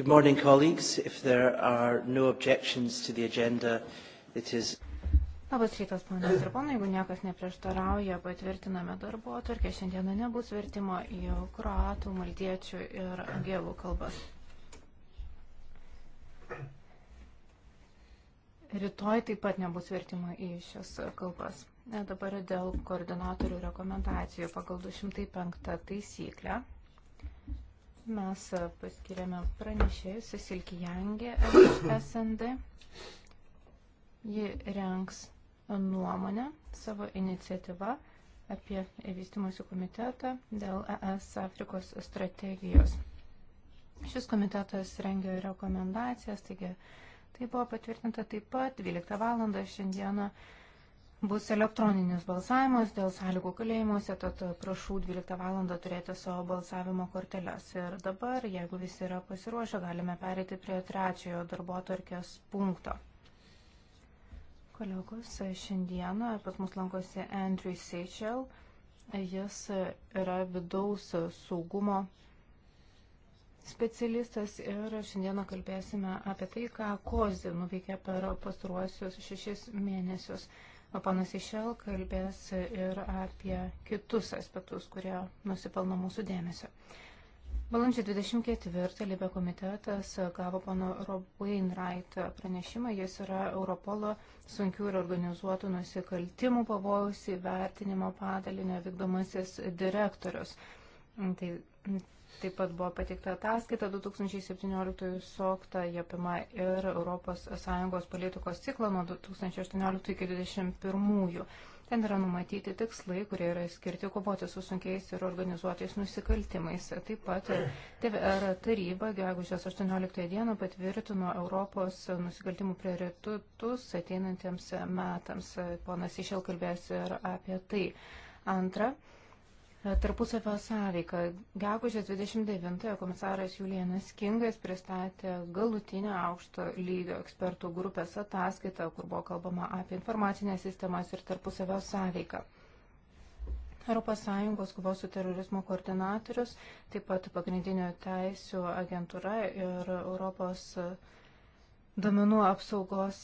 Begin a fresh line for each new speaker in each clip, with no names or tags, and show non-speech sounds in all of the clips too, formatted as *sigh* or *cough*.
Good morning, colleagues. If there are no objections to the agenda, it is...
Labas rytas, ponios ir ponai, jeigu niekas neprieštarauja, patvirtiname darbo atvarkę. Šiandieną nebus vertimo į kroatų, maltiečių ir gėlų kalbas. Rytoj taip pat nebus vertimo į šias kalbas. Ne, dabar dėl koordinatorių rekomendacijų pagal 205 taisyklę Mes e, paskiriame pranešėjus Silkijangė SND. Ji renks nuomonę savo iniciatyvą apie vystimosi komitetą dėl ES Afrikos strategijos. Šis komitetas rengia rekomendacijas, taigi tai buvo patvirtinta taip pat 12 val. šiandieną bus elektroninis balsavimas dėl sąlygų kalėjimuose, tad prašau 12 val. turėti savo balsavimo korteles. Ir dabar, jeigu visi yra pasiruošę, galime perėti prie trečiojo darbo tvarkės punkto. Kolegos, šiandieną pas mus lankosi Andrew Seichel. Jis yra vidaus saugumo specialistas ir šiandieną kalbėsime apie tai, ką Kozi nuveikė per pastaruosius šešis mėnesius. Panas Išel kalbės ir apie kitus aspektus, kurie nusipelno mūsų dėmesio. Balandžio 24 Libė komitetas gavo pono Rob Wainwright pranešimą. Jis yra Europolo sunkių ir organizuotų nusikaltimų pavojaus įvertinimo padalinio vykdomasis direktorius. Tai Taip pat buvo pateikta ataskaita 2017 sokta, jie apima ir ES politikos ciklą nuo 2018 iki 2021. Ten yra numatyti tikslai, kurie yra skirti kovoti su sunkiais ir organizuotais nusikaltimais. Taip pat TVR taryba gegužės 18 dieną patvirtino Europos nusikaltimų prioritetus ateinantiems metams. Ponas Išėl kalbės ir apie tai. Antra, Tarpusavio sąveika. Gegužės 29-ojo komisaras Julienas Kingas pristatė galutinę aukšto lygio ekspertų grupės ataskaitą, kur buvo kalbama apie informacinės sistemas ir tarpusavio sąveiką. ES kovos su terorizmu koordinatorius, taip pat pagrindinio teisų agentūra ir Europos duomenų apsaugos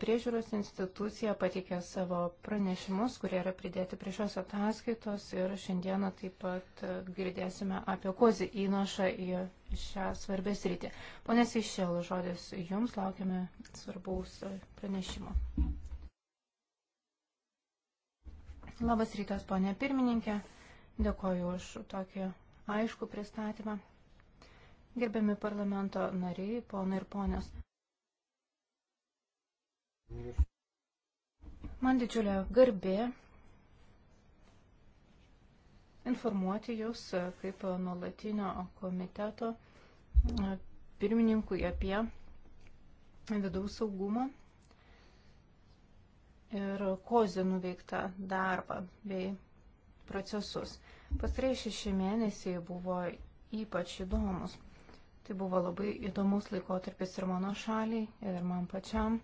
Priežiūros institucija pateikė savo pranešimus, kurie yra pridėti prie šios ataskaitos ir šiandieną taip pat e, girdėsime apie kozį įnašą į šią svarbę sritį. Pone Seišėl, žodis jums, laukiame svarbaus e, pranešimo. Labas rytas, ponė pirmininkė, dėkoju už tokį aišku pristatymą. Gerbiami parlamento nariai, ponai ir ponios. Man didžiulė garbė informuoti Jūs e, kaip nuolatinio komiteto e, pirmininkui apie vidaus saugumą ir kozį nuveiktą darbą bei procesus. Pastarai šeši mėnesiai buvo ypač įdomus. Tai buvo labai įdomus laikotarpis ir mano šaliai, ir man pačiam.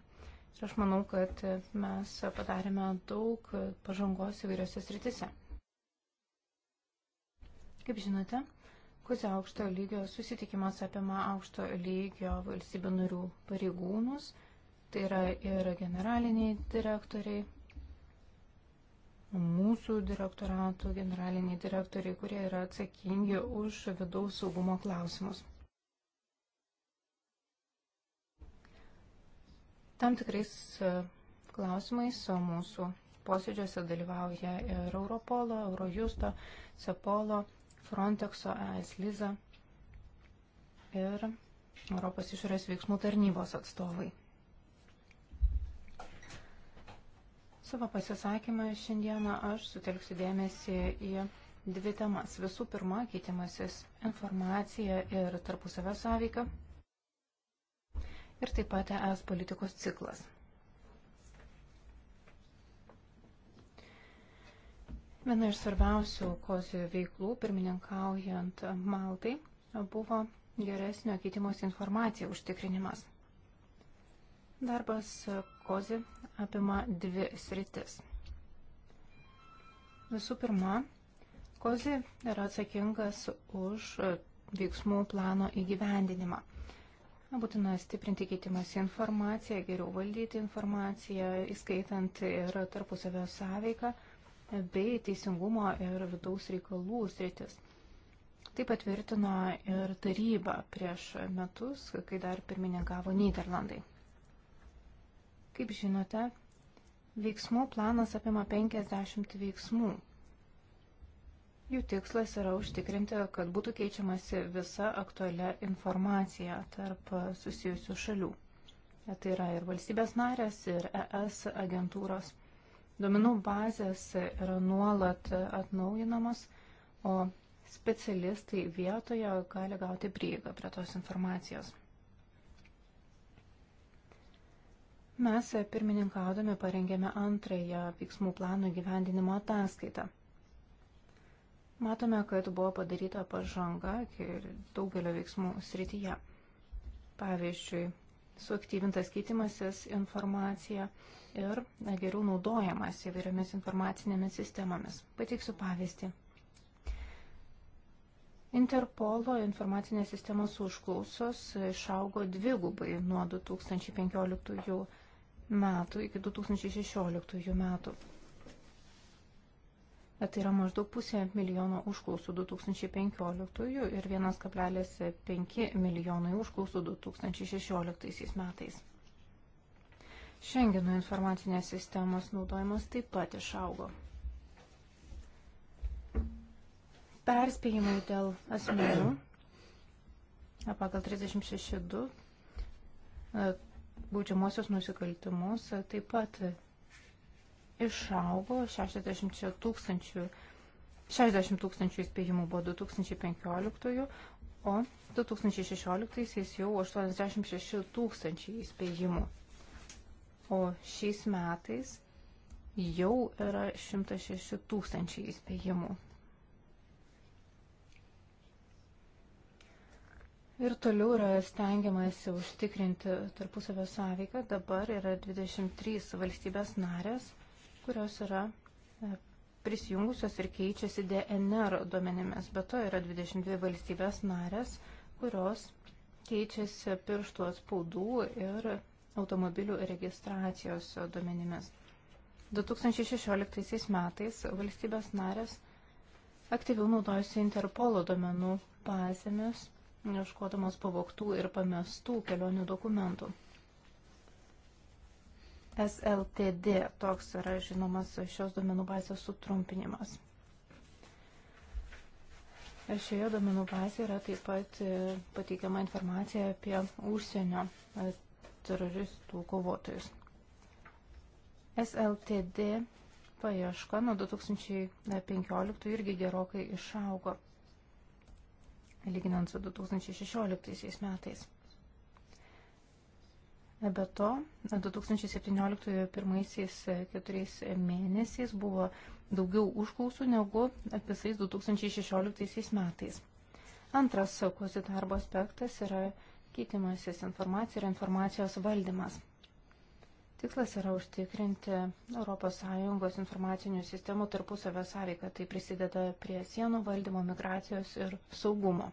Ir aš manau, kad mes padarėme daug pažangos įvairiose sritise. Kaip žinote, Kuzio aukšto lygio susitikimas apima aukšto lygio valstybių narių pareigūnus, tai yra ir generaliniai direktoriai, mūsų direktoratų generaliniai direktoriai, kurie yra atsakingi už vidaus saugumo klausimus. Tam tikrais e, klausimais mūsų posėdžiuose dalyvauja ir Europolo, Eurojusto, Cepolo, Frontexo, ES Liza ir Europos išorės veiksmų tarnybos atstovai. Savo pasisakymą šiandieną aš sutelksiu dėmesį į dvi temas. Visų pirma, keitimasis informacija ir tarpusavio sąveika ir taip pat ES politikos ciklas. Viena iš svarbiausių kozio veiklų, pirmininkaujant Maltai, buvo geresnio keitimos informacija užtikrinimas. Darbas kozi apima dvi sritis. Visų pirma, kozi yra atsakingas už veiksmų plano įgyvendinimą. Būtina stiprinti keitimas informaciją, geriau valdyti informaciją, įskaitant ir tarpusavio sąveiką bei teisingumo ir vidaus reikalų sritis. Tai patvirtino ir taryba prieš metus, kai dar pirmininkavo Niderlandai. Kaip žinote, veiksmų planas apima 50 veiksmų. Jų tikslas yra užtikrinti, kad būtų keičiamasi visa aktualia informacija tarp susijusių šalių. Tai yra ir valstybės narės, ir ES agentūros. Domenų bazės yra nuolat atnaujinamos, o specialistai vietoje gali gauti prieigą prie tos informacijos. Mes pirmininkaudami parengėme antrąją veiksmų plano gyvendinimo ataskaitą. Matome, kad buvo padaryta pažanga ir daugelio veiksmų srityje. Pavyzdžiui, suaktyvintas keitimasis informacija ir geriau naudojamas įvairiomis informacinėmis sistemomis. Pateiksiu pavyzdį. Interpolo informacinės sistemos užklausos išaugo dvigubai nuo 2015 metų iki 2016 metų. Tai yra maždaug pusė milijono užklausų 2015 ir 1,5 milijonai užklausų 2016 metais. Šengeno informacinės sistemos naudojimas taip pat išaugo. Perspėjimai dėl asmenų pagal 36.2 būdžiamosios nusikaltimus taip pat išaugo 60 tūkstančių, 60 tūkstančių įspėjimų buvo 2015, o 2016 jau 86 tūkstančiai įspėjimų. O šiais metais jau yra 106 tūkstančiai įspėjimų. Ir toliau yra stengiamasi užtikrinti tarpusavio sąveiką. Dabar yra 23 valstybės narės kurios yra e, prisijungusios ir keičiasi DNR duomenimis. Be to yra 22 valstybės narės, kurios keičiasi pirštų atspaudų ir automobilių registracijos duomenimis. 2016 metais valstybės narės aktyviau naudojusi Interpolo duomenų bazėmis, ieškodamos pavoktų ir pamestų kelionių dokumentų. SLTD, toks yra žinomas šios duomenų bazės sutrumpinimas. Šioje duomenų bazėje yra taip pat e, pateikiama informacija apie užsienio e, teroristų kovotojus. SLTD paieška nuo 2015 irgi gerokai išaugo, lyginant su 2016 metais. E, be to, 2017 e, keturiais mėnesiais buvo daugiau užklausų negu visais 2016 metais. Antras saugus darbo aspektas yra keitimasis informacija ir informacijos valdymas. Tikslas yra užtikrinti ES informacinių sistemų tarpusavio sąveiką, tai prisideda prie sienų valdymo, migracijos ir saugumo.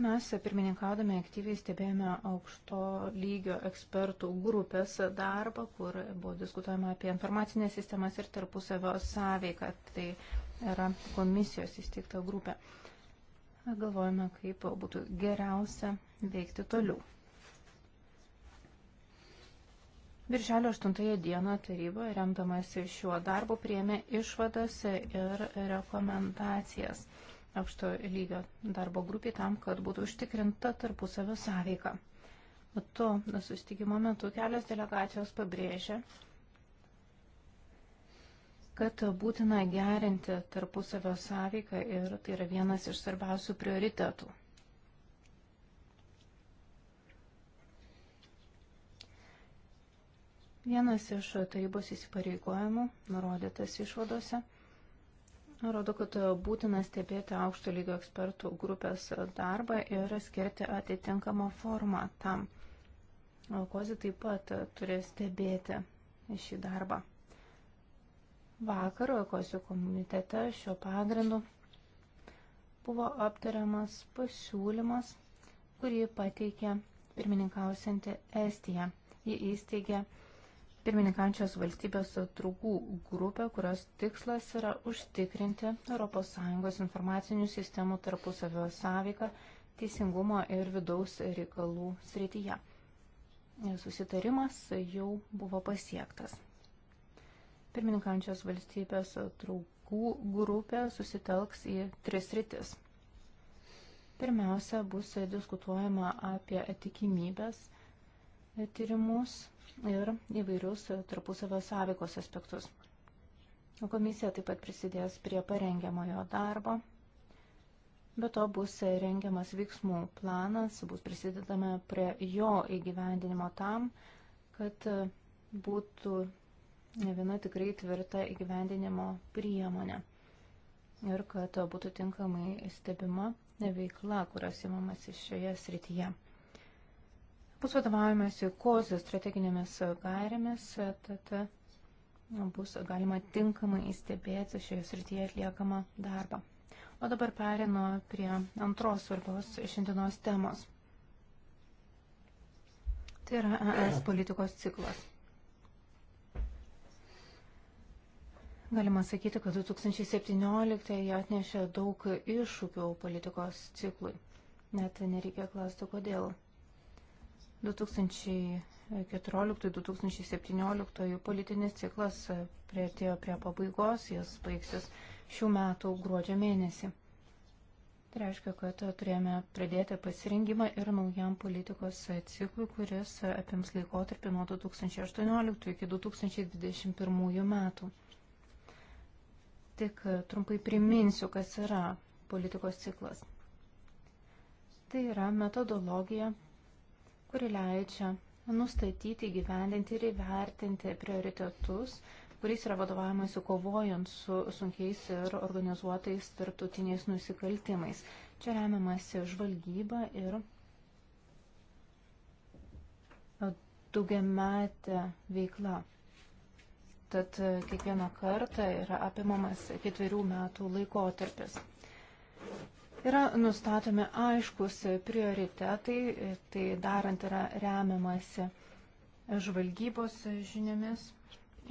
Mes pirmininkaudami aktyviai stebėjome aukšto lygio ekspertų grupės darbą, kur buvo diskutuojama apie informacinės sistemas ir tarpusavio sąveiką. Tai yra komisijos įsteigta grupė. Galvojame, kaip būtų geriausia veikti toliau. Birželio 8 dieną taryba, remdamasi šiuo darbu, priėmė išvadas ir rekomendacijas aukšto lygio darbo grupį tam, kad būtų užtikrinta tarpusavio sąveika. To susitikimo metu kelios delegacijos pabrėžė, kad būtina gerinti tarpusavio sąveiką ir tai yra vienas iš svarbiausių prioritetų. Vienas iš tarybos įsipareigojimų nurodytas išvadose Rodo, kad e, būtina stebėti aukšto lygio ekspertų grupės e, darbą ir skirti atitinkamą formą tam. E, Kozi taip pat turi stebėti šį darbą. Vakar Kozi komitete šio pagrindu buvo aptariamas pasiūlymas, kurį pateikė pirmininkausianti Estija. Ji įsteigė pirmininkančios valstybės draugų grupę, kurios tikslas yra užtikrinti ES informacinių sistemų tarpusavio sąveiką teisingumo ir vidaus reikalų srityje. Susitarimas jau buvo pasiektas. Pirmininkančios valstybės draugų grupė susitelks į tris rytis. Pirmiausia, bus diskutuojama apie tikimybės, tyrimus ir įvairius tarpusavio sąveikos aspektus. Komisija taip pat prisidės prie parengiamojo darbo. Be to bus rengiamas veiksmų planas, bus prisidedama prie jo įgyvendinimo tam, kad būtų viena tikrai tvirta įgyvendinimo priemonė ir kad būtų tinkamai stebima veikla, kurios įmamas iš šioje srityje. Bus vadovaujamasi kozio strateginėmis gairėmis, tad bus galima tinkamai įstebėti šioje srityje atliekamą darbą. O dabar perinu prie antros svarbios šiandienos temos. Tai yra ES politikos ciklas. Galima sakyti, kad 2017 atnešė daug iššūkių politikos ciklui. Net nereikia klausti, kodėl. 2014-2017 politinis ciklas prieartėjo prie pabaigos, jis baigsis šių metų gruodžio mėnesį. Tai reiškia, kad turėjome pradėti pasirinkimą ir naujam politikos ciklui, kuris apims laikotarpį nuo 2018 iki 2021 metų. Tik trumpai priminsiu, kas yra politikos ciklas. Tai yra metodologija kuri leidžia nustatyti, gyvendinti ir įvertinti prioritetus, kuriais yra vadovaujamasi kovojant su sunkiais ir organizuotais tarptautiniais nusikaltimais. Čia remiamasi žvalgyba ir daugiametė veikla. Tad kiekvieną kartą yra apimamas ketverių metų laikotarpis. Yra nustatomi aiškus prioritetai, tai darant yra remiamasi žvalgybos žiniomis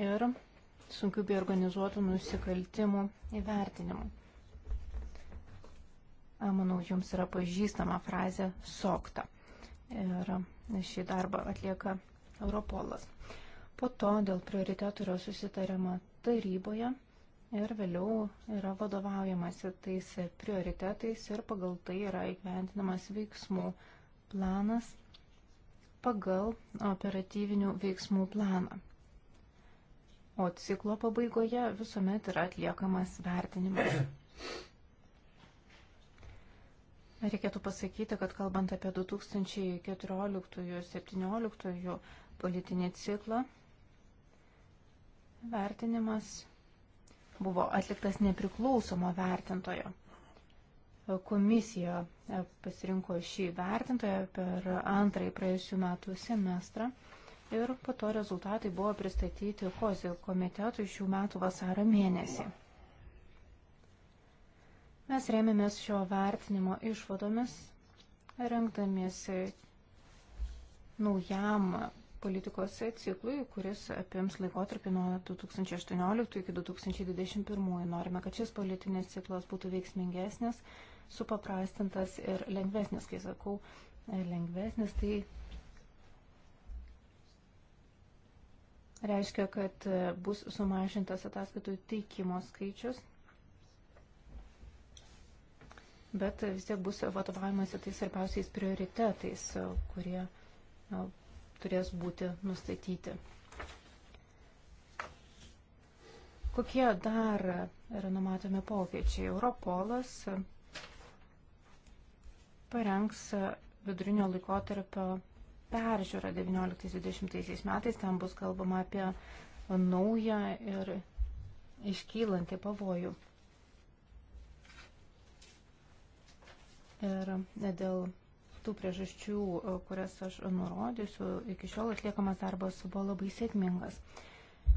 ir sunkių bei organizuotų nusikaltimų įvertinimu. Manau, jums yra pažįstama frazė sokta. Ir šį darbą atlieka Europolas. Po to dėl prioritetų yra susitariama taryboje ir vėliau yra vadovaujamasi tais prioritetais ir pagal tai yra įgyvendinamas veiksmų planas pagal operatyvinių veiksmų planą. O ciklo pabaigoje visuomet yra atliekamas vertinimas. Reikėtų pasakyti, kad kalbant apie 2014-2017 politinį ciklą, vertinimas buvo atliktas nepriklausomo vertintojo. Komisija pasirinko šį vertintoją per antrąjį praėjusių metų semestrą ir po to rezultatai buvo pristatyti COSI komitetui šių metų vasaro mėnesį. Mes rėmėmės šio vertinimo išvadomis, rengdamiesi naujam politikos ciklui, kuris apims laikotarpį nuo 2018 iki 2021. Norime, kad šis politinis ciklas būtų veiksmingesnis, supaprastintas ir lengvesnis. Kai sakau e, lengvesnis, tai reiškia, kad e, bus sumažintas ataskaitų teikimo skaičius. Bet e, vis tiek bus vadovavimas tais svarbiausiais prioritetais, kurie turės būti nustatyti. Kokie dar yra numatomi pokyčiai? Europolas parengs vidurinio laikotarpio peržiūrą 19-20 metais. Ten bus kalbama apie naują ir iškylantį pavojų. Ir dėl tų priežasčių, e, kurias aš nurodysiu, iki šiol atliekamas darbas buvo labai sėkmingas.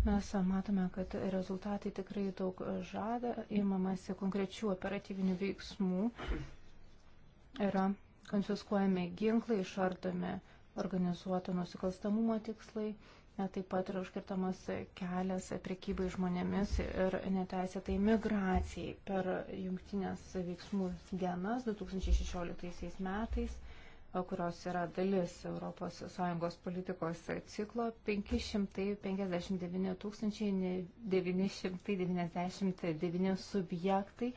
Mes matome, kad rezultatai tikrai daug žada, įmamasi konkrečių operatyvinių veiksmų, yra konfiskuojami ginklai, išardomi organizuoto nusikalstamumo tikslai, taip pat yra užkirtamas kelias prekybai žmonėmis ir neteisėtai migracijai per jungtinės veiksmų dienas 2016 metais kurios yra dalis ES politikos ciklo, 559 999 subjektai,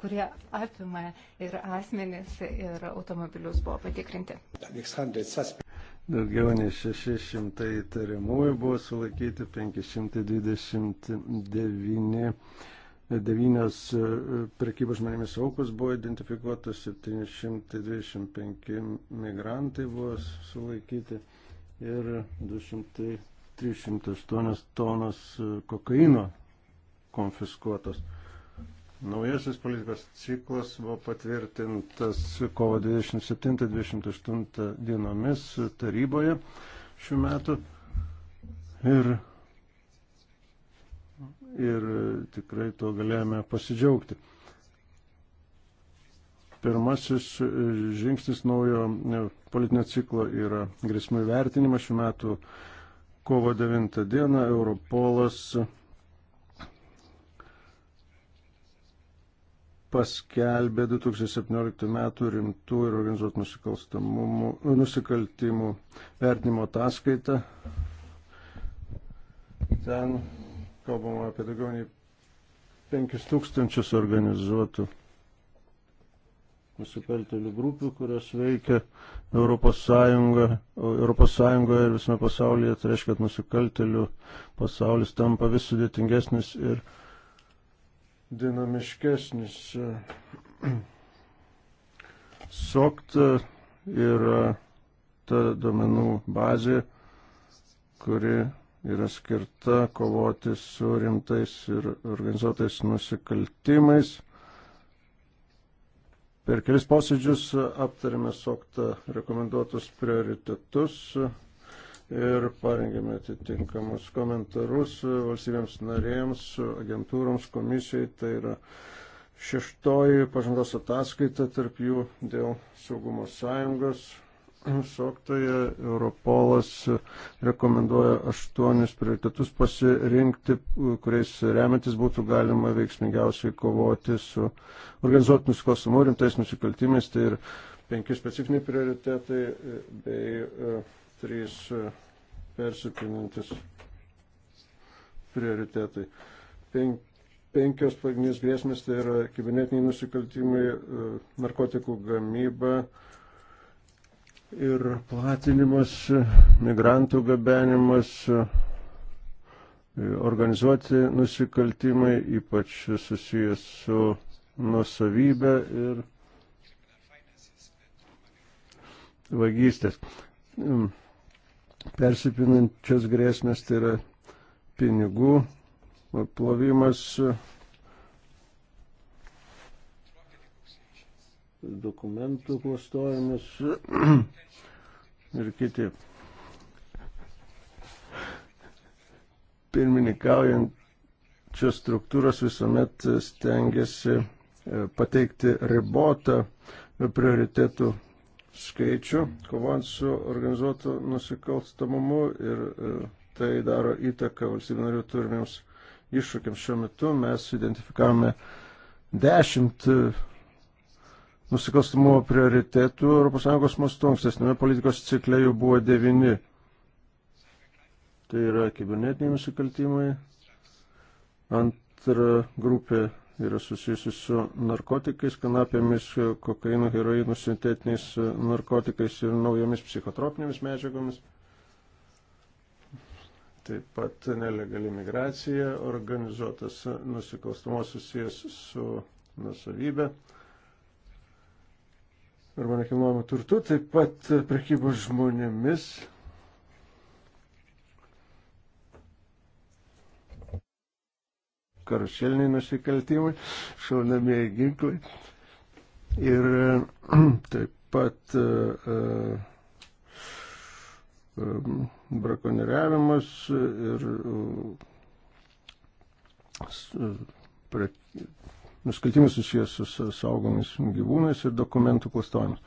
kurie apima ir asmenis, ir automobilius buvo patikrinti.
Daugiau nei 600 įtariamųjų buvo sulaikyti, 529 Devynios e, prekybos žmonėmis aukos buvo identifikuotos, 725 migrantai buvo sulaikyti ir 200, 308 tonos e, kokaino konfiskuotos. Naujasis politikos ciklas buvo patvirtintas kovo 27-28 dienomis taryboje šių metų ir ir e, tikrai tuo galėjome pasidžiaugti. Pirmasis e, žingsnis naujo e, politinio ciklo yra grėsmių vertinimas. Šiuo metu kovo 9 dieną Europolas paskelbė 2017 metų rimtų ir organizuotų nusikaltimų vertinimo ataskaitą. Ten kalbama apie daugiau nei 5000 organizuotų nusikaltelių grupių, kurios veikia Europos, Sąjunga, Europos Sąjungoje ir visame pasaulyje. Tai reiškia, kad nusikaltelių pasaulis tampa vis sudėtingesnis ir dinamiškesnis. *clears throat* SOCT yra ta domenų bazė, kuri yra skirta kovoti su rimtais ir organizuotais nusikaltimais. Per kelis posėdžius aptarėme soktą rekomenduotus prioritetus ir parengėme atitinkamus komentarus valstybėms narėms, agentūroms, komisijai. Tai yra šeštoji pažangos ataskaita tarp jų dėl saugumo sąjungos Soktoje Europolas rekomenduoja aštuonis prioritetus pasirinkti, kuriais remiantis būtų galima veiksmingiausiai kovoti su organizuotų nusikalstamų rimtais nusikaltimais. Tai ir penki specifiniai prioritetai bei e, trys e, persipinantis prioritetai. Pen, penkios pagrindinės grėsmės tai yra kibernetiniai nusikaltimai, e, narkotikų gamyba, e, ir platinimas, migrantų gabenimas, organizuoti nusikaltimai, ypač susijęs su nusavybė ir vagystės. Persipinančios grėsmės tai yra pinigų plovimas, dokumentų klastojimas *clears throat* ir kiti. Pirmininkaujančios struktūros visuomet stengiasi e, pateikti ribotą prioritėtų skaičių, kovant su organizuotu nusikalstamumu ir e, tai daro įtaką valstybių narių turimiems iššūkiams. Šiuo metu mes identifikavome dešimt nusikalstamumo prioritetų ES mastu. Ankstesnėme politikos cikle jų buvo devini. Tai yra kibernetiniai nusikaltimai. Antra grupė yra susijusi su narkotikais, kanapėmis, kokainu, heroinu, sintetiniais narkotikais ir naujomis psichotropinėmis medžiagomis. Taip pat nelegali migracija, organizuotas nusikalstamos susijęs su nusavybė arba nekilnojamo turtu, taip pat prekybos žmonėmis. karuseliniai nusikaltimai, šaunamieji ginklai ir *clears throat* taip pat uh, um, brakonieriavimas ir uh, pre, nusikaltimus susijęs su saugomais gyvūnais ir dokumentų klastojimus.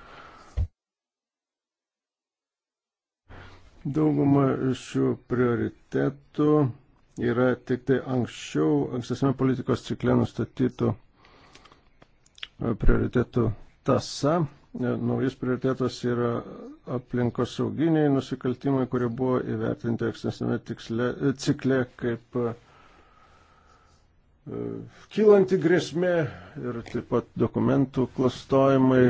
Dauguma šių prioritetų yra tik tai anksčiau, ankstesnė politikos cikle nustatytų e, prioritetų tasa. E, naujas prioritetas yra aplinkos sauginiai nusikaltimai, kurie buvo įvertinti ankstesnėme cikle kaip uh, kylanti grėsmė ir taip pat dokumentų klastojimai.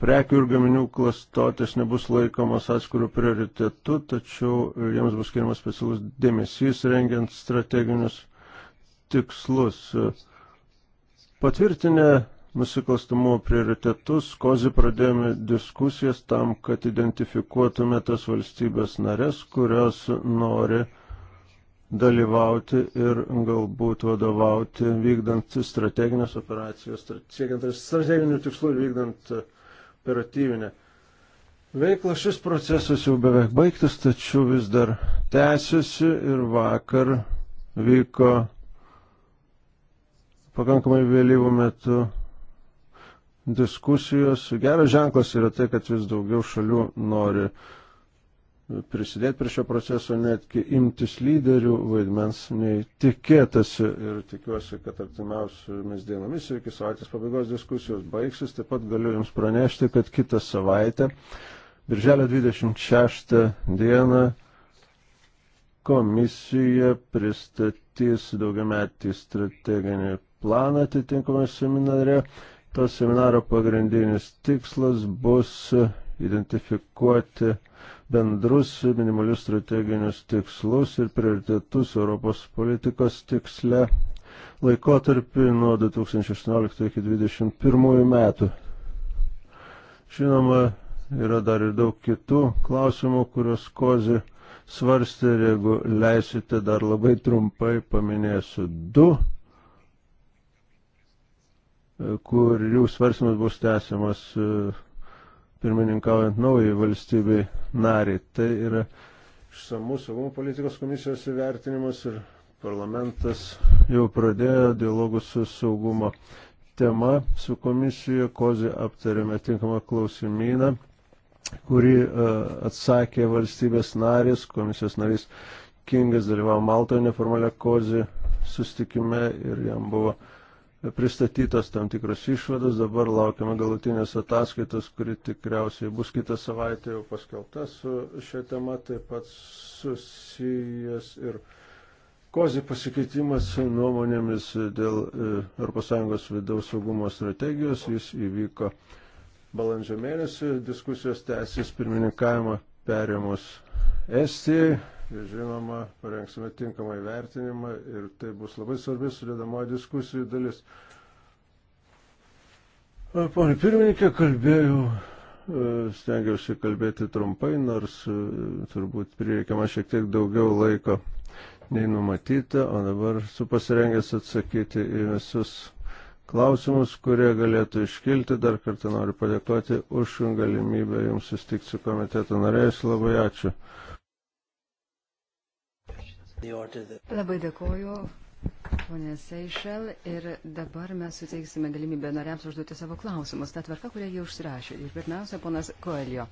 Prekių ir gaminių klastotės nebus laikomas atskirų prioritetų, tačiau jiems bus skiriamas specialus dėmesys rengiant strateginius tikslus. Patvirtinę nusikalstamumo prioritetus. Kozi pradėjome diskusijas tam, kad identifikuotume tas valstybės narės, kurios nori dalyvauti ir galbūt vadovauti vykdant strateginės operacijos, siekiant strateginių tikslų ir vykdant operatyvinę veiklą. Šis procesas jau beveik baigtas, tačiau vis dar tęsiasi ir vakar vyko pakankamai vėlyvų metų diskusijos. Geras ženklas yra tai, kad vis daugiau šalių nori prisidėti prie šio proceso, netgi imtis lyderių vaidmens neįtikėtasi ir tikiuosi, kad artimiausiomis dienomis ir iki savaitės pabaigos diskusijos baigsis. Taip pat galiu Jums pranešti, kad kitą savaitę, birželio 26 dieną, komisija pristatys daugiametį strateginį planą atitinkamą seminarę To seminaro pagrindinis tikslas bus identifikuoti bendrus minimalius strateginius tikslus ir prioritetus Europos politikos tiksle laikotarpį nuo 2016 iki 2021 metų. Žinoma, yra dar ir daug kitų klausimų, kuriuos Kozi svarstė ir jeigu leisite, dar labai trumpai paminėsiu du kurių svarstymas bus tęsiamas e, pirmininkaujant naujai valstybei nariai. Tai yra išsamų saugumo politikos komisijos įvertinimas ir parlamentas jau pradėjo dialogus su saugumo tema su komisija. Kozį aptarėme tinkamą klausimyną, kurį e, atsakė valstybės narys, komisijos narys Kingas dalyvavo Maltoje neformalia Kozį sustikime ir jam buvo uh, pristatytos tam tikros išvados, dabar laukiame galutinės ataskaitos, kuri tikriausiai bus kitą savaitę jau paskelbta su šia tema, taip pat susijęs ir kozį pasikeitimas nuomonėmis dėl e, ES vidaus saugumo strategijos, jis įvyko balandžio mėnesį, diskusijos tęsis pirmininkavimą perėmus Estijai. Žinoma, parengsime tinkamą įvertinimą ir tai bus labai svarbi sudėdamoji diskusijų dalis. Pone pirmininkė, kalbėjau, e, stengiausi kalbėti trumpai, nors e, turbūt prireikama šiek tiek daugiau laiko nei numatyta, o dabar su pasirengęs atsakyti į visus klausimus, kurie galėtų iškilti. Dar kartą noriu padėkoti už galimybę jums sustikti su komiteto nariais. Labai ačiū.
Labai
dėkoju, ponė Seišel. Ir dabar mes suteiksime galimybę nariams užduoti savo klausimus. Ta tvarka, kurią jie užsirašė. Ir pirmiausia, ponas Koelio.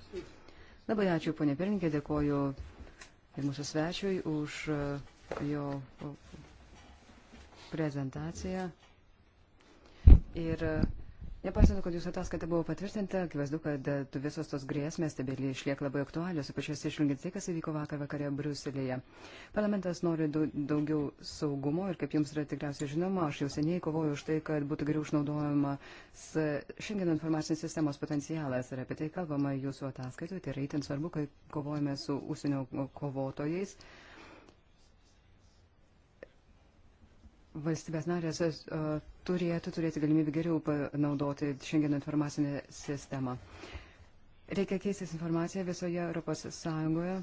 Labai ačiū, ponė Pirinkė, dėkoju ir mūsų svečiui už uh, jo uh, prezentaciją. Ir uh, Nepaisant, kad jūsų ataskaita buvo patvirtinta, akivaizdu, kad e, visos tos grėsmės tebėlį išliek labai aktualios, ypač jas išlingint tai, kas įvyko vakar vakare Briuselėje. Parlamentas nori daugiau saugumo ir, kaip jums yra tikriausiai žinoma, aš jau seniai kovoju už tai, kad būtų geriau išnaudojama e, šiandien informacinės sistemos potencialas ir apie tai kalbama jūsų ataskaitoje, tai yra itin svarbu, kai kovojame su užsienio kovotojais. Uh, valstybės narės turėtų turėti galimybę geriau panaudoti šiandien informacinę sistemą. Reikia keistis informaciją visoje Europos Sąjungoje.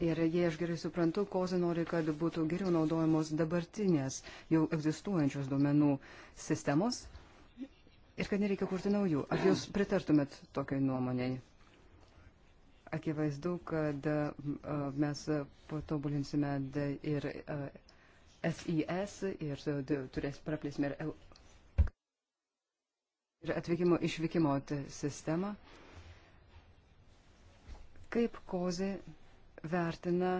Ir jei aš gerai suprantu, kozi nori, kad būtų geriau naudojamos dabartinės jau egzistuojančios duomenų sistemos ir kad nereikia kurti naujų. Ar jūs pritartumėt tokiai nuomonėjai? Akivaizdu, kad mes patobulinsime ir SIS ir turės praplėsime ir, ir atvykimo išvykimo sistemą. Kaip kozė vertina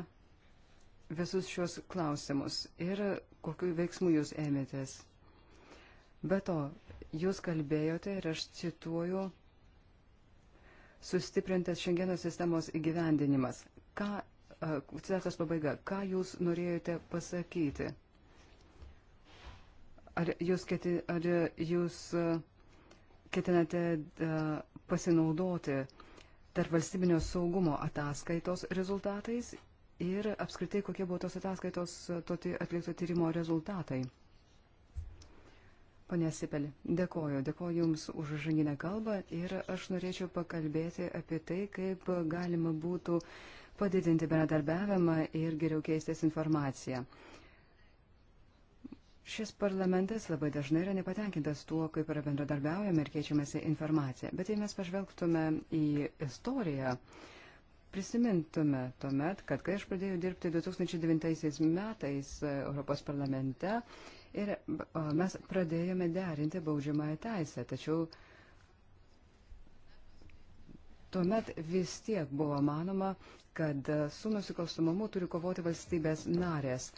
visus šios klausimus ir kokiu veiksmu jūs ėmėtės? Be to, jūs kalbėjote ir aš cituoju sustiprintas šengeno sistemos įgyvendinimas. Ką citatos pabaiga, ką jūs norėjote pasakyti? Ar jūs, keti, ar jūs ketinate pasinaudoti tarp valstybinio saugumo ataskaitos rezultatais ir apskritai kokie buvo tos ataskaitos to atlikto tyrimo rezultatai? Pane Sipelė, dėkoju, dėkoju Jums už žanginę kalbą ir aš norėčiau pakalbėti apie tai, kaip galima būtų uh, padidinti bendradarbiavimą ir geriau keistis informaciją. Šis parlamentas labai dažnai yra nepatenkintas tuo, kaip yra bendradarbiaujama ir keičiamasi informacija. Bet jei mes pažvelgtume į istoriją, prisimintume tuomet, kad kai aš pradėjau dirbti 2009 metais e, Europos parlamente ir e, mes pradėjome derinti baudžiamąją teisę, tačiau tuomet vis tiek buvo manoma, kad e, su nusikalstumumu turi kovoti valstybės narės.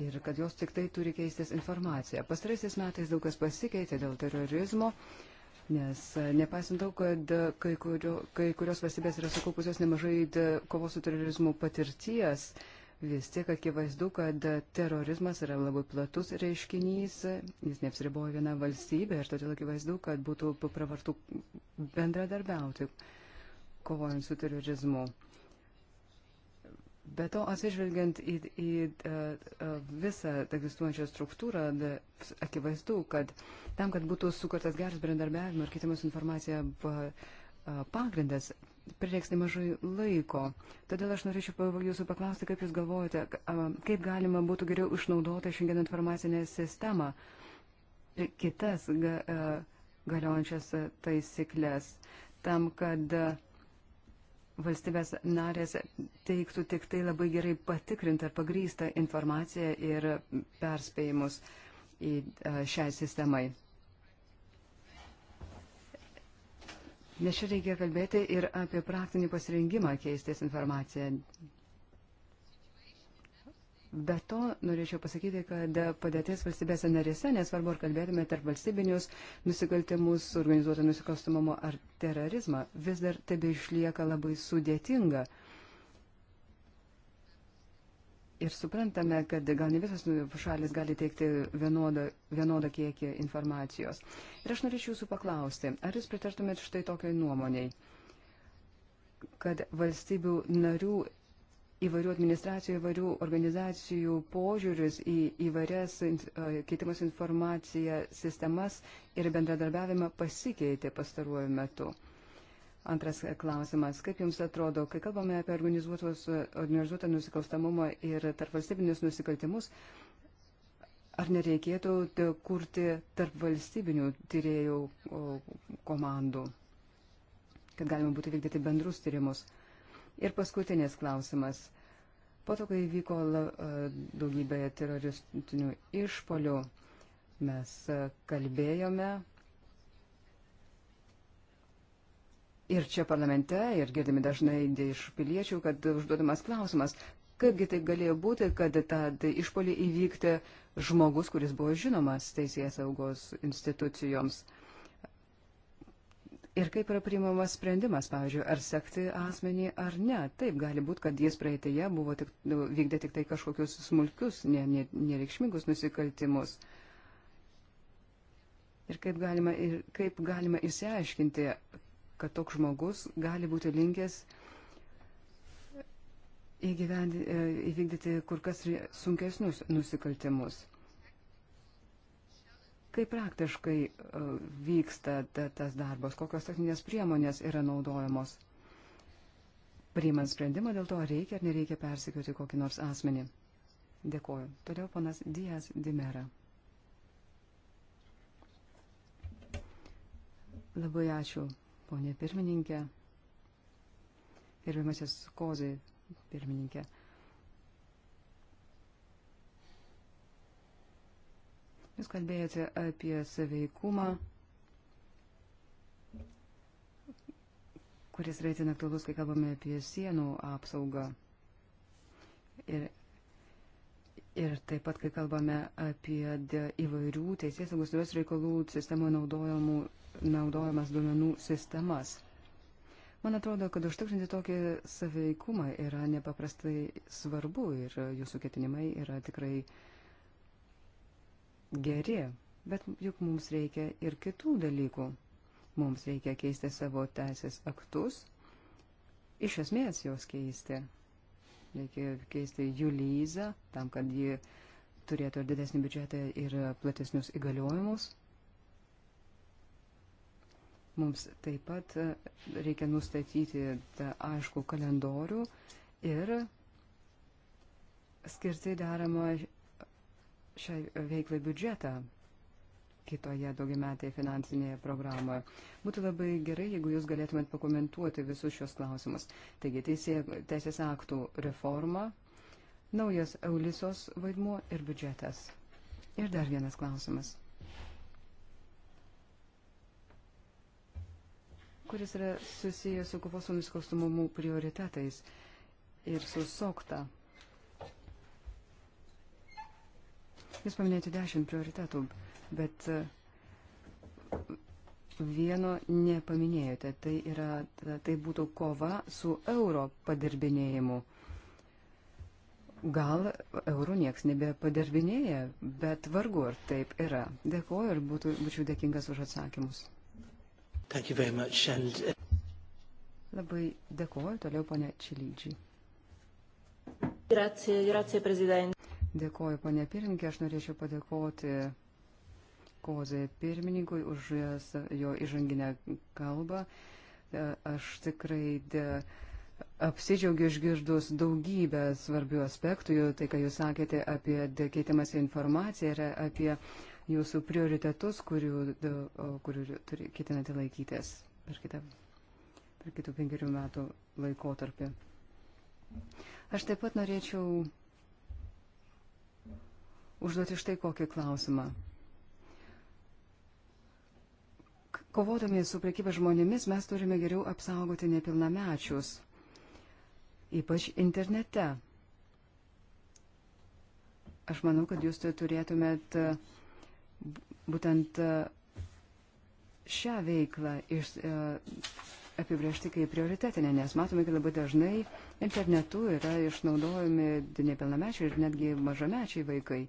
Ir kad jos tik tai turi keistis informaciją. Pastaraisiais metais daug kas pasikeitė dėl terorizmo, nes e, nepaisant to, kad e, kai, kurio, kai kurios valstybės yra sukaupusios nemažai kovos su terorizmu patirties, vis tiek akivaizdu, kad terorizmas yra labai platus reiškinys, jis neapsiriboja viena valstybė ir todėl akivaizdu, kad būtų pravartu bendradarbiauti kovojant su terorizmu. Be to, atsižvelgiant į, į, į e, e, visą egzistuojančią struktūrą, akivaizdu, kad tam, kad būtų sukurtas geras bendradarbiavimo ir keitimas informacija e, pagrindas, prireiks nemažai laiko. Todėl aš norėčiau jūsų paklausti, kaip jūs galvojate, kaip galima būtų geriau išnaudoti šiandien informacinę sistemą ir kitas galiojančias taisyklės tam, kad valstybės narės teiktų tik tai labai gerai patikrintą ir pagrystą informaciją ir perspėjimus į e, šiai sistemai. Nes čia reikia kalbėti ir apie praktinį pasirengimą keistis informaciją Be to, norėčiau pasakyti, kad padėtis valstybėse narėse, nesvarbu, ar kalbėtume tarp valstybinius nusikaltimus, organizuotą nusikalstamumą ar terorizmą, vis dar tebe išlieka labai sudėtinga. Ir suprantame, kad gal ne visos šalis gali teikti vienodą, vienodą kiekį informacijos. Ir aš norėčiau jūsų paklausti, ar jūs pritartumėt štai tokiai nuomoniai, kad valstybių narių įvairių administracijų, įvairių organizacijų požiūris į įvairias e, keitimas informaciją sistemas ir bendradarbiavimą pasikeitė pastaruoju metu. Antras klausimas. Kaip Jums atrodo, kai kalbame apie organizuotą nusikalstamumą ir tarpvalstybinius nusikaltimus, ar nereikėtų kurti tarpvalstybinių tyriejų komandų, kad galima būtų vykdyti bendrus tyrimus? Ir paskutinis klausimas. Po to, kai vyko daugybė teroristinių išpolių, mes kalbėjome ir čia parlamente, ir girdime dažnai iš piliečių, kad užduodamas klausimas, kaipgi taip galėjo būti, kad tą išpolį įvykti žmogus, kuris buvo žinomas teisės saugos institucijoms. Ir kaip yra priimamas sprendimas, pavyzdžiui, ar sekti asmenį ar ne. Taip, gali būti, kad jis praeitėje buvo tik, nu, vykdė tik tai kažkokius smulkius, ne, ne, nereikšmingus nusikaltimus. Ir kaip galima, ir kaip galima įsiaiškinti, kad toks žmogus gali būti linkęs įvykdyti kur kas sunkesnius nusikaltimus. Kaip praktiškai e, vyksta tas darbas, kokios techninės priemonės yra naudojamos? Priimant sprendimą dėl to, reikia ar nereikia persikioti kokį nors asmenį. Dėkoju. Toliau ponas Dijas Dimera. Labai ačiū, ponė pirmininkė. Gerbiamasis Kozai, pirmininkė. Jūs kalbėjote apie saveikumą, kuris yra itin aktualus, kai kalbame apie sienų apsaugą. Ir, ir taip pat, kai kalbame apie įvairių teisės saugos reikalų sistemoje naudojamas duomenų sistemas. Man atrodo, kad užtikrinti tokį saveikumą yra nepaprastai svarbu ir jūsų ketinimai yra tikrai uh, geri, bet juk mums reikia ir kitų dalykų. Mums reikia keisti savo teisės aktus, iš esmės juos keisti. Reikia keisti Julyzą, tam, kad ji turėtų ir didesnį biudžetą ir platesnius įgaliojimus. Mums taip pat reikia nustatyti tą aišku kalendorių ir skirti deramą šiai veiklai biudžetą kitoje daugiametėje finansinėje programoje. Būtų labai gerai, jeigu jūs galėtumėt pakomentuoti visus šios klausimus. Taigi, teisė, teisės aktų reforma, naujas Eulisos vaidmuo ir biudžetas. Ir dar vienas klausimas, kuris yra susijęs su kovos su nusikalstumumu prioritetais ir su SOKTA. Jūs paminėjote dešimt prioritetų, bet e, vieno nepaminėjote. Tai, yra, tai būtų kova su euro padirbinėjimu. Gal eurų nieks nebepadirbinėja, bet vargu ar taip yra. Dėkuoju ir būtų, būčiau dėkingas už atsakymus.
And...
Uh, Labai dėkuoju, toliau ponia Čilydžiai. Grazie, grazie, prezidentė. Dėkoju, ponė pirmininkė, aš norėčiau padėkoti Kozai pirmininkui už jo įžanginę kalbą. E, aš tikrai de, apsidžiaugiu išgirdus daugybę svarbių aspektų, tai ką jūs sakėte apie keitimąsi informaciją ir apie jūsų prioritetus, kurių, de, kurių turi, ketinate laikytis per, kitą, per kitų penkerių metų laikotarpį. Aš taip pat norėčiau užduoti štai kokį klausimą. Kovodami su priekyba žmonėmis mes turime geriau apsaugoti nepilnamečius, ypač internete. Aš manau, kad jūs turėtumėt e, būtent e, šią veiklą iš, e, apibriežti kaip prioritetinę, nes matome, kad labai dažnai internetu yra išnaudojami nepilnamečiai ir netgi mažamečiai vaikai.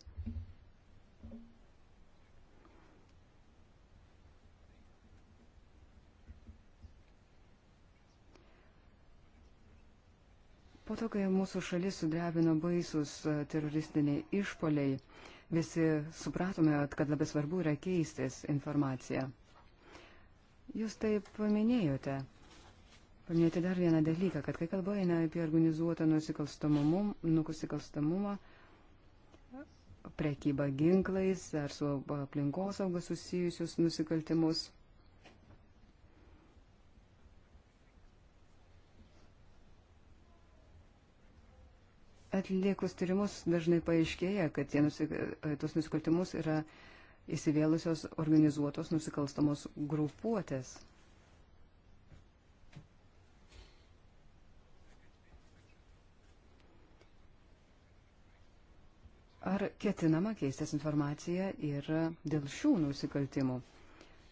Po to, kai mūsų šalis sudrebino baisus e, teroristiniai išpoliai, visi supratome, kad labai svarbu yra keistis informacija. Jūs taip paminėjote. Paminėjote dar vieną dalyką, kad kai kalba eina apie organizuotą nusikalstamumą, prekybą ginklais ar su aplinkosaugos susijusius nusikaltimus. atlikus tyrimus dažnai paaiškėja, kad nusik e, tos nusikaltimus yra įsivėlusios organizuotos nusikalstamos grupuotės. Ar ketinama keistis informacija ir dėl šių nusikaltimų?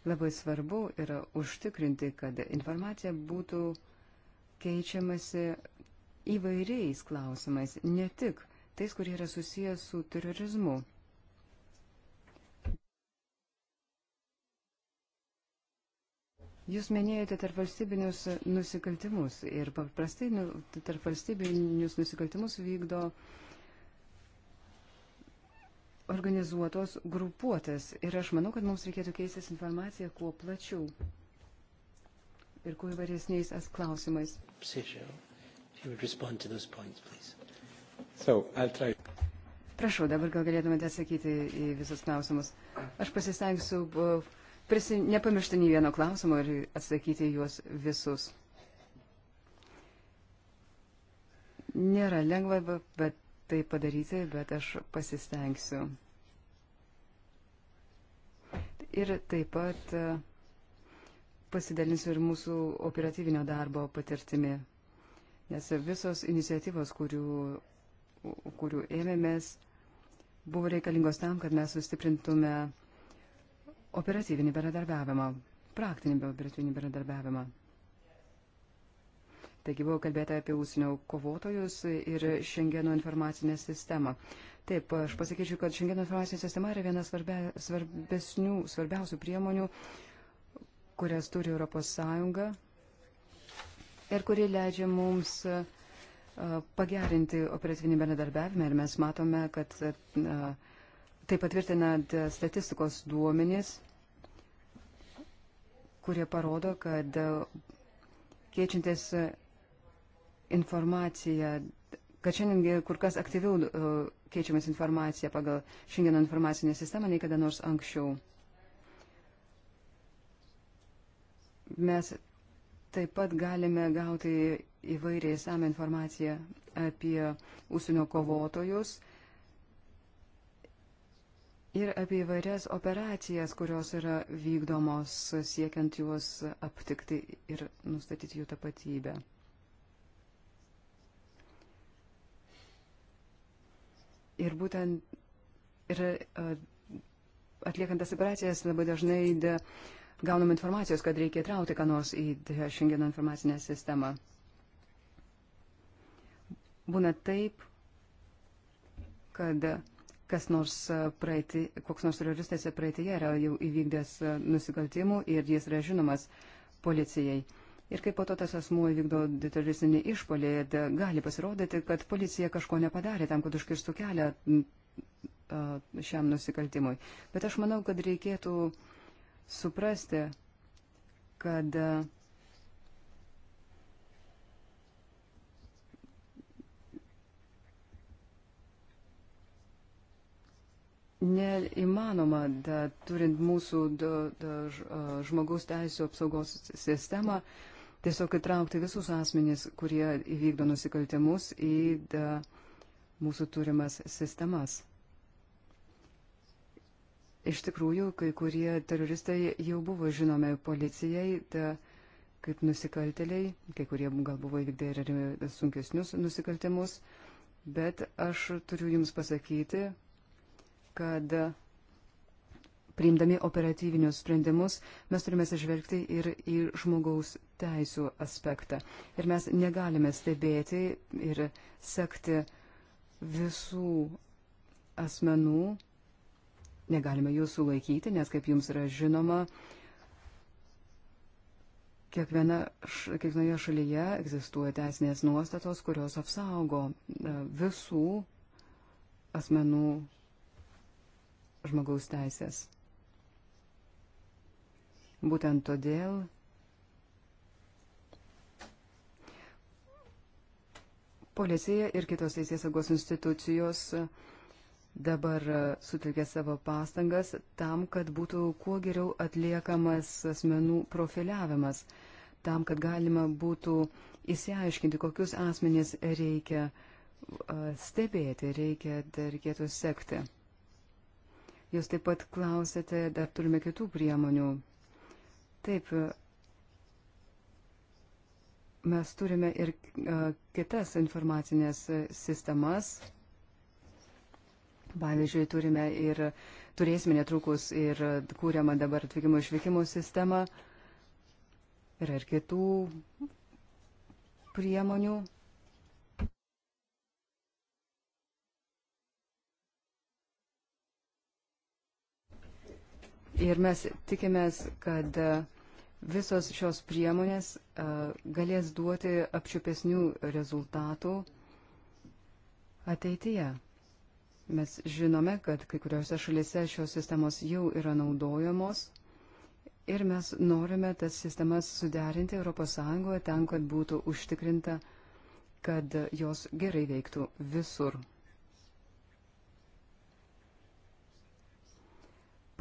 Labai svarbu yra užtikrinti, kad informacija būtų keičiamasi įvairiais klausimais, ne tik tais, kurie yra susijęs su terorizmu. Jūs minėjote tarp valstybinius nusikaltimus ir paprastai nu, tarp valstybinius nusikaltimus vykdo organizuotos grupuotės ir aš manau, kad mums reikėtų keistis informaciją kuo plačiau ir kuo įvairesniais klausimais.
Psichiau. If you would respond to those points, please. So,
I'll try.
Prašau, dabar gal galėtumėte atsakyti į visus klausimus. Aš pasistengsiu prisi, nepamiršti nei vieno klausimo ir atsakyti juos visus. Nėra lengva bet tai padaryti, bet aš pasistengsiu. Ir taip pat e, pasidalinsiu ir mūsų operatyvinio darbo patirtimi nes visos iniciatyvos, kurių, kurių ėmėmės, buvo reikalingos tam, kad mes sustiprintume operatyvinį bendradarbiavimą, praktinį operatyvinį bendradarbiavimą. Taigi buvo kalbėta apie ūsinių kovotojus ir Šengeno informacinę sistemą. Taip, aš pasakyčiau, kad Šengeno informacinė sistema yra viena svarbia, svarbesnių, svarbiausių priemonių, kurias turi ES ir kuri leidžia mums e, pagerinti operatyvinį bendradarbiavimą ir mes matome, kad e, tai patvirtina statistikos duomenys, kurie parodo, kad e, keičiantis informacija, kad šiandien kur kas aktyviau keičiamas informacija pagal šiandieną informacinę sistemą nei kada nors anksčiau. Mes Taip pat galime gauti įvairiai samą informaciją apie užsienio kovotojus ir apie įvairias operacijas, kurios yra vykdomos siekiant juos aptikti ir nustatyti jų tapatybę. Ir būtent ir atliekant tas operacijas labai dažnai de, uh, gaunam informacijos, kad reikia įtraukti ką nors į Šengeno informacinę sistemą. Būna taip, kad kas nors e, praeitį, koks nors teroristas praeitėje yra jau įvykdęs e, nusikaltimų ir jis yra žinomas policijai. Ir kaip po to tas asmuo įvykdo teroristinį išpolį, gali pasirodyti, kad policija kažko nepadarė tam, kad užkirstų kelią šiam nusikaltimui. Bet aš manau, kad reikėtų uh, suprasti, kad e, neįmanoma, da, turint mūsų da, da, žmogaus teisų apsaugos sistemą, tiesiog įtraukti visus asmenys, kurie įvykdo nusikaltimus į da, mūsų turimas sistemas. Iš tikrųjų, kai kurie teroristai jau buvo žinomi policijai ta, kaip nusikalteliai, kai kurie gal buvo įvykdę ir sunkesnius nusikaltimus, bet aš turiu Jums pasakyti, kad priimdami operatyvinius sprendimus mes turime sižvelgti ir į žmogaus teisų aspektą. Ir mes negalime stebėti ir sekti visų asmenų negalime jų sulaikyti, nes, kaip jums yra žinoma, kiekviena, kiekvienoje šalyje egzistuoja teisinės nuostatos, kurios apsaugo e, visų asmenų žmogaus teisės. Būtent todėl policija ir kitos teisės saugos institucijos uh, dabar e, sutelkia savo pastangas tam, kad būtų kuo geriau atliekamas asmenų profiliavimas, tam, kad galima būtų įsiaiškinti, kokius asmenys reikia e, stebėti, reikia, reikėtų sekti. Jūs taip pat klausėte, dar turime kitų priemonių. Taip, e, mes turime ir kitas informacinės sistemas, Pavyzdžiui, turime ir, turėsime netrukus ir kūriamą dabar atvykimo išvykimo sistemą. Yra ir kitų priemonių. Ir mes tikimės, kad e, visos šios priemonės e, galės duoti apčiupesnių rezultatų ateityje. Mes žinome, kad kai kuriuose šalyse šios sistemos jau yra naudojamos ir mes norime tas sistemas suderinti ES ten, kad būtų užtikrinta, kad jos gerai veiktų visur.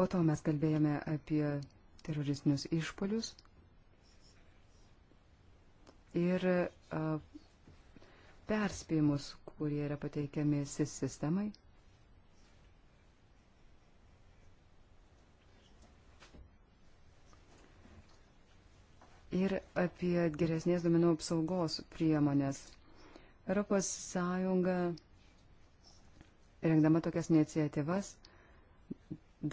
Po to mes kalbėjome apie teroristinius išpolius ir a, perspėjimus, kurie yra pateikiami SIS sistemai. ir apie geresnės duomenų apsaugos priemonės. Europos Sąjunga, rengdama tokias iniciatyvas,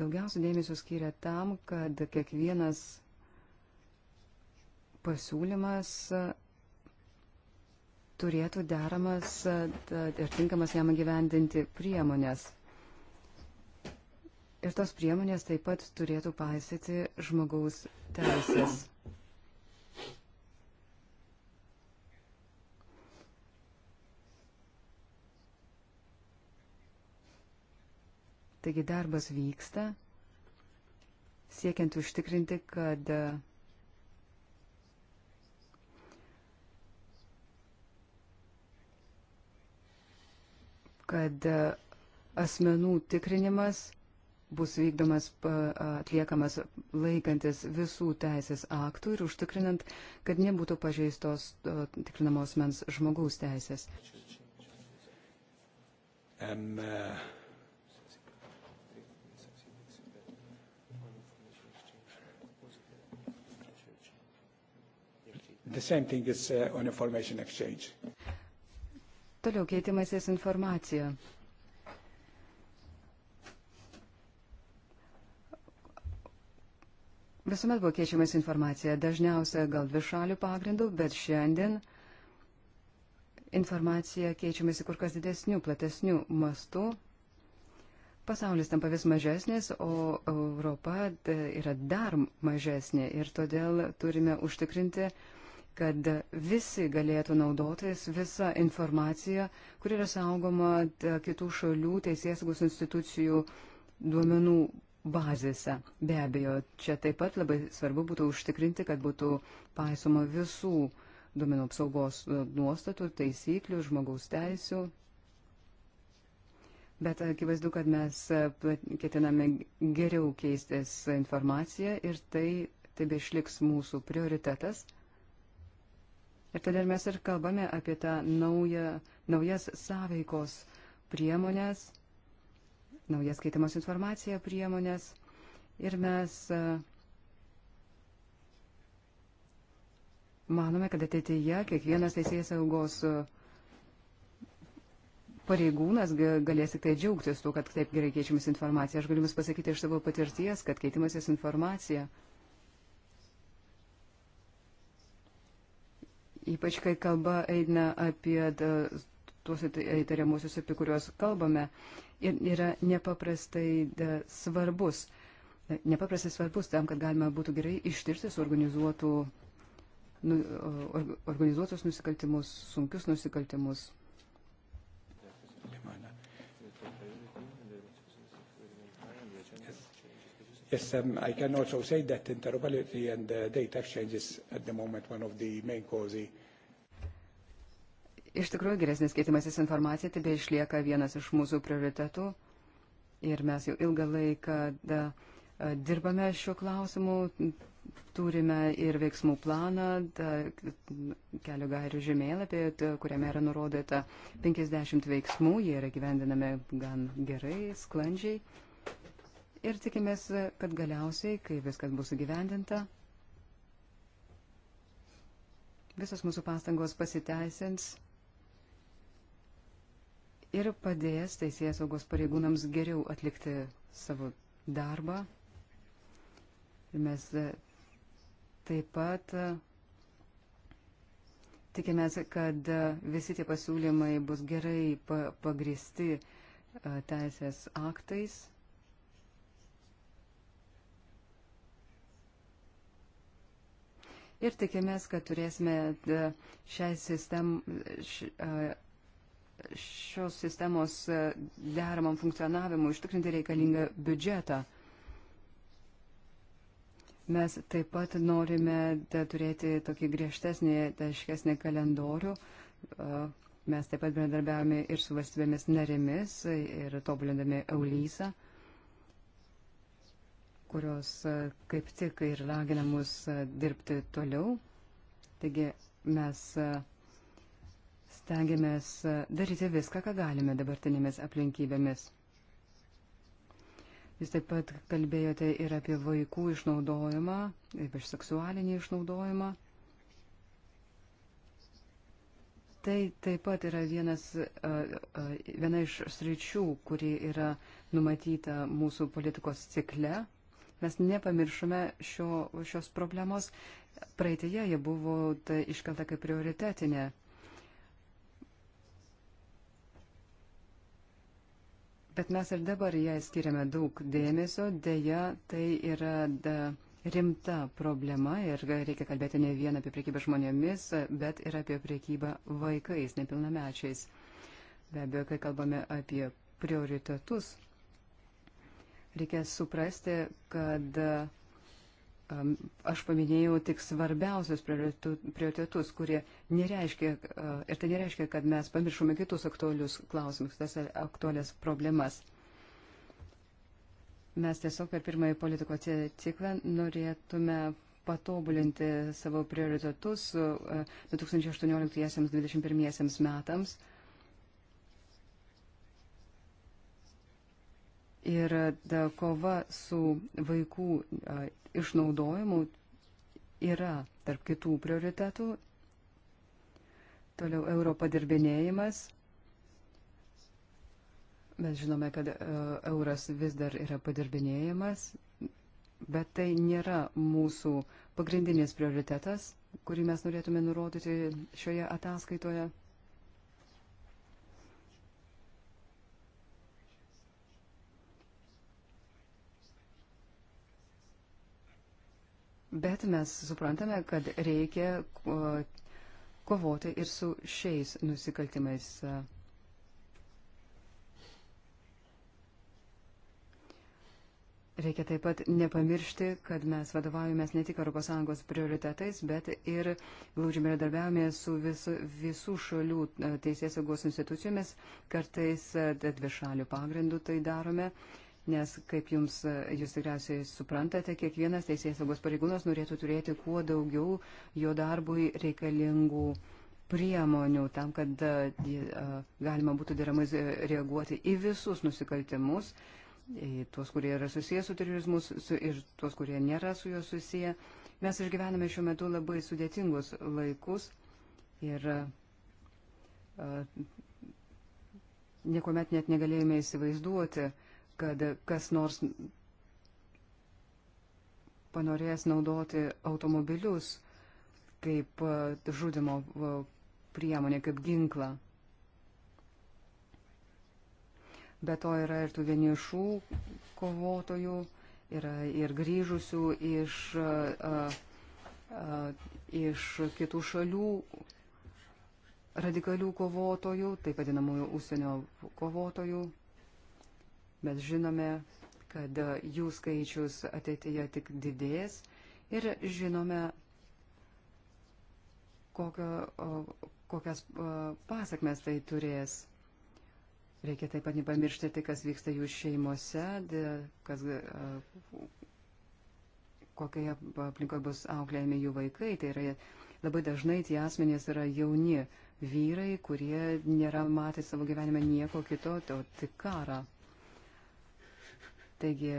daugiausia dėmesio skiria tam, kad kiekvienas pasiūlymas turėtų deramas ir tinkamas jam gyvendinti priemonės. Ir tos priemonės taip pat turėtų paisyti žmogaus teisės. Taigi darbas vyksta, siekiant užtikrinti, kad kad asmenų tikrinimas bus vykdomas, atliekamas laikantis visų teisės aktų ir užtikrinant, kad nebūtų pažeistos tikrinamos mens žmogaus teisės.
Um, uh... The same thing is uh, on information exchange.
Toliau keitimasis informacija. Visuomet buvo keičiamas informacija, dažniausia gal dvišalių pagrindų, bet šiandien informacija keičiamasi kur kas didesnių, platesnių mastų. Pasaulis tampa vis mažesnis, o Europa e, yra dar mažesnė ir todėl turime užtikrinti, uh, kad visi galėtų naudotis visą informaciją, kuri yra saugoma e, kitų šalių teisėsaugos institucijų duomenų bazėse. Be abejo, čia taip pat labai svarbu būtų užtikrinti, kad būtų paisoma visų duomenų apsaugos e, nuostatų, taisyklių, žmogaus teisų. Bet akivaizdu, kad mes e, ketiname geriau keistis informaciją ir tai taip išliks mūsų prioritetas. Ir todėl mes ir kalbame apie tą naują, naujas sąveikos priemonės, naujas skaitimos informacija priemonės. Ir mes e, manome, kad ateityje kiekvienas teisėjas saugos e, pareigūnas galės tik tai džiaugtis tuo, kad taip gerai keičiamas informacija. Aš galiu Jums pasakyti iš savo patirties, kad keitimasis informacija Ypač, kai kalba eina apie tuos įtariamusius, apie kuriuos kalbame, ir yra nepaprastai svarbus. Nepaprastai svarbus tam, kad galima būtų gerai ištirti su organizuotų, nu, organizuotus nusikaltimus, sunkius nusikaltimus. Yes, um, I
can also say that interoperability and uh, data exchange is at the moment one of the main causes.
Iš tikrųjų, geresnis keitimasis informacija tebe išlieka vienas iš mūsų prioritetų ir mes jau ilgą laiką da, dirbame šiuo klausimu, turime ir veiksmų planą, da, kelio gairių žemėlapį, kuriame yra nurodyta 50 veiksmų, jie yra gyvendinami gan gerai, sklandžiai ir tikimės, kad galiausiai, kai viskas bus įgyvendinta, visos mūsų pastangos pasiteisins ir padės teisėjas saugos pareigūnams geriau atlikti savo darbą. Ir mes e, taip pat e, tikimės, kad e, visi tie pasiūlymai bus gerai pagristi teisės aktais ir tikimės, kad turėsime e, sistem, e, šios sistemos e, deramam funkcionavimui užtikrinti reikalingą biudžetą. Mes taip pat norime turėti tokį griežtesnį, aiškesnį kalendorių. Mes taip pat bendradarbiavame ir su valstybėmis narėmis ir tobulindami Eulysą. Mhm kurios e, kaip tik ir ragina mus e, dirbti toliau. Taigi mes e, stengiamės daryti viską, ką galime dabartinėmis aplinkybėmis. Jūs taip pat kalbėjote ir apie vaikų išnaudojimą, ypač seksualinį išnaudojimą. Tai taip pat yra vienas, viena iš sričių, kuri yra numatyta mūsų politikos cikle. Mes nepamiršome šio, šios problemos. Praeitėje jie buvo tai iškelta kaip prioritetinė. Bet mes ir dabar jai skiriame daug dėmesio, dėja tai yra da, rimta problema ir reikia kalbėti ne vien apie priekybę žmonėmis, bet ir apie priekybą vaikais, nepilnamečiais. Be abejo, kai kalbame apie prioritetus, Reikia suprasti, kad um, aš paminėjau tik svarbiausius prioritetus, kurie nereiškia, uh, ir tai nereiškia, kad mes pamiršome kitus aktualius klausimus, tas aktualias problemas. Mes tiesiog per pirmąjį politiko ciklą norėtume patobulinti savo prioritetus 2018-2021 uh, uh, metams Ir da, kova su vaikų a, išnaudojimu yra tarp kitų prioritetų. Toliau euro padirbinėjimas. Mes žinome, kad e, euras vis dar yra padirbinėjimas, bet tai nėra mūsų pagrindinis prioritetas, kurį mes norėtume nurodyti šioje ataskaitoje. Bet mes suprantame, kad reikia kovoti ir su šiais nusikaltimais. Reikia taip pat nepamiršti, kad mes vadovaujamės ne tik ES prioritetais, bet ir glaudžiame bendradarbiavome su visu, visų šalių e, teisės saugos institucijomis, kartais e, dvišalių pagrindų tai darome. Uh, nes, kaip jums, e, jūs tikriausiai suprantate, kiekvienas teisės saugos pareigūnas norėtų turėti kuo daugiau jo darbui reikalingų priemonių tam, kad e, e, galima būtų deramai reaguoti į visus nusikaltimus, į tuos, kurie yra susijęs su terorizmu su, ir tuos, kurie nėra su juo susiję. Mes išgyvename šiuo metu labai sudėtingus laikus ir niekuomet net negalėjome įsivaizduoti, uh, kad kas nors panorės naudoti automobilius kaip e, žudimo e, priemonė, kaip ginklą. Be to yra ir tų vienišų kovotojų, yra ir grįžusių iš, a, e, a, iš kitų šalių radikalių kovotojų, taip vadinamųjų užsienio kovotojų. Mes žinome, kad jų skaičius ateityje tik didės ir žinome, kokio, kokias pasakmes tai turės. Reikia taip pat nepamiršti tai, kas vyksta jų šeimose, kas, kokioje aplinkoje bus auklėjami jų vaikai. Tai yra, labai dažnai tie asmenys yra jauni vyrai, kurie nėra matę savo gyvenime nieko kito, o tik karą. Taigi,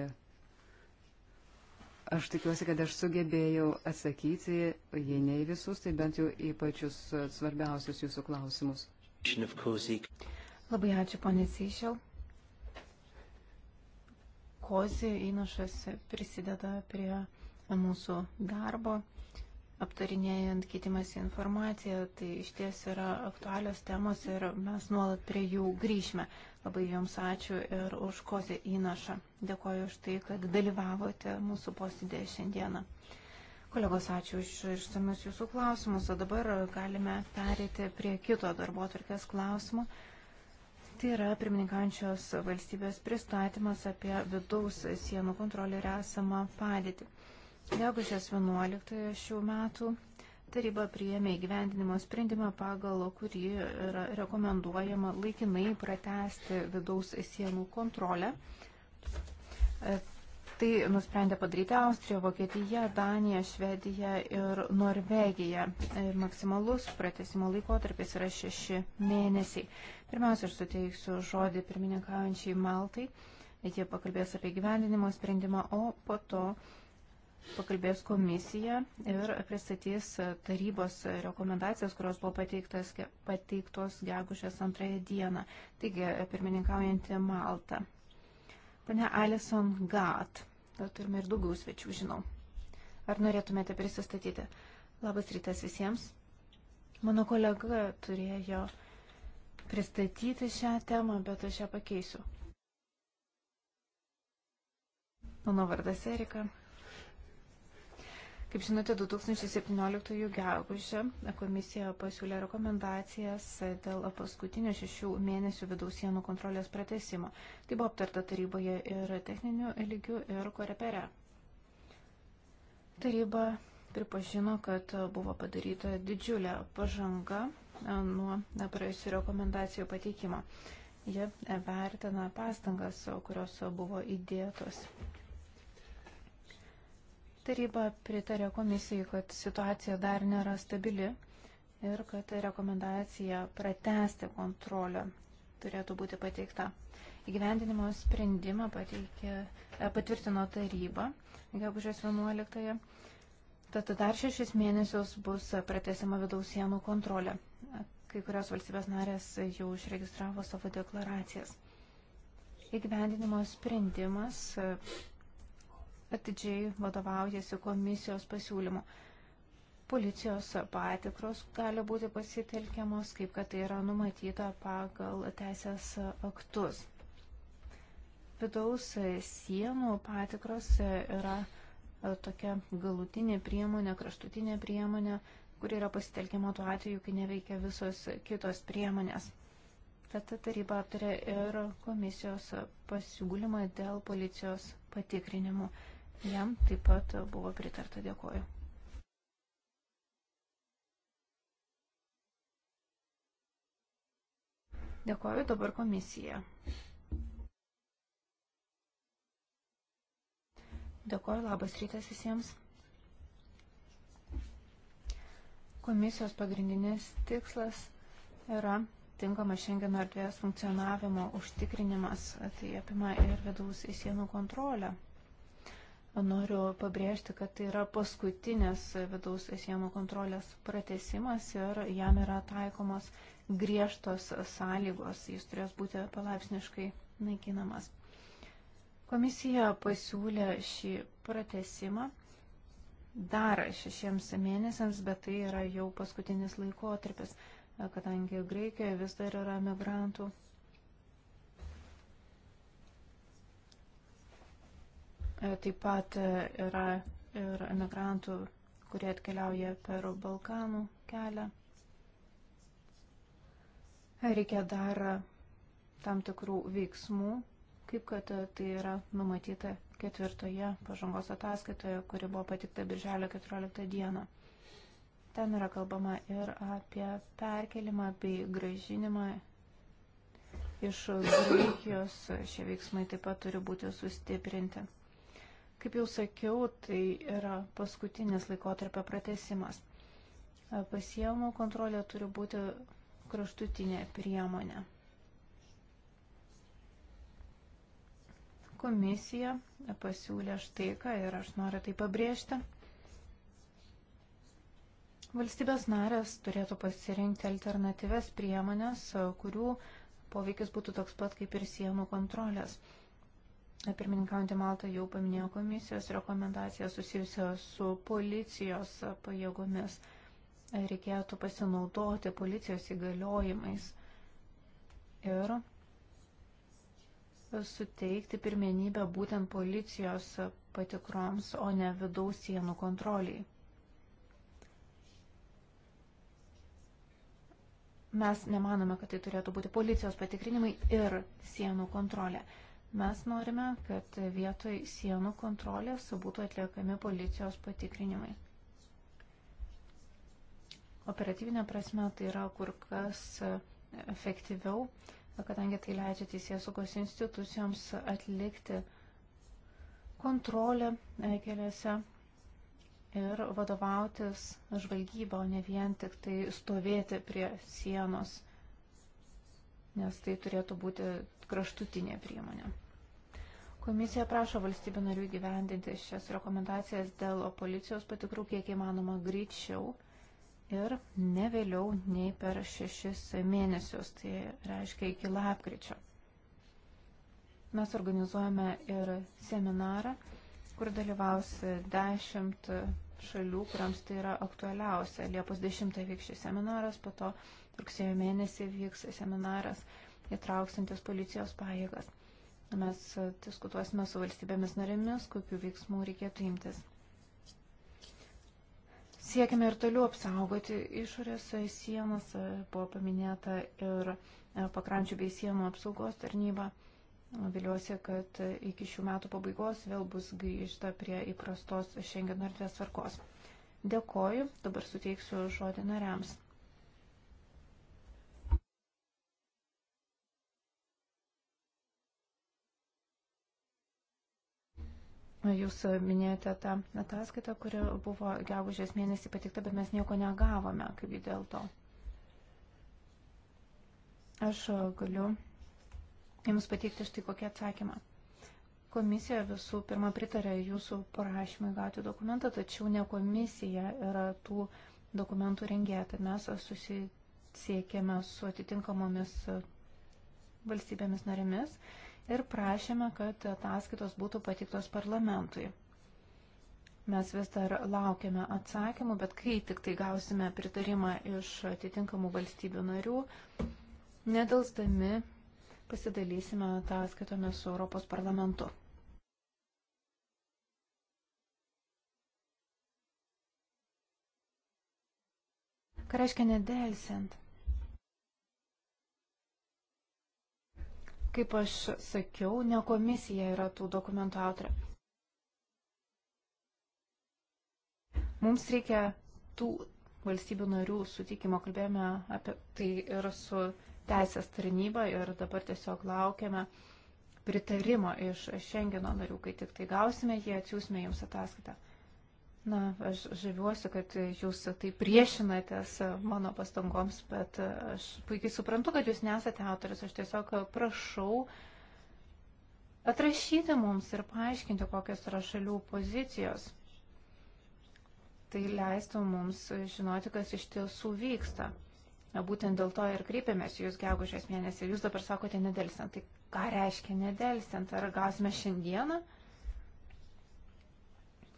aš tikiuosi, kad aš sugebėjau atsakyti, jei ne į visus, tai bent jau į pačius svarbiausius jūsų klausimus. Labai ačiū, ponė Seišel.
Kozi įnašas prisideda prie mūsų darbo aptarinėjant keitimas informaciją, tai iš ties yra aktualios temos ir mes nuolat prie jų grįžime. Labai Jums ačiū ir už kozę įnašą. Dėkoju už tai, kad dalyvavote mūsų posėdėje šiandieną. Kolegos, ačiū už išsamius Jūsų klausimus, o dabar galime perėti prie kito darbo atvarkės klausimų. Tai yra pirmininkančios valstybės pristatymas apie vidaus sienų kontrolį ir esamą padėtį. Gegužės 11 šių metų taryba priėmė įgyvendinimo sprendimą, pagal kurį yra rekomenduojama laikinai pratesti vidaus sienų kontrolę. E, tai nusprendė padaryti Austrija, Vokietija, Danija, Švedija ir Norvegija. Ir e, maksimalus pratesimo laikotarpis yra šeši mėnesiai. Pirmiausia, aš suteiksiu žodį pirmininkaujančiai Maltai. Jie pakalbės apie gyvendinimo sprendimą, o po to pakalbės komisija ir pristatys tarybos rekomendacijas, kurios buvo pateiktas, pateiktos gegužės antrąją dieną. Taigi, pirmininkaujantį Maltą. Pane Alison Gat, turime ir daugiau svečių, žinau. Ar norėtumėte prisistatyti? Labas rytas visiems. Mano kolega turėjo pristatyti šią temą, bet aš ją pakeisiu. Mano vardas Erika. Kaip žinote, 2017 gegužę komisija pasiūlė rekomendacijas dėl paskutinio šešių mėnesių vidaus sienų kontrolės pratesimo. Tai buvo aptarta taryboje ir techniniu lygiu, ir korepere. Taryba pripažino, kad buvo padaryta didžiulė pažanga nuo praėjusių rekomendacijų pateikimo. Jie vertina pastangas, kurios buvo įdėtos Taryba pritarė komisijai, kad situacija dar nėra stabili ir kad rekomendacija pratesti kontrolę turėtų būti pateikta. Įgyvendinimo sprendimą pateikė, e, patvirtino taryba gegužės 11-ąją. Tad dar šešis mėnesius bus pratesima vidaus sienų kontrolė. Kai kurios valstybės narės jau išregistravo savo deklaracijas. Įgyvendinimo sprendimas atidžiai vadovaujasi komisijos pasiūlymu. Policijos patikros gali būti pasitelkiamos, kaip kad tai yra numatyta pagal teisės aktus. Vidaus sienų patikros yra e, tokia galutinė priemonė, kraštutinė priemonė, kuri yra pasitelkiama tuo atveju, kai neveikia visos kitos priemonės. Tad taryba aptarė ir komisijos pasiūlymą dėl policijos patikrinimų. Jam taip pat buvo pritarta. Dėkoju. Dėkoju dabar komisija. Dėkoju, labas rytas visiems. Komisijos pagrindinis tikslas yra tinkamas šiandieno erdvės funkcionavimo užtikrinimas, tai apima ir vidaus sienų kontrolę. Noriu pabrėžti, kad tai yra paskutinės vidaus sienų kontrolės pratesimas ir jam yra taikomos griežtos sąlygos. Jis turės būti palaipsniškai naikinamas. Komisija pasiūlė šį pratesimą dar šešiems mėnesiams, bet tai yra jau paskutinis laikotarpis, kadangi Graikijoje vis dar yra migrantų E, taip pat e, yra ir emigrantų, kurie atkeliauja per Balkanų kelią. Reikia dar tam tikrų veiksmų, kaip kad e, tai yra numatyta ketvirtoje pažangos ataskaitoje, kuri buvo patikta birželio 14 dieną. Ten yra kalbama ir apie perkelimą bei gražinimą iš Graikijos. Šie veiksmai taip pat turi būti sustiprinti. Kaip jau sakiau, tai yra paskutinis laikotarpio pratesimas. Pasiemų kontrolė turi būti kraštutinė priemonė. Komisija pasiūlė štai ką ir aš noriu tai pabrėžti. Valstybės narės turėtų pasirinkti alternatyves priemonės, kurių poveikis būtų toks pat kaip ir sienų kontrolės. Pirmininkaujantį Maltą jau paminėjo komisijos rekomendaciją susijusią su policijos pajėgomis. Reikėtų pasinaudoti policijos įgaliojimais ir suteikti pirmenybę būtent policijos patikroms, o ne vidaus sienų kontroliai. Mes nemanome, kad tai turėtų būti policijos patikrinimai ir sienų kontrolė. Mes norime, kad vietoj sienų kontrolės būtų atliekami policijos patikrinimai. Operatyvinė prasme tai yra kur kas efektyviau, kadangi tai leidžia teisėsaugos institucijoms atlikti kontrolę e, keliuose ir vadovautis žvalgybą, o ne vien tik tai stovėti prie sienos, nes tai turėtų būti kraštutinė priemonė. Komisija prašo valstybių narių gyvendinti šias rekomendacijas dėl policijos patikrų kiek įmanoma greičiau ir ne vėliau nei per šešis mėnesius, tai reiškia iki lapkričio. Mes organizuojame ir seminarą, kur dalyvaus dešimt šalių, kuriams tai yra aktualiausia. Liepos 10 vyks šis seminaras, po to rugsėjo mėnesį vyks seminaras įtrauksantis policijos pajėgas. Mes diskutuosime su valstybėmis narėmis, kokiu veiksmu reikėtų imtis. Siekime ir toliau apsaugoti išorės sienas, e, buvo paminėta ir e, pakrančių bei sienų apsaugos tarnyba. Viliuosi, kad iki šių metų pabaigos vėl bus grįžta prie įprastos Schengen erdvės tvarkos. Dėkoju, dabar suteiksiu žodį nariams. Jūs minėjote tą ataskaitą, kuri buvo gegužės mėnesį patikta, bet mes nieko negavome, kaip dėl to. Aš galiu Jums pateikti štai kokį atsakymą. Komisija visų pirma pritarė jūsų prašymui gauti dokumentą, tačiau ne komisija yra tų dokumentų rengėja, tad mes susisiekėme su atitinkamomis valstybėmis narėmis ir prašėme, kad ataskaitos būtų patiktos parlamentui. Mes vis dar laukiame atsakymų, bet kai tik tai gausime pritarimą iš atitinkamų valstybių narių, nedalsdami pasidalysime ataskaitomis su Europos parlamentu. Ką reiškia nedelsiant? Kaip aš sakiau, ne komisija yra tų dokumentų autorė. Mums reikia tų valstybių narių sutikimo, kalbėjome apie tai ir su teisės tarnyba ir dabar tiesiog laukiame pritarimo iš Šengeno narių, kai tik tai gausime, jie atsiūsime jums ataskaitą. Na, aš žaviuosi, kad jūs tai priešinatės mano pastangoms, bet aš puikiai suprantu, kad jūs nesate autoris. Aš tiesiog prašau atrašyti mums ir paaiškinti, kokios yra šalių pozicijos. Tai leistų mums žinoti, kas iš tiesų vyksta. Na, būtent dėl to ir kreipėmės jūs gegužės mėnesį. Jūs dabar sakote nedelsiant. Tai ką reiškia nedelsiant? Ar gausime šiandieną?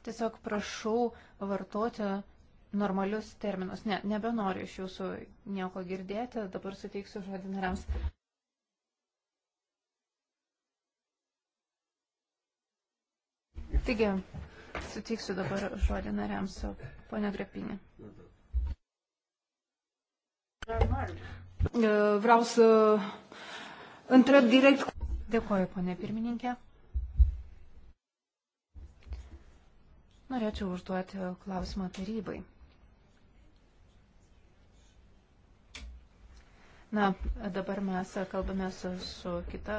Tiesiog prašau vartoti normalius terminus. Ne, nebenoriu iš jūsų nieko girdėti, dabar suteiksiu žodį nariams. Taigi, suteiksiu dabar žodį nariams, ponia Grepinė. Vreau să întreb direct. Dėkoju, ponė pirmininkė. Norėčiau užduoti klausimą tarybai. Na, dabar mes kalbame su, su kita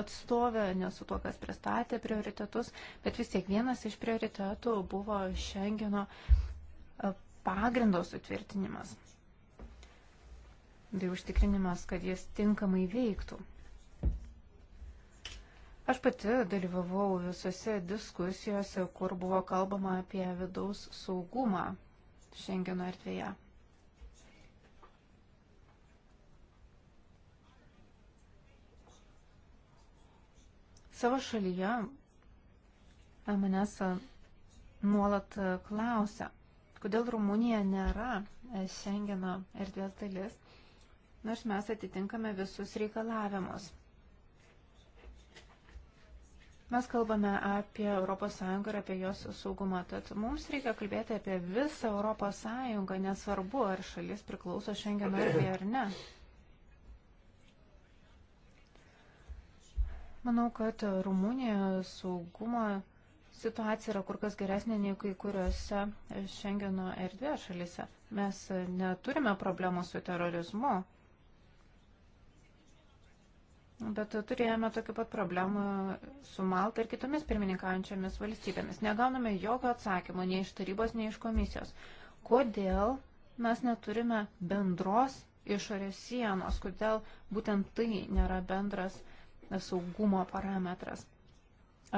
atstovė, ne su tuo, kas pristatė prioritetus, bet vis tiek vienas iš prioritetų buvo Šengeno pagrindo sutvirtinimas bei užtikrinimas, kad jis tinkamai veiktų. Aš pati dalyvavau visose diskusijose, kur buvo kalbama apie vidaus saugumą Šengeno erdvėje. Savo šalyje manęs nuolat klausia, kodėl Rumunija nėra Šengeno erdvės dalis, nors mes atitinkame visus reikalavimus. Mes kalbame apie ES ir apie jos saugumą, tad mums reikia kalbėti apie visą ES, nesvarbu, ar šalis priklauso Schengeno erdvėje ar ne. Manau, kad Rumunijoje saugumo situacija yra kur kas geresnė nei kai kuriuose Schengeno erdvėje šalise. Mes neturime problemų su terorizmu. Bet turėjome tokių pat problemų su Malta ir kitomis pirmininkaujančiomis valstybėmis. Negauname jokio atsakymo nei iš tarybos, nei iš komisijos. Kodėl mes neturime bendros išorės sienos, kodėl būtent tai nėra bendras saugumo parametras.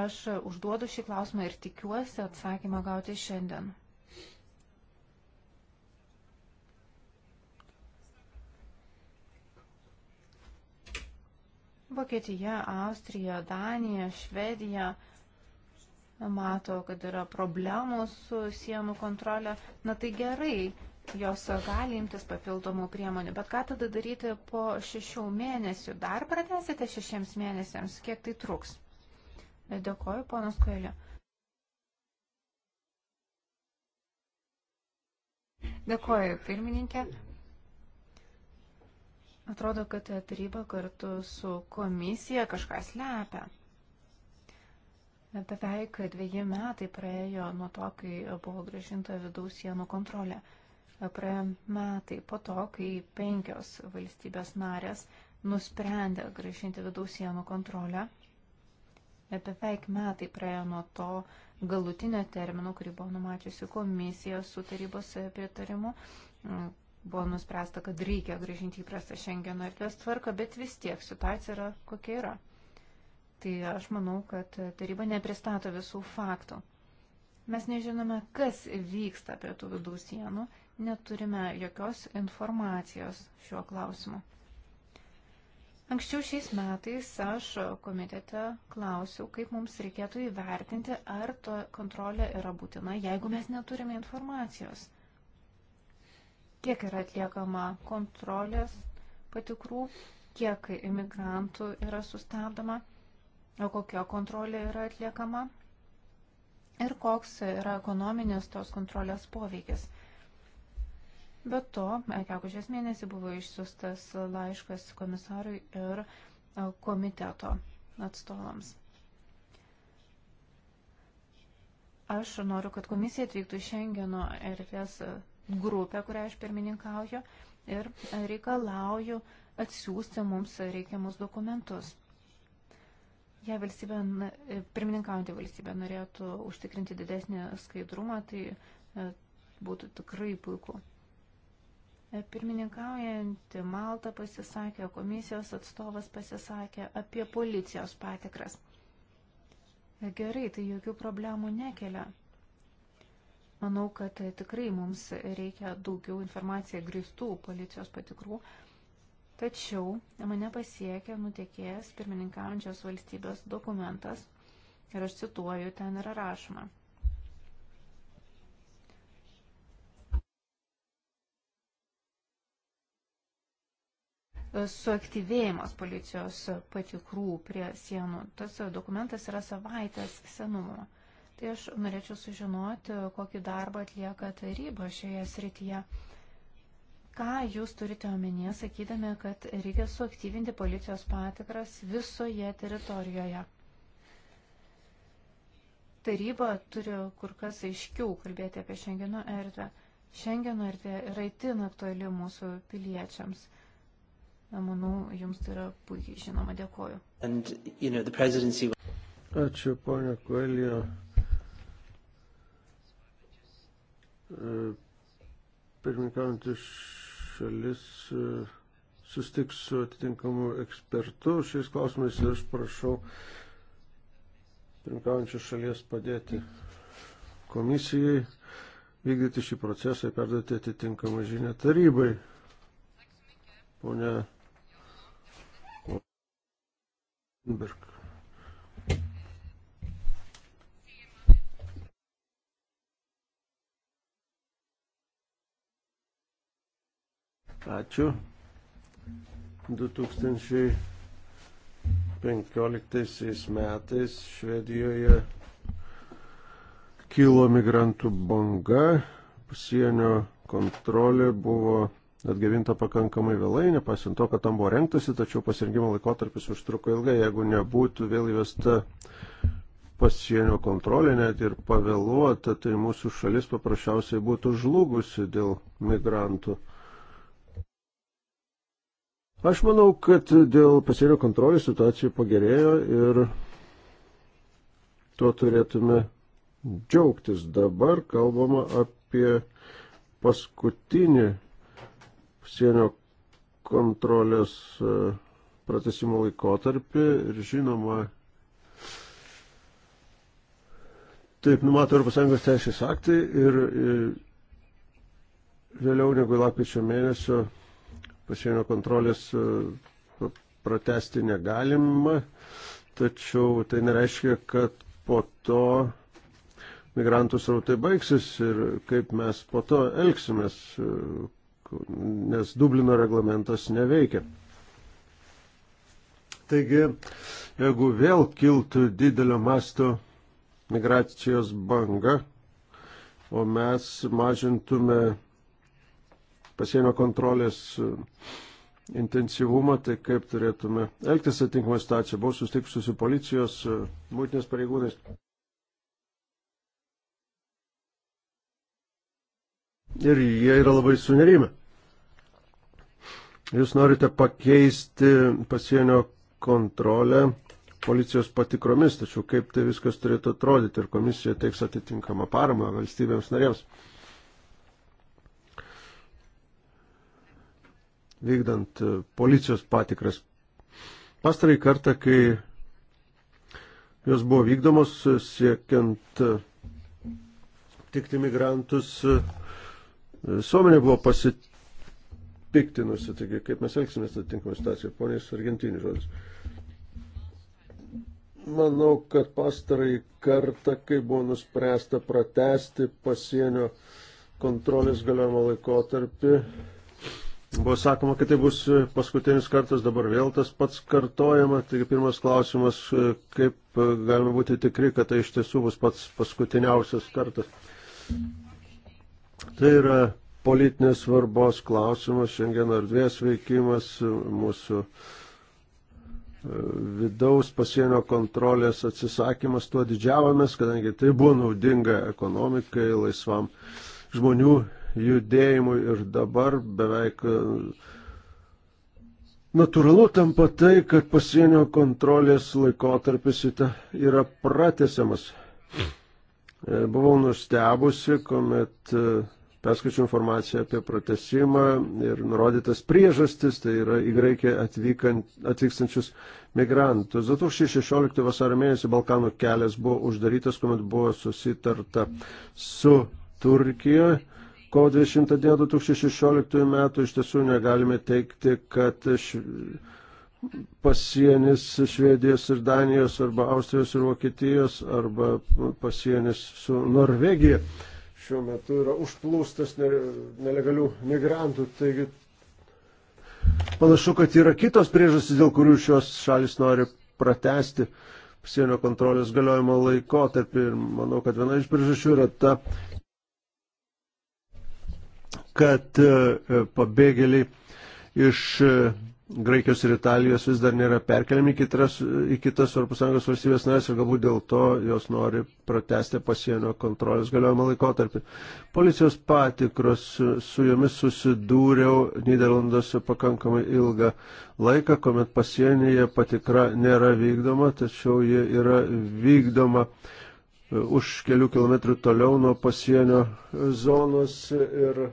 Aš užduodu šį klausimą ir tikiuosi atsakymą gauti šiandien. Vokietija, Austrija, Danija, Švedija mato, kad yra problemų su sienų kontrolė. Na tai gerai, jos gali imtis papildomų priemonių, bet ką tada daryti po šešių mėnesių? Dar pratesite šešiems mėnesiams, kiek tai truks? Dėkoju, ponas Koelė. Dėkoju, pirmininkė. Atrodo, kad taryba kartu su komisija kažką slepia. Beveik dviejai metai praėjo nuo to, kai buvo gražinta vidaus sienų kontrolė. Praėjo metai po to, kai penkios valstybės narės nusprendė gražinti vidaus sienų kontrolę. Beveik metai praėjo nuo to galutinio termino, kurį buvo numačiusi komisija su tarybos pritarimu, buvo nuspręsta, kad reikia gražinti įprastą Schengeno erdvės tvarką, bet vis tiek situacija yra kokia yra. Tai aš manau, kad taryba nepristato visų faktų. Mes nežinome, kas vyksta prie tų vidų sienų, neturime jokios informacijos šiuo klausimu. Anksčiau šiais metais aš komitete klausiau, kaip mums reikėtų įvertinti, ar to kontrolė yra būtina, jeigu mes neturime informacijos kiek yra atliekama kontrolės patikrų, kiek imigrantų yra sustabdoma, o kokia kontrolė yra atliekama ir koks yra ekonominis tos kontrolės poveikis. Be to, gegužės mėnesį buvo išsiustas laiškas komisarui ir komiteto atstovams. Aš noriu, kad komisija atvyktų į Šengeno erdvės grupę, kurią aš pirmininkauju, ir e, reikalauju atsiųsti mums reikiamus dokumentus. Jei valstybė, e, pirmininkaujantį valstybę norėtų užtikrinti didesnį skaidrumą, tai e, būtų tikrai puiku. Pirmininkaujantį Maltą pasisakė, komisijos atstovas pasisakė apie policijos patikras. Gerai, tai jokių problemų nekelia. Manau, kad tikrai mums reikia daugiau informaciją grįstų policijos patikrų, tačiau mane pasiekė nutekėjęs pirmininkaujančios valstybės dokumentas ir aš cituoju, ten yra rašoma. suaktyvėjimas policijos patikrų prie sienų. Tas dokumentas yra savaitės senumo. Tai aš norėčiau sužinoti, kokį darbą atlieka taryba šioje srityje. Ką jūs turite omenyje, sakydami, kad reikia suaktyvinti policijos patikras visoje teritorijoje? Taryba turi kur kas aiškiau kalbėti apie Šengeno erdvę. Šengeno erdvė yra itin aktuali mūsų piliečiams. Manau, jums tai yra puikiai žinoma. Dėkoju.
And, you know, presidency...
Ačiū, ponia Koelio. E, pirmininkaujantį šalis e, sustiks su atitinkamu ekspertu šiais klausimais ir aš prašau pirmininkaujančios šalies padėti komisijai vykdyti šį procesą ir perduoti atitinkamą žinią tarybai. Pone Lindberg. Ačiū. 2015 metais Švedijoje kilo migrantų banga, pasienio kontrolė buvo atgavinta pakankamai vėlai, nepaisant to, kad tam buvo rengtasi, tačiau pasirinkimo laikotarpis užtruko ilgai, jeigu nebūtų vėl įvesta pasienio kontrolė net ir pavėluota, tai mūsų šalis paprasčiausiai būtų žlugusi dėl migrantų. Aš manau, kad dėl pasienio kontrolės situacija pagerėjo ir tuo turėtume džiaugtis. Dabar kalbama apie paskutinį pasienio kontrolės e, pratesimo laikotarpį ir žinoma, taip numato Europos Sąjungos teisės aktai ir, ir e, vėliau negu lapkričio mėnesio pasienio kontrolės e, pratesti negalima, tačiau tai nereiškia, kad po to migrantų srautai baigsis ir kaip mes po to elgsimės, e, nes Dublino reglamentas neveikia. Taigi, jeigu vėl kiltų didelio masto migracijos banga, o mes mažintume pasienio kontrolės e, intensyvumą, tai kaip turėtume elgtis atitinkamą situaciją. Buvau susitikusi su policijos, e, mūtinės pareigūnais. Ir jie yra labai sunerimę. Jūs norite pakeisti pasienio kontrolę policijos patikromis, tačiau kaip tai viskas turėtų atrodyti ir komisija teiks atitinkamą paramą valstybėms narėms. vykdant e, policijos patikras. Pastarai kartą, kai jos buvo vykdomos e, siekiant e, tikti migrantus, suomenė buvo pasipiktinusi. Taigi, kaip mes elgsimės atitinkamą situaciją? Ponės Argentinių žodis. Manau, kad pastarai kartą, kai buvo nuspręsta pratesti pasienio kontrolės galiojimo laikotarpį, Buvo sakoma, kad tai bus e, paskutinis kartas, dabar vėl tas pats kartojama. Taigi pirmas klausimas, e, kaip e, galime būti tikri, kad tai iš tiesų bus pats paskutiniausias kartas. Tai yra politinės svarbos klausimas, šiandien erdvės veikimas, mūsų vidaus pasienio kontrolės atsisakymas, tuo didžiavomės, kadangi tai buvo naudinga ekonomikai, laisvam žmonių judėjimui ir dabar beveik natūralu tampa tai, kad pasienio kontrolės laikotarpis yra pratesiamas. E, buvau nustebusi, kuomet e, perskaičiu informaciją apie pratesimą ir nurodytas priežastis, tai yra į Graikiją atvykstančius migrantus. 2016 vasario mėnesį Balkanų kelias buvo uždarytas, kuomet buvo susitarta su Turkijoje Kovo 20 dieną 2016 metų iš tiesų negalime teikti, kad š... pasienis Švedijos ir Danijos arba Austrijos ir Vokietijos arba pasienis su Norvegija šiuo metu yra užplūstas nelegalių migrantų. Taigi panašu, kad yra kitos priežastys, dėl kurių šios šalis nori pratesti pasienio kontrolės galiojimo laikotarpį ir manau, kad viena iš priežasčių yra ta, kad e, e, pabėgėliai iš e, Graikijos ir Italijos vis dar nėra perkeliami į kitas, į kitas Europos Sąjungos valstybės narės ir galbūt dėl to jos nori pratesti pasienio kontrolės galiojimo laikotarpį. Policijos patikros su jomis susidūriau Niderlanduose pakankamai ilgą laiką, kuomet pasienyje patikra nėra vykdoma, tačiau ji yra vykdoma už kelių kilometrų toliau nuo pasienio zonos ir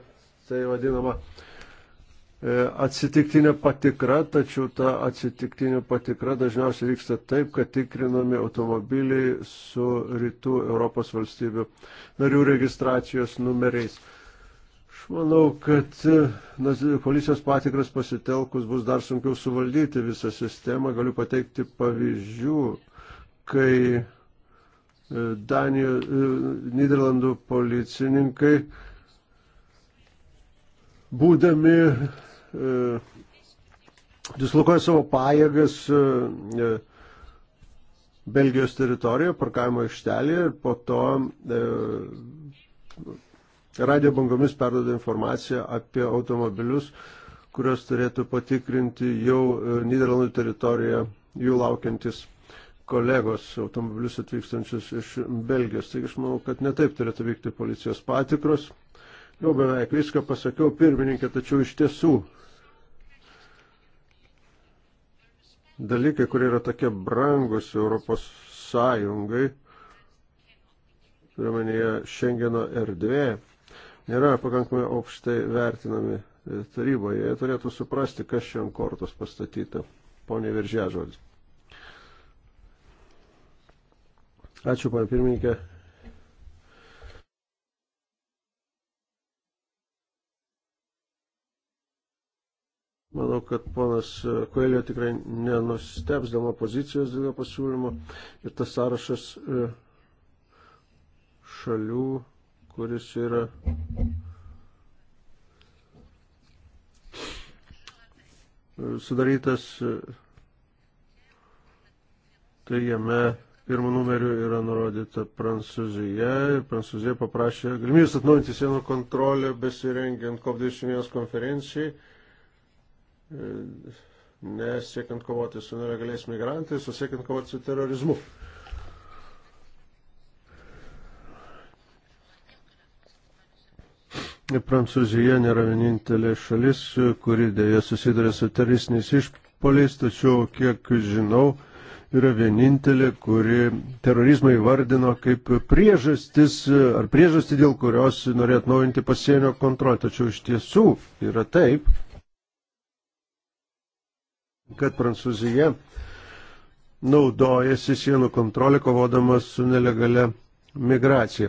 tai vadinama e, atsitiktinė patikra, tačiau ta atsitiktinė patikra dažniausiai vyksta taip, kad tikrinami automobiliai su rytų Europos valstybių narių registracijos numeriais. Aš manau, kad e, na, policijos patikras pasitelkus bus dar sunkiau suvaldyti visą sistemą. Galiu pateikti pavyzdžių, kai e, Danijos, Niderlandų policininkai būdami e, dislokuoja savo pajėgas e, e, Belgijos teritorijoje, parkavimo aikštelėje ir po to e, radio bangomis perdoda informaciją apie automobilius, kurios turėtų patikrinti jau e, Niderlandų teritoriją jų laukiantis kolegos automobilius atvykstančius iš Belgijos. Taigi aš manau, kad netaip turėtų vykti policijos patikros. Jau nu, beveik viską pasakiau pirmininkė, tačiau iš tiesų dalykai, kurie yra tokie brangus Europos Sąjungai, turiuomenėje Šengeno erdvė, nėra pakankamai aukštai vertinami taryboje. Jie turėtų suprasti, kas šiandien kortos pastatyta. Pone Viržė žodis. Ačiū, pane pirmininkė. Manau, kad ponas Koelio tikrai nenusteps dėl opozicijos dėl pasiūlymo ir tas sąrašas e, šalių, kuris yra sudarytas, e, tai jame pirmų numerių yra nurodyta Prancūzija ir Prancūzija paprašė galimybės atnaujinti sienų kontrolę besirengiant COP21 konferencijai E, nesiekiant kovoti su nelegaliais migrantais, o siekiant kovoti su terorizmu. E, Prancūzija nėra vienintelė šalis, kuri dėja susiduria su teroristiniais išpoliais, tačiau, kiek žinau, yra vienintelė, kuri terorizmą įvardino kaip priežastis ar priežastį, dėl kurios norėjo atnaujinti pasienio kontrolę. Tačiau iš tiesų yra taip, kad Prancūzija naudojasi sienų kontrolę kovodama su nelegale migracija.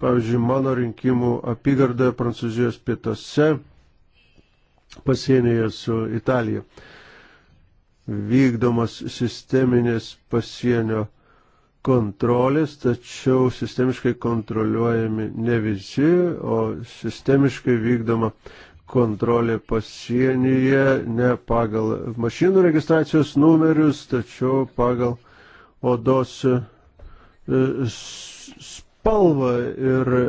Pavyzdžiui, mano rinkimų apygardoje Prancūzijos pietose pasienyje su Italija vykdomas sisteminės pasienio kontrolės, tačiau sistemiškai kontroliuojami ne visi, o sistemiškai vykdoma kontrolė pasienyje ne pagal mašinų registracijos numerius, tačiau pagal odos e, spalvą ir e,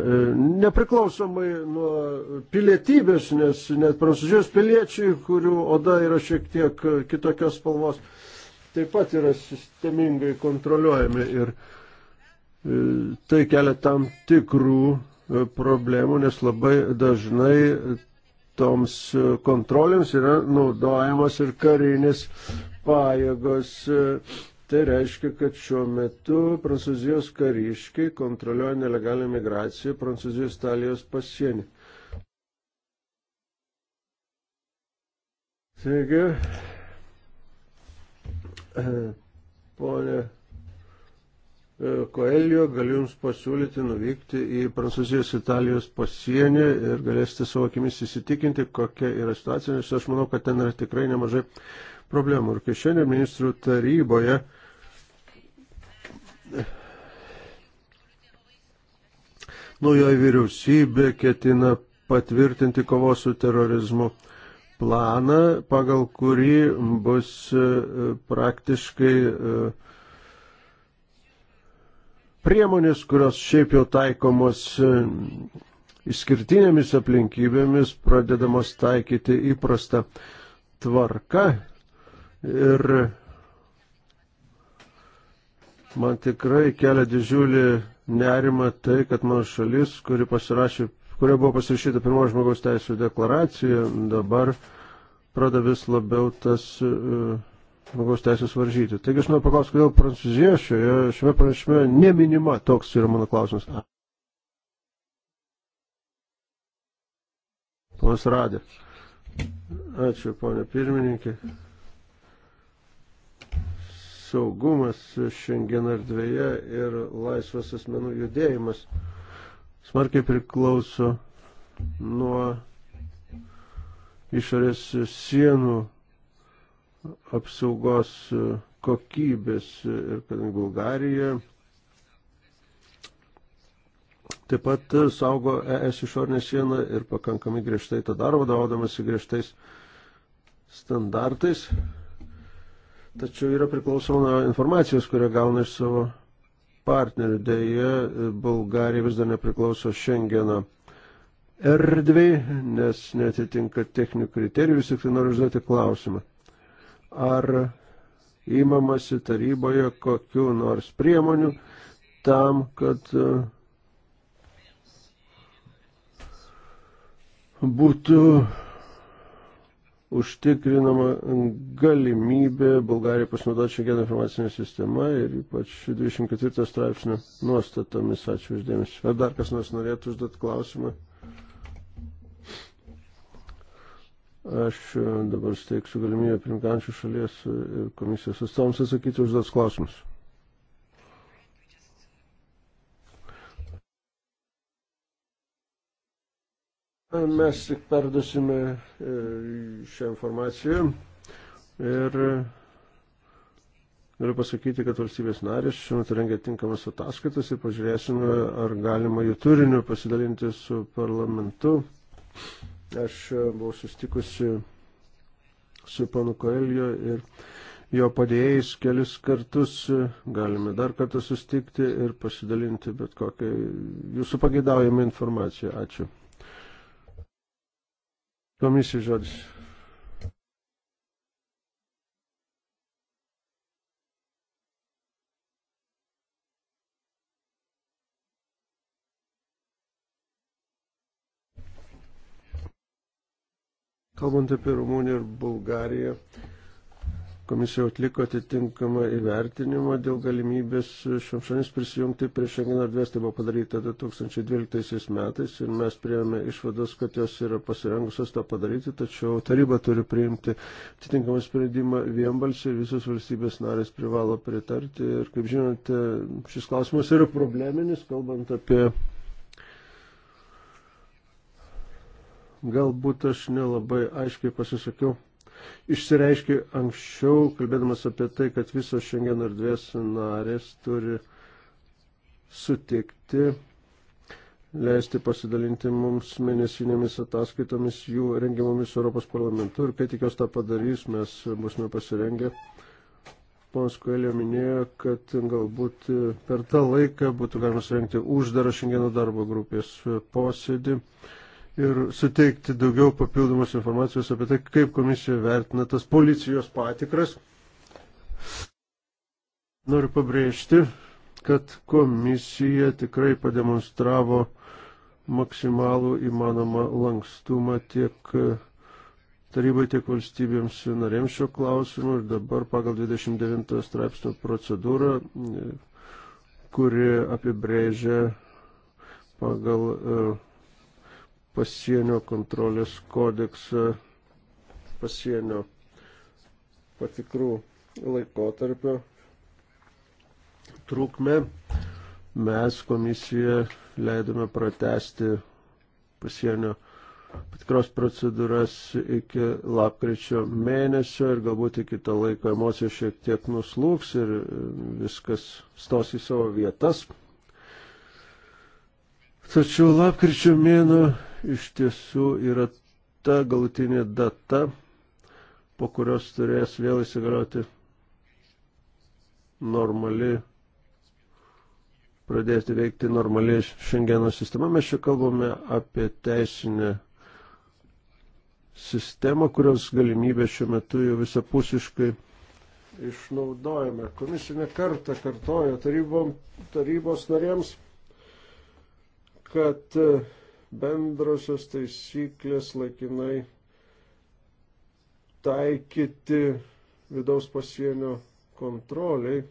nepriklausomai nuo pilietybės, nes net prancūzijos piliečiai, kurių oda yra šiek tiek kitokios spalvos, taip pat yra sistemingai kontroliuojami ir e, tai kelia tam tikrų problemų, nes labai dažnai toms kontrolėms yra naudojamos ir karinės pajėgos. Tai reiškia, kad šiuo metu prancūzijos kariškiai kontroliuoja nelegalią migraciją prancūzijos italijos pasienį. Taigi, e, ponė E, Koelio, galiu Jums pasiūlyti nuvykti į Prancūzijos Italijos pasienį ir galėsite savo akimis įsitikinti, kokia yra situacija, nes aš manau, kad ten yra tikrai nemažai problemų. Ir kai šiandien ministrų taryboje naujoji vyriausybė ketina patvirtinti kovos su terorizmu planą, pagal kurį bus e, praktiškai uh, priemonės, kurios šiaip jau taikomos e, išskirtinėmis aplinkybėmis, pradedamos taikyti įprastą tvarką. Ir man tikrai kelia didžiulį nerimą tai, kad mano šalis, kuri pasirašė, kuria buvo pasirašyta pirmoji žmogaus teisų deklaracija, dabar pradeda vis labiau tas uh, žmogaus teisės varžyti. Taigi aš noriu paklausti, kodėl Prancūzija šioje, šiame pranešime neminima, toks yra mano klausimas. Ponas Radė. Ačiū, ponė pirmininkė. Saugumas šiandien erdvėje ir laisvas asmenų judėjimas smarkiai priklauso nuo išorės sienų apsaugos kokybės ir kadangi Bulgarija taip pat saugo ES išorinę sieną ir pakankamai griežtai tą daro, vadovaudamasi griežtais standartais. Tačiau yra priklausoma nuo informacijos, kurią gauna iš savo partnerių. Deja, Bulgarija vis dar nepriklauso Schengeno erdvėj, nes netitinka techninių kriterijų. Vis tik tai noriu užduoti klausimą ar įmamasi taryboje kokiu nors priemonių tam, kad e, būtų užtikrinama galimybė Bulgarijai pasinaudoti šiandien informacinę sistemą ir ypač 24 straipsnio nuostatomis. Ačiū uždėmesi. Ar dar kas nors norėtų užduoti klausimą? Aš e, dabar steiksiu galimybę primkančių šalies e, ir komisijos atstovams atsakyti užduos klausimus. Mes tik perdusime e, šią informaciją ir noriu pasakyti, kad valstybės narės šiuo metu rengia tinkamas ataskaitas ir pažiūrėsime, ar galima jų turiniu pasidalinti su parlamentu. Aš e, buvau sustikusi su panu Koelio ir jo padėjėjais kelis kartus. E, galime dar kartą sustikti ir pasidalinti bet kokią jūsų pageidaujamą informaciją. Ačiū. Komisijos žodis. Kalbant apie Rumuniją ir Bulgariją, komisija atliko atitinkamą įvertinimą dėl galimybės šioms šalims prisijungti prie Šengeno erdvės. Tai buvo padaryta 2012 metais ir mes priėmėme išvadas, kad jos yra pasirengusios tą padaryti, tačiau taryba turi priimti atitinkamą sprendimą vienbalsiai, visos valstybės narės privalo pritarti. Ir kaip žinote, šis klausimas yra probleminis, kalbant apie Galbūt aš nelabai aiškiai pasisakiau. Išsireiškiai anksčiau, kalbėdamas apie tai, kad visos šiandien erdvės narės turi sutikti, leisti pasidalinti mums mėnesinėmis ataskaitomis jų rengiamomis Europos parlamentu ir kai tik jos tą padarys, mes būsime pasirengę. Ponas Koelio minėjo, kad galbūt per tą laiką būtų galima surinkti uždarą šiandieno darbo grupės posėdį ir suteikti daugiau papildomos informacijos apie tai, kaip komisija vertina tas policijos patikras. Noriu pabrėžti, kad komisija tikrai pademonstravo maksimalų įmanomą lankstumą tiek tarybai, tiek valstybėms narėms šio klausimu ir dabar pagal 29 straipsnio procedūrą, kuri apibrėžia pagal e, pasienio kontrolės kodeksą pasienio patikrų laikotarpio trukmę. Mes komisiją leidome pratesti pasienio patikros procedūras iki lapkričio mėnesio ir galbūt iki to laiko emocijos šiek tiek nuslūks ir viskas stos į savo vietas. Tačiau lapkričio mėno iš tiesų yra ta galutinė data, po kurios turės vėl įsigalioti normali, pradėti veikti normali šengeno sistema. Mes čia kalbame apie teisinę sistemą, kurios galimybę šiuo metu jau visapusiškai išnaudojame. Komisija kartą kartojo tarybom, tarybos narėms, kad uh, bendrosios taisyklės laikinai taikyti vidaus pasienio kontroliai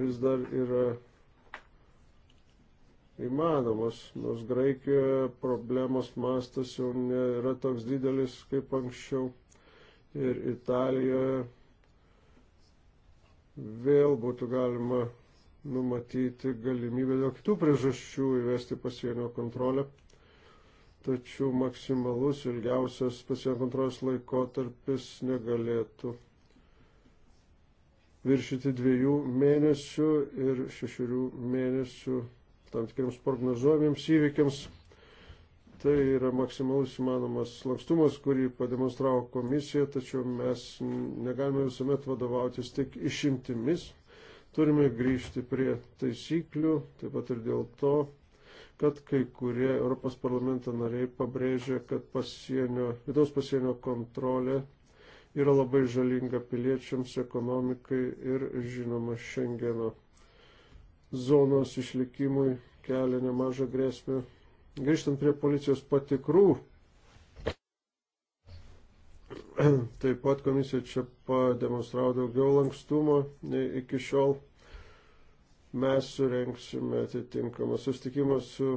vis dar yra įmanomos, nors Graikijoje problemos mastas jau nėra toks didelis kaip anksčiau ir Italijoje vėl būtų galima numatyti galimybę dėl kitų priežasčių įvesti pasienio kontrolę, tačiau maksimalus ilgiausias pasienio kontrolės laikotarpis negalėtų viršyti dviejų mėnesių ir šešių mėnesių tam tikriams prognozuojamiems įvykiams. Tai yra maksimalus įmanomas lankstumas, kurį pademonstravo komisija, tačiau mes negalime visuomet vadovautis tik išimtimis Turime grįžti prie taisyklių, taip pat ir dėl to, kad kai kurie Europos parlamento nariai pabrėžia, kad pasienio, vidaus pasienio kontrolė yra labai žalinga piliečiams, ekonomikai ir, žinoma, Šengeno zonos išlikimui kelia nemažą grėsmę. Grįžtant prie policijos patikrų, *clears throat* Taip pat komisija čia pademonstravo daugiau lankstumo nei iki šiol. Mes surenksime atitinkamą sustikimą su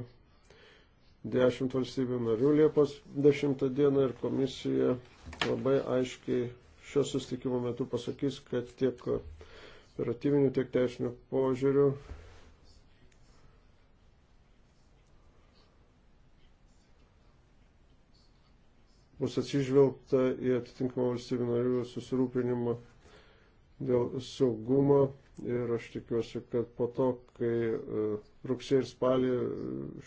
10 valstybių narių Liepos 10 dieną ir komisija labai aiškiai šio sustikimo metu pasakys, kad tiek operatyvinių, tiek teisinių požiūrių bus atsižvelgta į atitinkamą valstybių narių susirūpinimą dėl saugumo ir aš tikiuosi, kad po to, kai e, rugsėjai ir spalį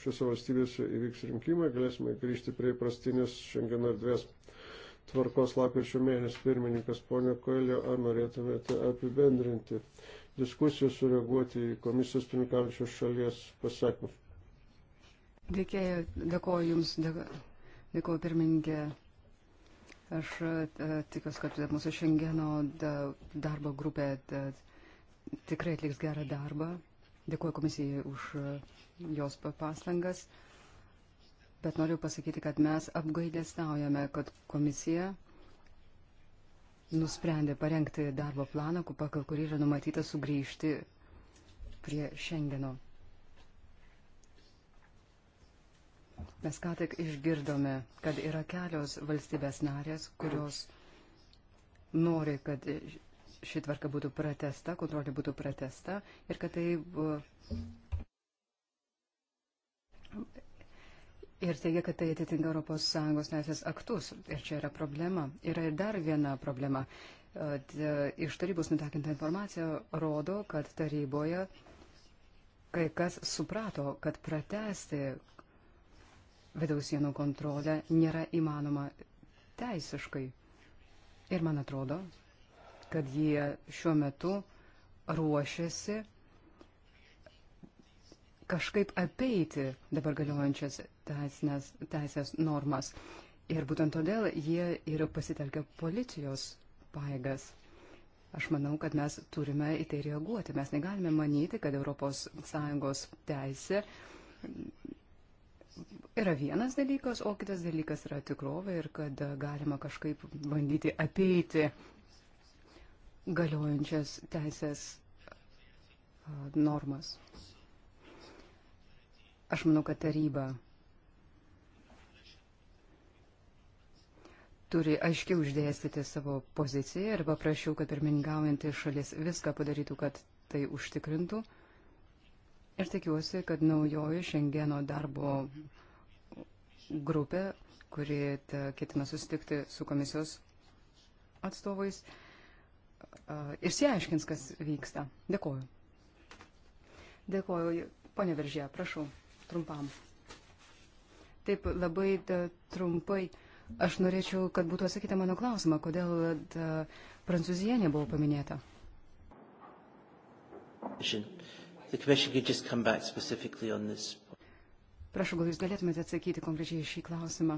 šiuose valstybėse įvyks rinkimai, galėsime grįžti prie prastinės šiandien erdvės tvarkos lapkričio mėnesį pirmininkas ponė Koelio, ar norėtumėte apibendrinti diskusiją, sureaguoti į komisijos pirmininkavčios šalies pasakymus?
Dėkoju Jums, dėkoju. Dėkuoju, pirmininkė. Aš e, e, tikiuosi, kad mūsų šiandieno darbo grupė tikrai atliks gerą darbą. Dėkuoju komisijai už e, jos pastangas. Bet noriu pasakyti, kad mes apgailėstaujame, kad komisija nusprendė parengti darbo planą, pagal kurį yra numatyta sugrįžti prie šiandieno. Mes ką tik išgirdome, kad yra kelios valstybės narės, kurios nori, kad ši tvarka būtų pratesta, kontrolė būtų pratesta ir kad tai. E, ir teigia, kad tai atitinka ES teisės aktus. Ir čia yra problema. Yra ir dar viena problema. E, iš tarybos nutakinta informacija rodo, kad taryboje kai kas suprato, kad pratesti vidaus sienų kontrolė nėra įmanoma teisiškai. Ir man atrodo, kad jie šiuo metu ruošiasi kažkaip apeiti dabar galiojančias teisinės, teisės normas. Ir būtent todėl jie yra pasitelkę policijos paėgas. Aš manau, kad mes turime į tai reaguoti. Mes negalime manyti, kad ES teisė yra vienas dalykas, o kitas dalykas yra tikrovė ir kad galima kažkaip bandyti apeiti galiojančias teisės normas. Aš manau, kad taryba turi aiškiau išdėstyti savo poziciją ir paprašiau, kad pirmininkaujantis šalis viską padarytų, kad tai užtikrintų. Ir tikiuosi, kad naujoji Šengeno darbo grupė, kuri ketina susitikti su komisijos atstovais, išsiaiškins, kas vyksta. Dėkoju. Dėkoju. Pone Veržė, prašau, trumpam. Taip, labai da, trumpai. Aš norėčiau, kad būtų atsakyta mano klausimą, kodėl da, Prancūzija nebuvo paminėta.
Žinoma. The Commission could just come back specifically on this.
Prašau, gal jūs galėtumėte atsakyti konkrečiai šį klausimą.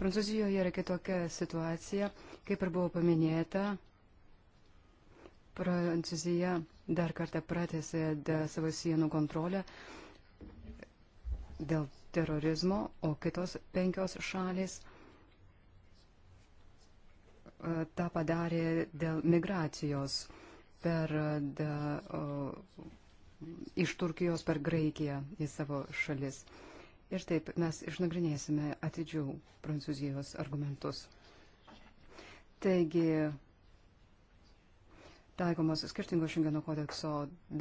Prancūzijoje yra kitokia situacija, kaip ir buvo paminėta. Prancūzija dar kartą pratėsi savo sienų kontrolę dėl terorizmo, o kitos penkios šalis e, tą padarė dėl migracijos per, da, o, iš Turkijos per Graikiją į savo šalis. Ir taip mes išnagrinėsime atidžiau Prancūzijos argumentus. Taigi, taikomos skirtingos Šengeno kodekso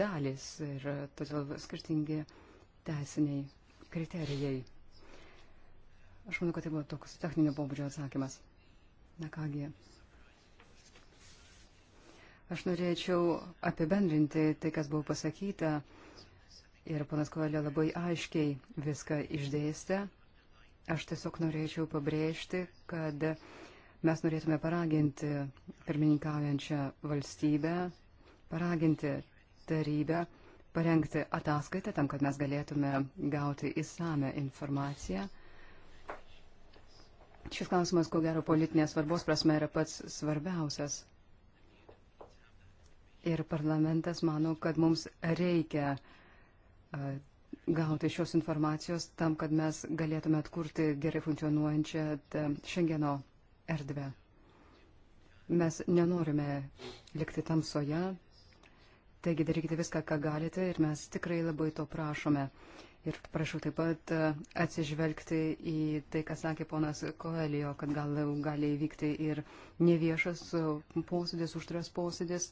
dalis ir todėl skirtingi teisiniai kriterijai. Aš manau, kad tai buvo toks techninio pobūdžio atsakymas. Na kągi. Aš norėčiau apibendrinti tai, kas buvo pasakyta. Ir panas Kovalė labai aiškiai viską išdėstė. Aš tiesiog norėčiau pabrėžti, kad mes norėtume paraginti pirmininkaujančią valstybę, paraginti tarybę, parengti ataskaitę tam, kad mes galėtume gauti įsame informaciją. Šis klausimas, ko gero, politinės svarbos prasme yra pats svarbiausias. Ir parlamentas mano, kad mums reikia gauti šios informacijos tam, kad mes galėtume atkurti gerai funkcionuojančią Šengeno erdvę. Mes nenorime likti tamsoje, taigi darykite viską, ką galite ir mes tikrai labai to prašome. Ir prašau taip pat atsižvelgti į tai, ką sakė ponas Koelio, kad gal gali įvykti ir neviešas posėdis, užtras posėdis. posėdis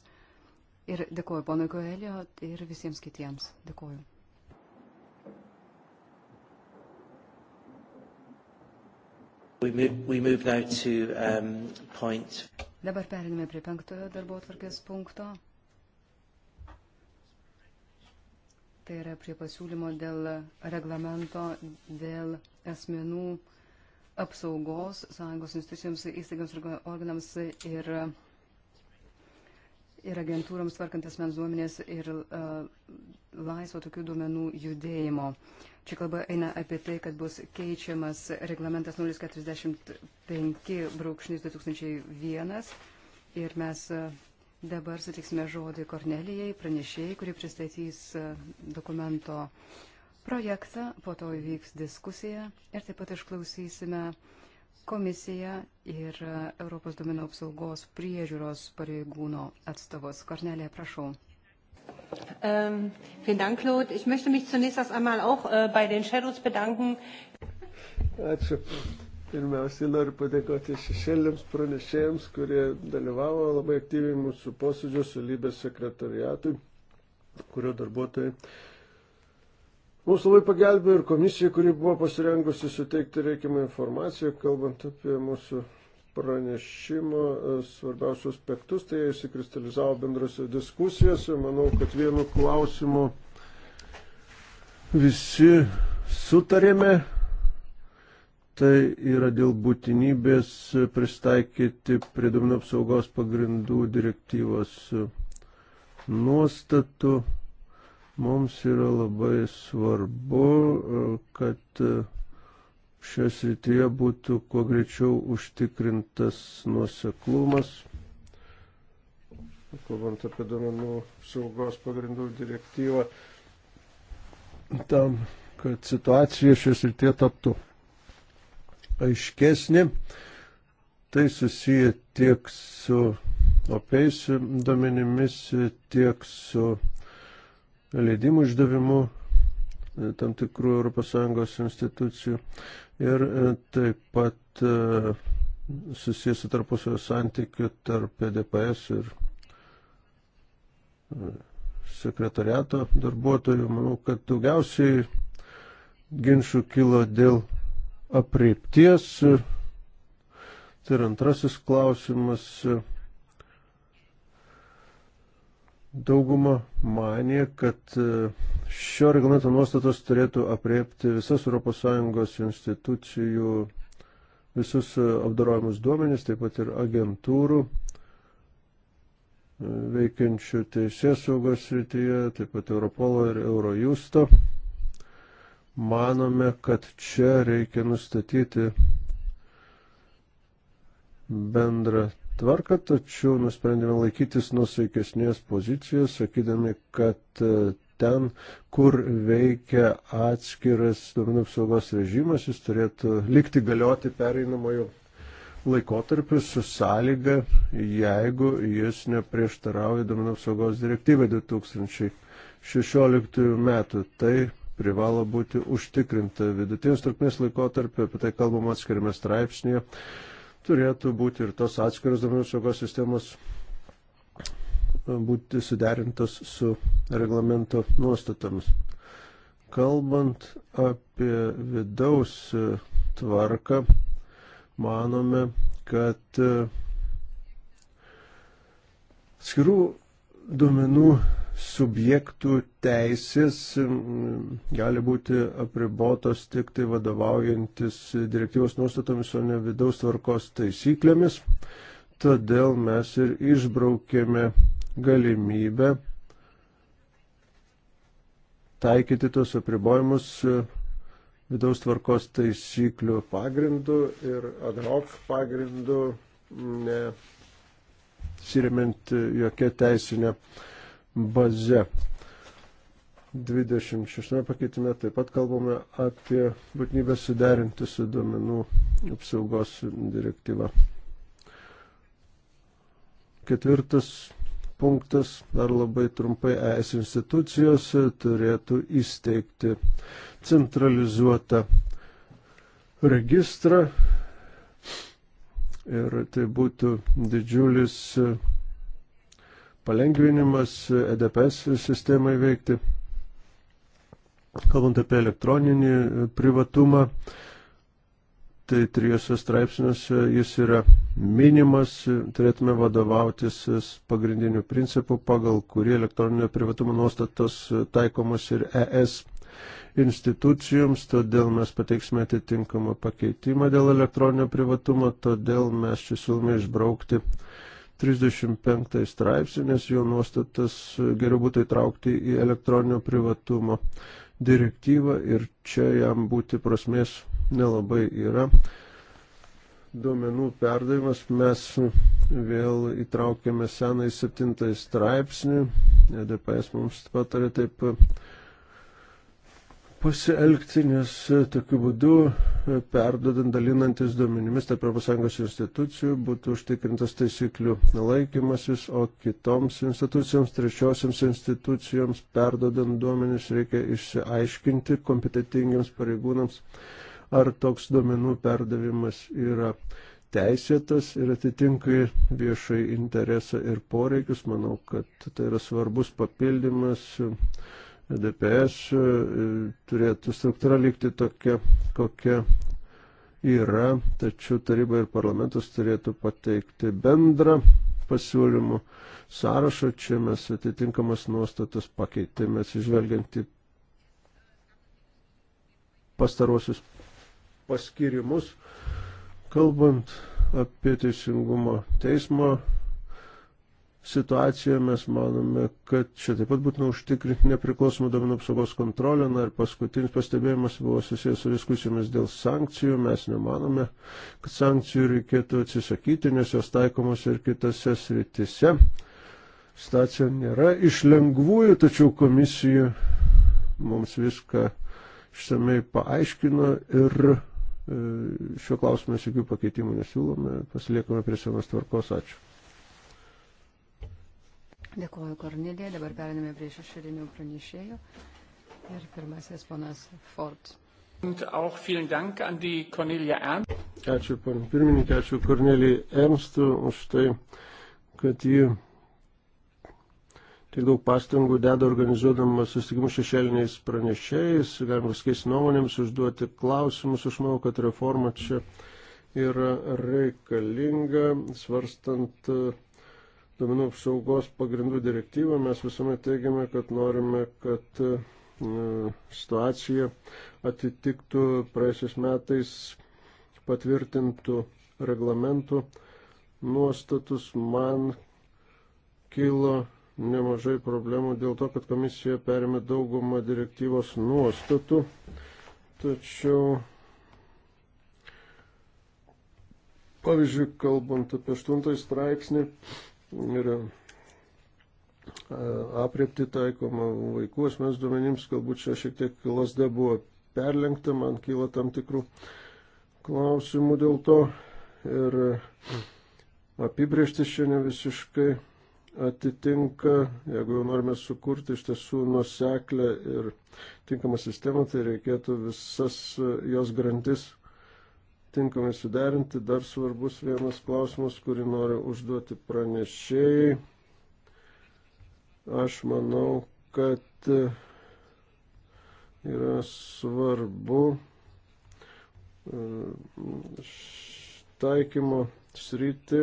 Ir dėkoju ponui Koelio ir visiems kitiems. Dėkoju.
We move, we move now to um, point.
Dabar perinime prie penktojo darbo atvarkės punkto. Tai yra prie pasiūlymo dėl reglamento dėl asmenų apsaugos sąjungos institucijoms, įstaigoms ir organams ir ir agentūrams tvarkant asmens duomenės ir uh, laisvo tokių duomenų judėjimo. Čia kalba eina apie tai, kad bus keičiamas reglamentas 045-2001 ir mes e, dabar sutiksime žodį Kornelijai, pranešėjai, kuri pristatys e, dokumento projektą, po to įvyks diskusija ir taip pat išklausysime uh, komisija ir Europos duomenų apsaugos priežiūros pareigūno atstovas. Kornelė, prašau. Ähm, vielen Dank, Claude. Ich möchte mich zunächst erst einmal auch äh, bei den Shadows bedanken.
Ačiū. Pirmiausiai noriu padėkoti šešėliams pranešėjams, kurie dalyvavo labai aktyviai mūsų posėdžio su lybės sekretariatui, kurio darbuotojai Mums labai pagelbėjo ir komisija, kuri buvo pasirengusi suteikti reikiamą informaciją, kalbant apie mūsų pranešimo e, svarbiausius aspektus, tai įsikristalizavo bendrose diskusijose. Manau, kad vienu klausimu visi sutarėme. Tai yra dėl būtinybės pristaikyti prie duomenų apsaugos pagrindų direktyvos nuostatų Mums yra labai svarbu, e, kad e, šioje srityje būtų kuo greičiau užtikrintas nuoseklumas, kalbant apie duomenų saugos pagrindų direktyvą, tam, kad situacija šioje srityje taptų aiškesnė. Tai susiję tiek su opiais duomenimis, tiek su leidimų išdavimu e, tam tikrų ES institucijų ir e, taip pat e, susijęs su tarpusavio santykiu tarp DPS ir sekretariato darbuotojų. Manau, kad daugiausiai ginčių kilo dėl apriepties. Tai yra antrasis klausimas. Dauguma manė, kad e, šio reglamento nuostatos turėtų apriepti visas ES institucijų, visus e, apdarojimus duomenys, taip pat ir agentūrų e, veikiančių teisės saugos srityje, taip pat Europolo ir Eurojusto. Manome, kad čia reikia nustatyti bendrą tvarką, tačiau nusprendėme laikytis nusaikesnės pozicijos, sakydami, kad e, ten, kur veikia atskiras duomenų apsaugos režimas, jis turėtų likti galioti pereinamojo laikotarpiu su sąlyga, jeigu jis neprieštarauja duomenų apsaugos direktyvai 2016 metų. Tai privalo būti užtikrinta vidutinės trukmės laikotarpiu, apie tai kalbama atskirime straipsnėje turėtų būti ir tos atskiros duomenų saugos sistemos e, būti suderintos su reglamento nuostatomis. Kalbant apie vidaus e, tvarką, manome, kad e, skirų duomenų subjektų teisės gali būti apribotos tik tai vadovaujantis direktyvos nuostatomis, o ne vidaus tvarkos taisyklėmis. Todėl mes ir išbraukėme galimybę taikyti tos apribojimus vidaus tvarkos taisyklių pagrindų ir ad hoc pagrindų, nesiriment jokia teisinė baze. 26 pakeitime taip pat kalbame apie būtinybę suderinti su duomenų apsaugos direktyva. Ketvirtas punktas, dar labai trumpai, ES institucijos turėtų įsteigti centralizuotą registrą ir tai būtų didžiulis palengvinimas EDPS sistemai veikti. Kalbant apie elektroninį privatumą, tai trijose straipsniuose jis yra minimas, turėtume vadovautis pagrindiniu principu, pagal kurį elektroninio privatumo nuostatos taikomos ir ES institucijoms, todėl mes pateiksime atitinkamą pakeitimą dėl elektroninio privatumo, todėl mes čia siūlome išbraukti 35 straipsnį, nes jo nuostatas e, geriau būtų įtraukti į elektroninio privatumo direktyvą ir čia jam būti prasmės nelabai yra. Duomenų perdavimas mes vėl įtraukėme senai 7 straipsnį, EDPS mums patarė taip pasielgti, nes e, tokiu būdu e, perdodant, dalinantis duomenimis tarp ES institucijų būtų užtikrintas taisyklių laikymasis, o kitoms institucijoms, trečiosiams institucijoms perdodant duomenis reikia išsiaiškinti kompetitingiams pareigūnams, ar toks duomenų perdavimas yra teisėtas ir atitinka viešai interesą ir poreikius. Manau, kad tai yra svarbus papildymas E DPS e, turėtų struktūra likti tokia, kokia yra, tačiau taryba ir parlamentas turėtų pateikti bendrą pasiūlymų sąrašą. Čia mes atitinkamas nuostatas pakeitėme, atsižvelgiant į pastarosius paskirimus, kalbant apie teisingumo teismo situaciją. Mes manome, kad čia taip pat būtina užtikrinti nepriklausomą duomenų apsaugos kontrolę. Na ir paskutinis pastebėjimas buvo susijęs su diskusijomis dėl sankcijų. Mes nemanome, kad sankcijų reikėtų atsisakyti, nes jos taikomos ir kitose sritise. Stacija nėra iš lengvųjų, tačiau komisija mums viską išsamei paaiškino ir e, šiuo klausimu jokių pakeitimų nesiūlome, pasiliekame prie senos tvarkos. Ačiū.
Dėkuoju Kornelė, dabar periname prie šešėlinių pranešėjų. Ir pirmasis ponas Ford. Ačiū,
ponė
pirmininkė, ačiū Kornelijai Ernst už tai, kad ji tiek daug pastangų deda organizuodama susitikimus šešėliniais pranešėjais, galima skaisti nuomonėms, užduoti klausimus. Aš manau, kad reforma čia yra reikalinga, svarstant uh, duomenų apsaugos pagrindų direktyvą, mes visuomet teigiame, kad norime, kad e, situacija atitiktų praėjusiais metais patvirtintų reglamentų nuostatus. Man kilo nemažai problemų dėl to, kad komisija perėmė daugumą direktyvos nuostatų, tačiau Pavyzdžiui, kalbant apie 8 straipsnį, ir apriepti taikoma vaikų asmens duomenims, galbūt čia šiek tiek lasda buvo perlengta, man kyla tam tikrų klausimų dėl to ir apibrieštis šiandien visiškai atitinka, jeigu jau norime sukurti iš tiesų nuseklę ir tinkamą sistemą, tai reikėtų visas jos grandis tinkamai suderinti. Dar svarbus vienas klausimas, kurį noriu užduoti pranešėjai. Aš manau, kad yra svarbu e, taikymo sritį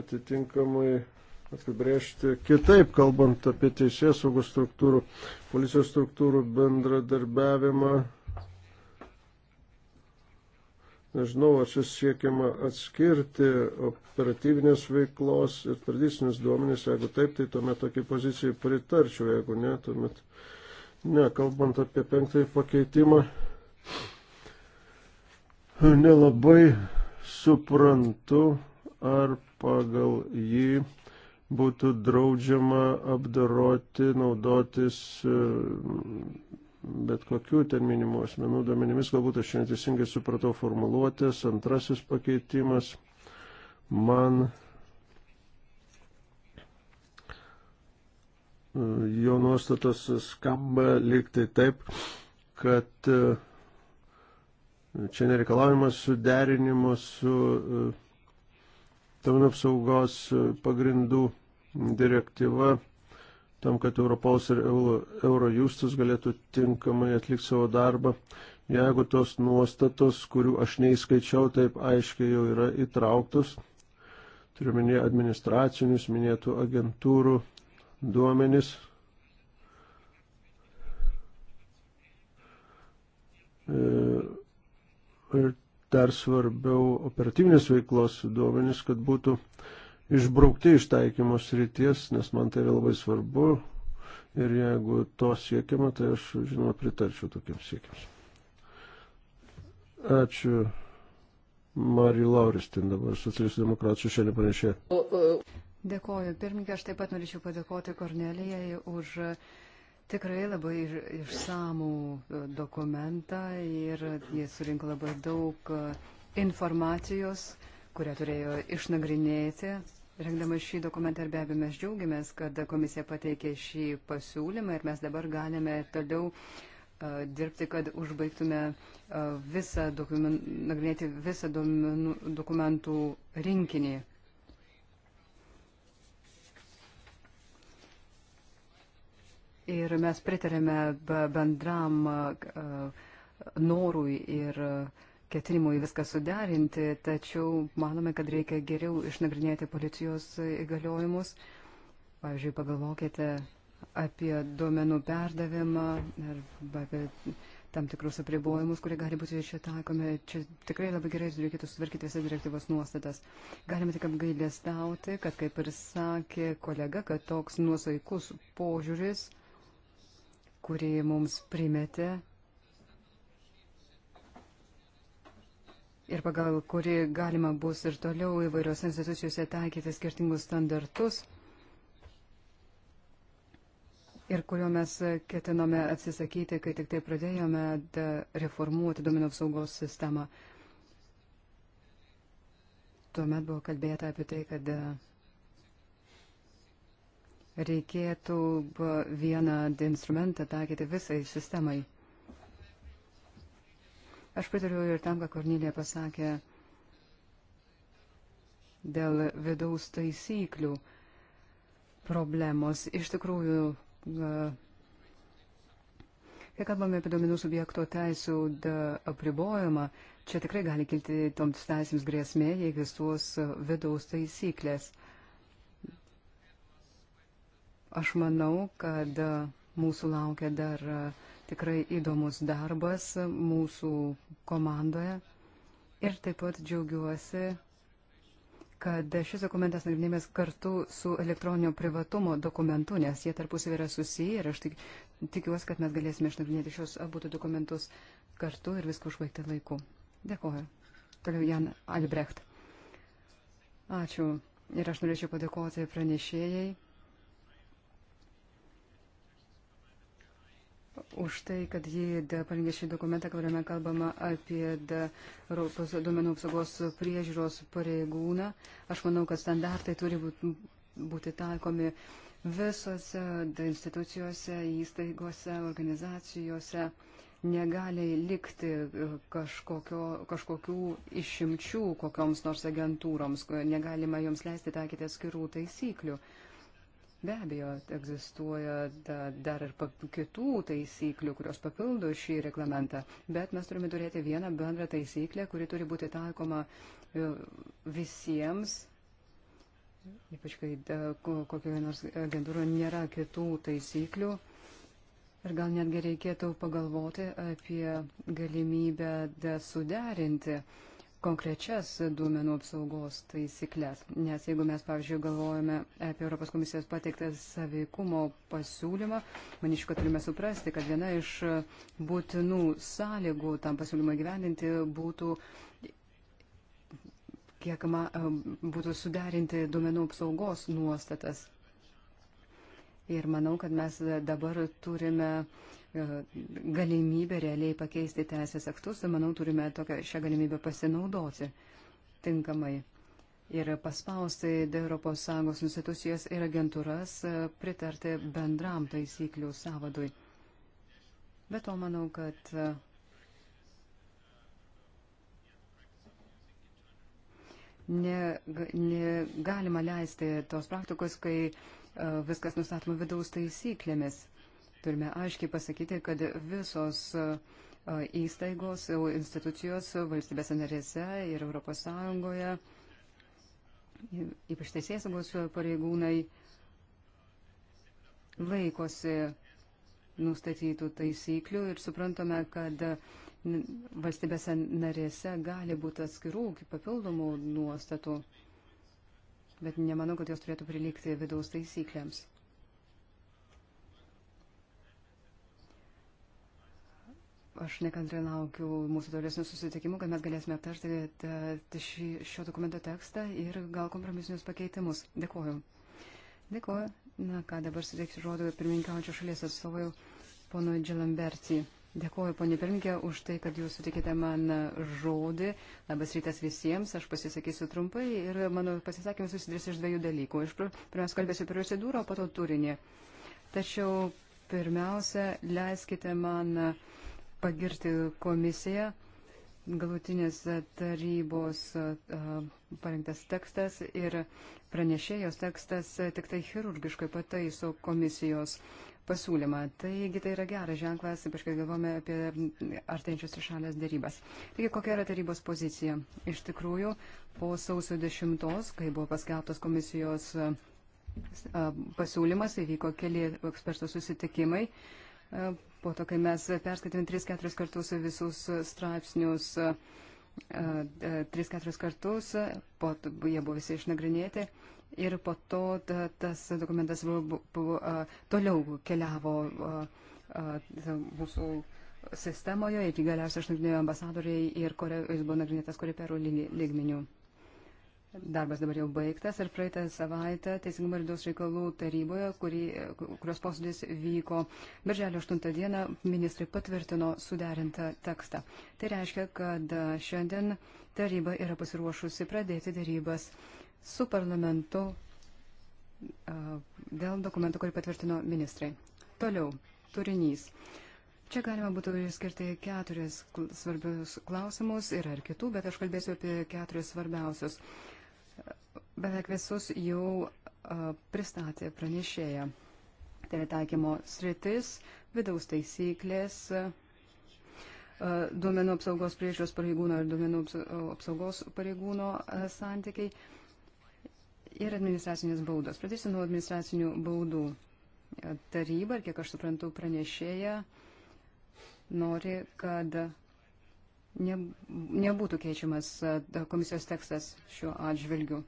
atitinkamai apibrėžti kitaip, kalbant apie teisės saugos struktūrų, policijos struktūrų bendradarbiavimą Nežinau, ar čia siekiama atskirti operatyvinės veiklos ir tradicinės duomenys. Jeigu taip, tai tuomet tokiai pozicijai pritarčiau, jeigu ne, tuomet ne. Kalbant apie penktąjį pakeitimą, nelabai suprantu, ar pagal jį būtų draudžiama apdaroti, naudotis bet kokių ten minimų asmenų duomenimis, galbūt aš neteisingai supratau formuluotės, antrasis pakeitimas man e, jo nuostatos skamba liktai taip, kad e, čia nereikalavimas suderinimo su e, duomenų apsaugos pagrindų direktyva tam, kad Europols ir Eurojustas galėtų tinkamai atlikti savo darbą, jeigu tos nuostatos, kurių aš neįskaičiau, taip aiškiai jau yra įtrauktos, turiu minėti administracinius, minėtų agentūrų duomenis. E, ir dar svarbiau operatyvinės veiklos duomenis, kad būtų uh, išbraukti iš taikymos ryties, nes man tai yra labai svarbu. Ir jeigu to siekiama, tai aš, žinoma, pritarčiau tokiems siekiams. Ačiū. Marija Lauristin dabar, socialistų demokratų šiandien pranešė.
Dėkoju. Pirmininkė, aš taip pat norėčiau padėkoti Kornelijai už tikrai labai išsamų dokumentą ir jis surinko labai daug informacijos, kurią turėjo išnagrinėti Rengdama šį dokumentą ir be abejo mes džiaugiamės, kad komisija pateikė šį pasiūlymą ir mes dabar galime toliau uh, dirbti, kad užbaigtume uh, visą dokumentų, nagrinėti visą domenų, dokumentų rinkinį. Ir mes pritarėme bendram norui ir uh, ketinimų į viską suderinti, tačiau manome, kad reikia geriau išnagrinėti policijos įgaliojimus. Pavyzdžiui, pagalvokite apie duomenų perdavimą arba apie tam tikrus apribojimus, kurie gali būti čia taikomi. Čia tikrai labai gerai reikėtų sutvarkyti visas direktyvos nuostatas. Galime tik apgailėstauti, kad kaip ir sakė kolega, kad toks nuosaikus požiūris, kurį mums primetė ir pagal kuri galima bus ir toliau įvairios institucijose taikyti skirtingus standartus ir kurio mes ketinome atsisakyti, kai tik tai pradėjome reformuoti duomenų apsaugos sistemą. Tuomet buvo kalbėta apie tai, kad reikėtų vieną instrumentą taikyti visai sistemai. Aš pritariu ir tam, ką Kornelė pasakė dėl vidaus taisyklių problemos. Iš tikrųjų, kai kalbame apie domenų subjekto teisų apribojimą, čia tikrai gali kilti toms teisėms grėsmė, jei egzistuos vidaus taisyklės. Aš manau, kad mūsų laukia dar uh, tikrai įdomus darbas mūsų komandoje. Ir taip pat džiaugiuosi, kad šis dokumentas nagrinėjamas kartu su elektroninio privatumo dokumentu, nes jie tarpusavį yra susiję ir aš tik, tikiuosi, kad mes galėsime išnagrinėti šios abu dokumentus kartu ir viską užbaigti laiku. Dėkuoju. Toliau Jan Albrecht. Ačiū. Ir aš norėčiau padėkoti pranešėjai už tai, kad jį parengė šį dokumentą, kuriame kalbama apie Europos duomenų apsaugos priežiūros pareigūną. Aš manau, kad standartai turi būti taikomi visose institucijose, įstaigose, organizacijose. Negali likti e, kažkokio, kažkokių išimčių kokioms nors agentūroms, negalima joms leisti taikyti skirų taisyklių. Uh, Be abejo, egzistuoja da, dar ir kitų taisyklių, kurios papildo šį reglamentą, bet mes turime turėti vieną bendrą taisyklę, kuri turi būti taikoma e, visiems, ypač kai kokioje nors agentūroje nėra kitų taisyklių. Ir gal netgi reikėtų pagalvoti apie galimybę suderinti uh, konkrečias duomenų apsaugos taisyklės. Nes jeigu mes, pavyzdžiui, galvojame apie Europos komisijos pateiktą saveikumo pasiūlymą, manyčiau, kad turime suprasti, kad viena iš būtinų sąlygų tam pasiūlymui gyvendinti būtų kiek ma, būtų suderinti duomenų apsaugos nuostatas. Ir manau, kad mes dabar turime uh, E, galimybę realiai pakeisti teisės aktus ir manau turime tokią, šią galimybę pasinaudoti tinkamai ir paspausti ES institucijas ir agentūras e, pritarti bendram taisyklių savadui. Bet to manau, kad negalima ne leisti tos praktikos, kai e, viskas nustatoma vidaus taisyklėmis. Turime aiškiai pasakyti, kad visos įstaigos, institucijos valstybės narėse ir ES, ypač teisėsaugos pareigūnai, laikosi nustatytų taisyklių ir suprantame, kad valstybėse narėse gali būti atskirų papildomų nuostatų, bet nemanau, kad jos turėtų prilikti vidaus taisyklėms. Aš nekantrai laukiu mūsų tolesnių susitikimų, kad mes galėsime aptarti šį, šio dokumento tekstą ir gal kompromisinius pakeitimus. Dėkuoju. Dėkuoju. Na ką, dabar suteiksiu žodį pirmininkaujančio šalies atstovui ponui Dželamberti. Dėkuoju, ponė pirmininkė, už tai, kad jūs sutikite man žodį. Labas rytas visiems, aš pasisakysiu trumpai ir mano pasisakymas susidės iš dviejų dalykų. Iš pirmiausia, kalbėsiu procedūrą, po to turinį. Tačiau pirmiausia, leiskite man pagirti komisiją. Galutinės tarybos parengtas tekstas ir pranešėjos tekstas tik tai chirurgiškai pataiso komisijos pasiūlymą. Taigi tai yra geras ženklas, ypač kai galvome apie artėjančius trišalės darybas. Taigi kokia yra tarybos pozicija? Iš tikrųjų, po sausio 10, kai buvo paskelbtas komisijos pasiūlymas, įvyko keli ekspertų susitikimai po to, kai mes perskaitėm 3-4 kartus visus straipsnius, 3-4 kartus, po to jie buvo visi išnagrinėti ir po to ta, tas dokumentas buvo, buvo, toliau keliavo mūsų sistemoje ir galiausiai išnagrinėjo ambasadoriai ir, kore, ir buvo nagrinėtas korepero lygmenių. Lyg, Darbas dabar jau baigtas ir praeitą savaitę Teisingumo ir Daus reikalų taryboje, kuri, kurios posėdis vyko birželio 8 dieną, ministrai patvirtino suderintą tekstą. Tai reiškia, kad šiandien taryba yra pasiruošusi pradėti darybas su parlamentu dėl dokumento, kurį patvirtino ministrai. Toliau, turinys. Čia galima būtų išskirti keturis svarbius klausimus, yra ir kitų, bet aš kalbėsiu apie keturis svarbiausius. Uh, beveik visus jau pristatė pranešėja. Tai yra taikymo sritis, vidaus taisyklės, duomenų apsaugos priežiūros pareigūno ir duomenų apsaugos pareigūno santykiai ir administracinės baudos. Pradėsiu nuo administracinių baudų. Taryba, kiek aš suprantu, pranešėja nori, kad ne, nebūtų keičiamas komisijos tekstas šiuo atžvilgiu.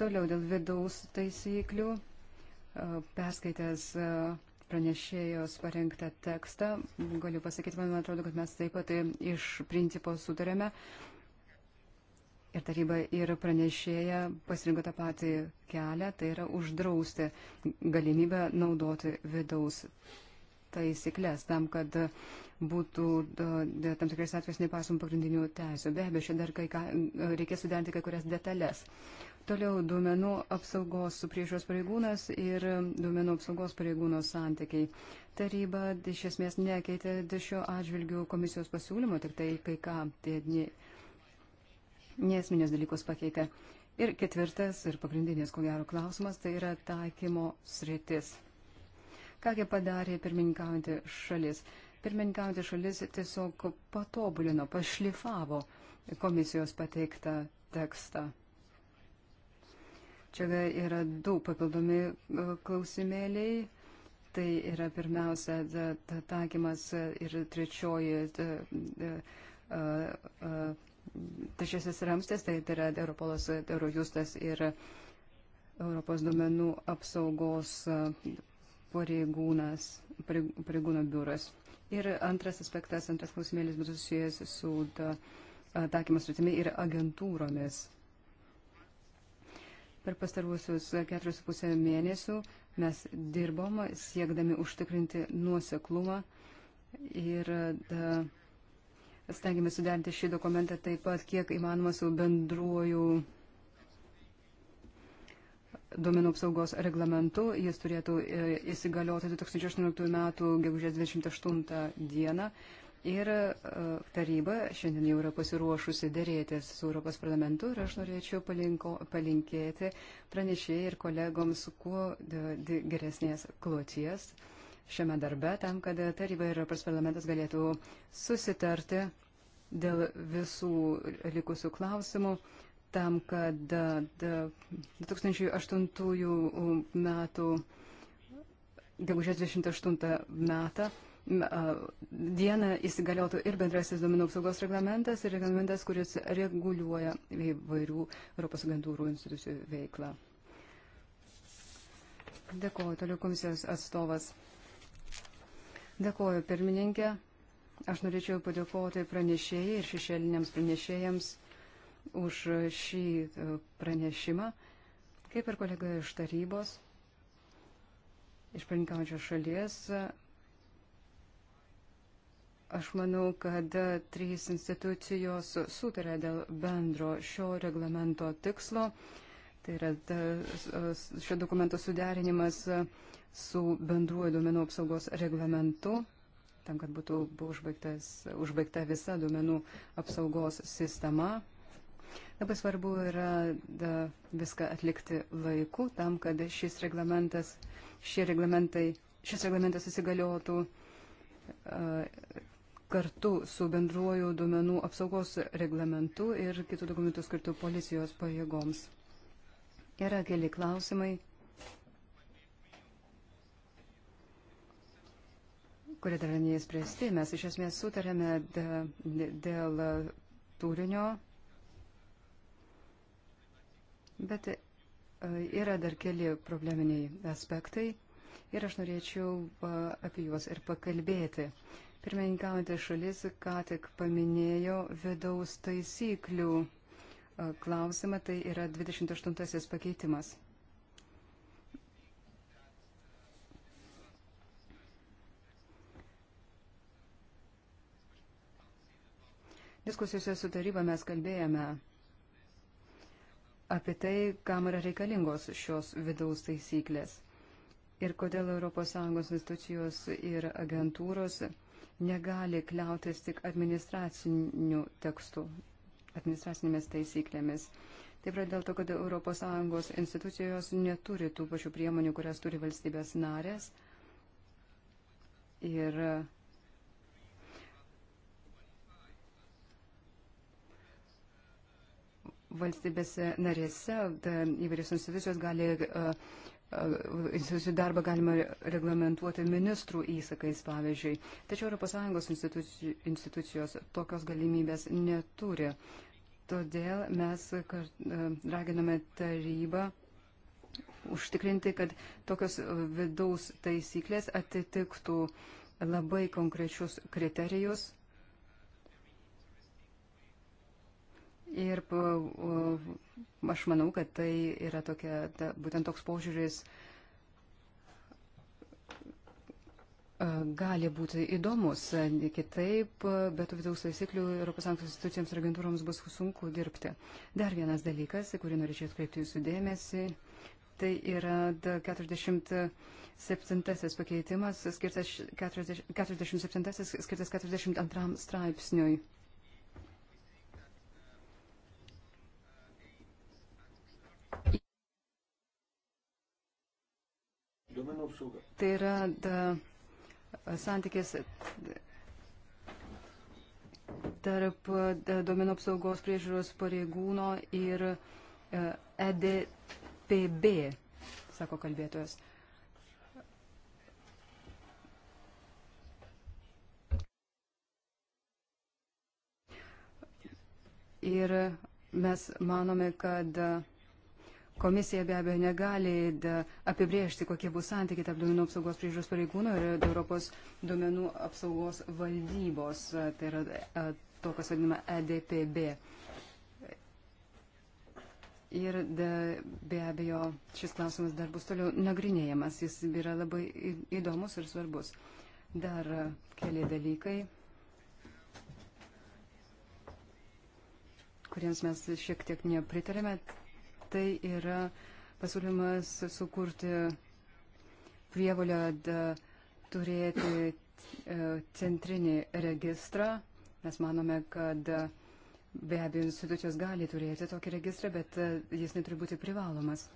Toliau dėl vidaus taisyklių, perskaitęs pranešėjos parengtą tekstą, galiu pasakyti, man atrodo, kad mes taip pat e, iš principo sutarėme. Ir taryba ir pranešėja pasirinko tą patį kelią, tai yra uždrausti galimybę naudoti vidaus taisyklės tam, kad būtų tam tikrais atvejais nepaisom pagrindinių teisų. Be abejo, čia dar kai ką, reikės suderinti kai kurias detalės. Toliau duomenų apsaugos su priežiūros pareigūnas ir duomenų apsaugos pareigūno santykiai. Taryba iš esmės nekeitė šio atžvilgių komisijos pasiūlymo, tik tai kai ką tie nesminės dalykus pakeitė. Ir ketvirtas ir pagrindinis, ko gero, klausimas tai yra taikymo sritis. Kągi padarė pirmininkaujantį šalis? Pirmininkaujantį šalis tiesiog patobulino, pašlifavo komisijos pateiktą tekstą. Čia yra du papildomi e, klausimėliai. Tai yra pirmiausia taikymas ir trečioji trečiasis ramstis, tai, tai yra Europolas, Eurojustas ir Europos duomenų apsaugos pareigūnas, pareigūno biuras. Ir antras aspektas, antras klausimėlis būtų susijęs su taikymas rytimi ir agentūromis. Per pastaruosius 4,5 mėnesių mes dirbom siekdami užtikrinti nuoseklumą ir da, stengiamės suderinti šį dokumentą taip pat, kiek įmanoma su bendruoju duomenų apsaugos reglamentu. Jis turėtų e, įsigalioti 2018 m. gegužės 28 dieną. Ir e, taryba šiandien jau yra pasiruošusi dėrėtis su Europos parlamentu ir aš norėčiau palinko, palinkėti pranešėjai ir kolegoms kuo geresnės kloties šiame darbe, tam, kad taryba ir Europos parlamentas galėtų susitarti dėl visų likusių klausimų tam, kad 2008 metų gegužės 28 metą dieną įsigaliotų ir bendrasis duomenų apsaugos reglamentas, ir reglamentas, kuris reguliuoja įvairių Europos agentūrų institucijų veiklą. Dėkuoju, toliau komisijos atstovas. Dėkuoju, pirmininkė. Aš norėčiau padėkoti pranešėjai ir šešėliniams pranešėjams už šį e, pranešimą, kaip ir kolega iš tarybos, iš paninkaujančios šalies. Aš manau, kad trys institucijos sutarė dėl bendro šio reglamento tikslo. Tai yra šio dokumento suderinimas su bendruoju duomenų apsaugos reglamentu tam, kad būtų užbaigtas, užbaigta visa duomenų apsaugos sistema. Labai svarbu yra da, viską atlikti laiku tam, kad šis reglamentas, šie reglamentai, šis reglamentas įsigaliotų kartu su bendruoju duomenų apsaugos reglamentu ir kitų dokumentų skirtų policijos pajėgoms. Yra keli klausimai, kurie dar neįspręsti. Mes iš esmės sutarėme dėl turinio Bet e, yra dar keli probleminiai aspektai ir aš norėčiau e, apie juos ir pakalbėti. Pirmininkaujantė šalis ką tik paminėjo vidaus taisyklių e, klausimą, tai yra 28 pakeitimas. Diskusijose su taryba mes kalbėjome apie tai, kam yra reikalingos šios vidaus taisyklės ir kodėl ES institucijos ir agentūros negali kliautis tik administraciniu tekstu, administracinėmis taisyklėmis. Taip yra dėl to, kad ES institucijos neturi tų pačių priemonių, kurias turi valstybės narės. Ir valstybėse narėse įvairios institucijos gali, institucijų darbą galima reglamentuoti ministrų įsakais, pavyzdžiui. Tačiau ES institucijos, institucijos tokios galimybės neturi. Todėl mes raginame tarybą užtikrinti, kad tokios vidaus taisyklės atitiktų labai konkrečius kriterijus Ir aš manau, kad tai yra tokia, ta, būtent toks požiūris gali būti įdomus. Kitaip, bet vidaus taisyklių ES institucijoms ir agentūroms bus sunku dirbti. Dar vienas dalykas, į kurį norėčiau atkreipti jūsų dėmesį, tai yra 47 pakeitimas, skirtas 40, 47 skirtas 42 straipsniui. Tai yra da, santykis tarp duomenų apsaugos priežiūros pareigūno ir EDPB, e sako kalbėtojas. Ir mes manome, kad Komisija be abejo negali apibriežti, kokie bus santykiai tarp duomenų apsaugos priežiūros pareigūno ir Europos duomenų apsaugos valdybos, tai yra to, kas vadinama EDPB. Ir de, be abejo, šis klausimas dar bus toliau nagrinėjamas, jis yra labai įdomus ir svarbus. Dar keli dalykai, kuriems mes šiek tiek nepritarėme, Tai yra pasiūlymas sukurti prievalę turėti e, centrinį registrą. Mes manome, kad be abejo institucijos gali turėti tokį registrą, bet e, jis neturi būti privalomas.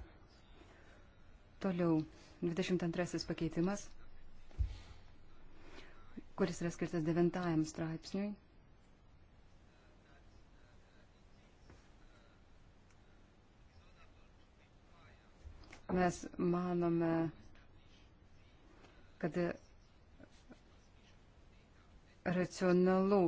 Toliau, 22 pakeitimas, kuris yra skirtas 9 straipsniui. Mes manome, kad racionalu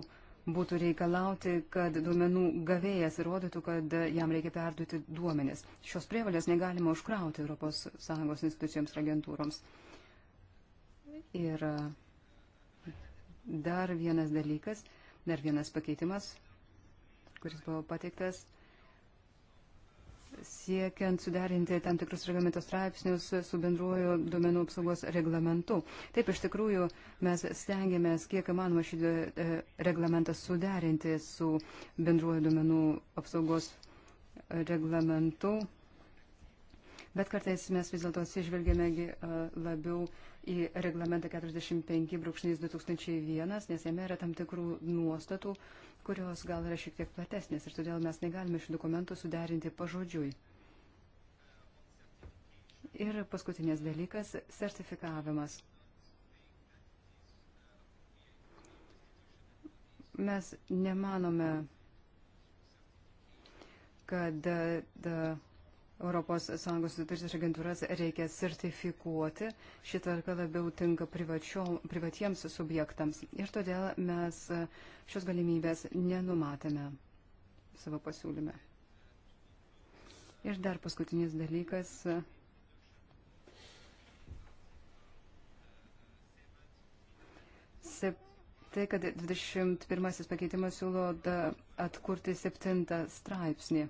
būtų reikalauti, kad duomenų gavėjas įrodytų, kad jam reikia perduoti duomenis. Šios prievalės negalima užkrauti ES institucijoms ir agentūroms. Ir dar vienas dalykas, dar vienas pakeitimas, kuris buvo pateiktas siekiant suderinti tam tikrus reglamento straipsnius su bendruoju duomenų apsaugos reglamentu. Taip, iš tikrųjų, mes stengiamės kiek įmanoma šį e, reglamentą suderinti su bendruoju duomenų apsaugos reglamentu. Bet kartais mes vis dėlto atsižvelgėme e, labiau į reglamentą 45.2001, nes jame yra tam tikrų nuostatų, uh, kurios gal yra šiek tiek platesnės ir todėl mes negalime šių dokumentų suderinti pažodžiui. Ir paskutinis dalykas - sertifikavimas. Mes nemanome, kad da, ES sutartis agentūras reikia sertifikuoti. Ši tvarka labiau tinka privačio, privatiems subjektams ir todėl mes šios galimybės nenumatėme savo pasiūlyme. Ir dar paskutinis dalykas. Sep, tai, kad 21 pakeitimas siūlo atkurti 7 straipsnį.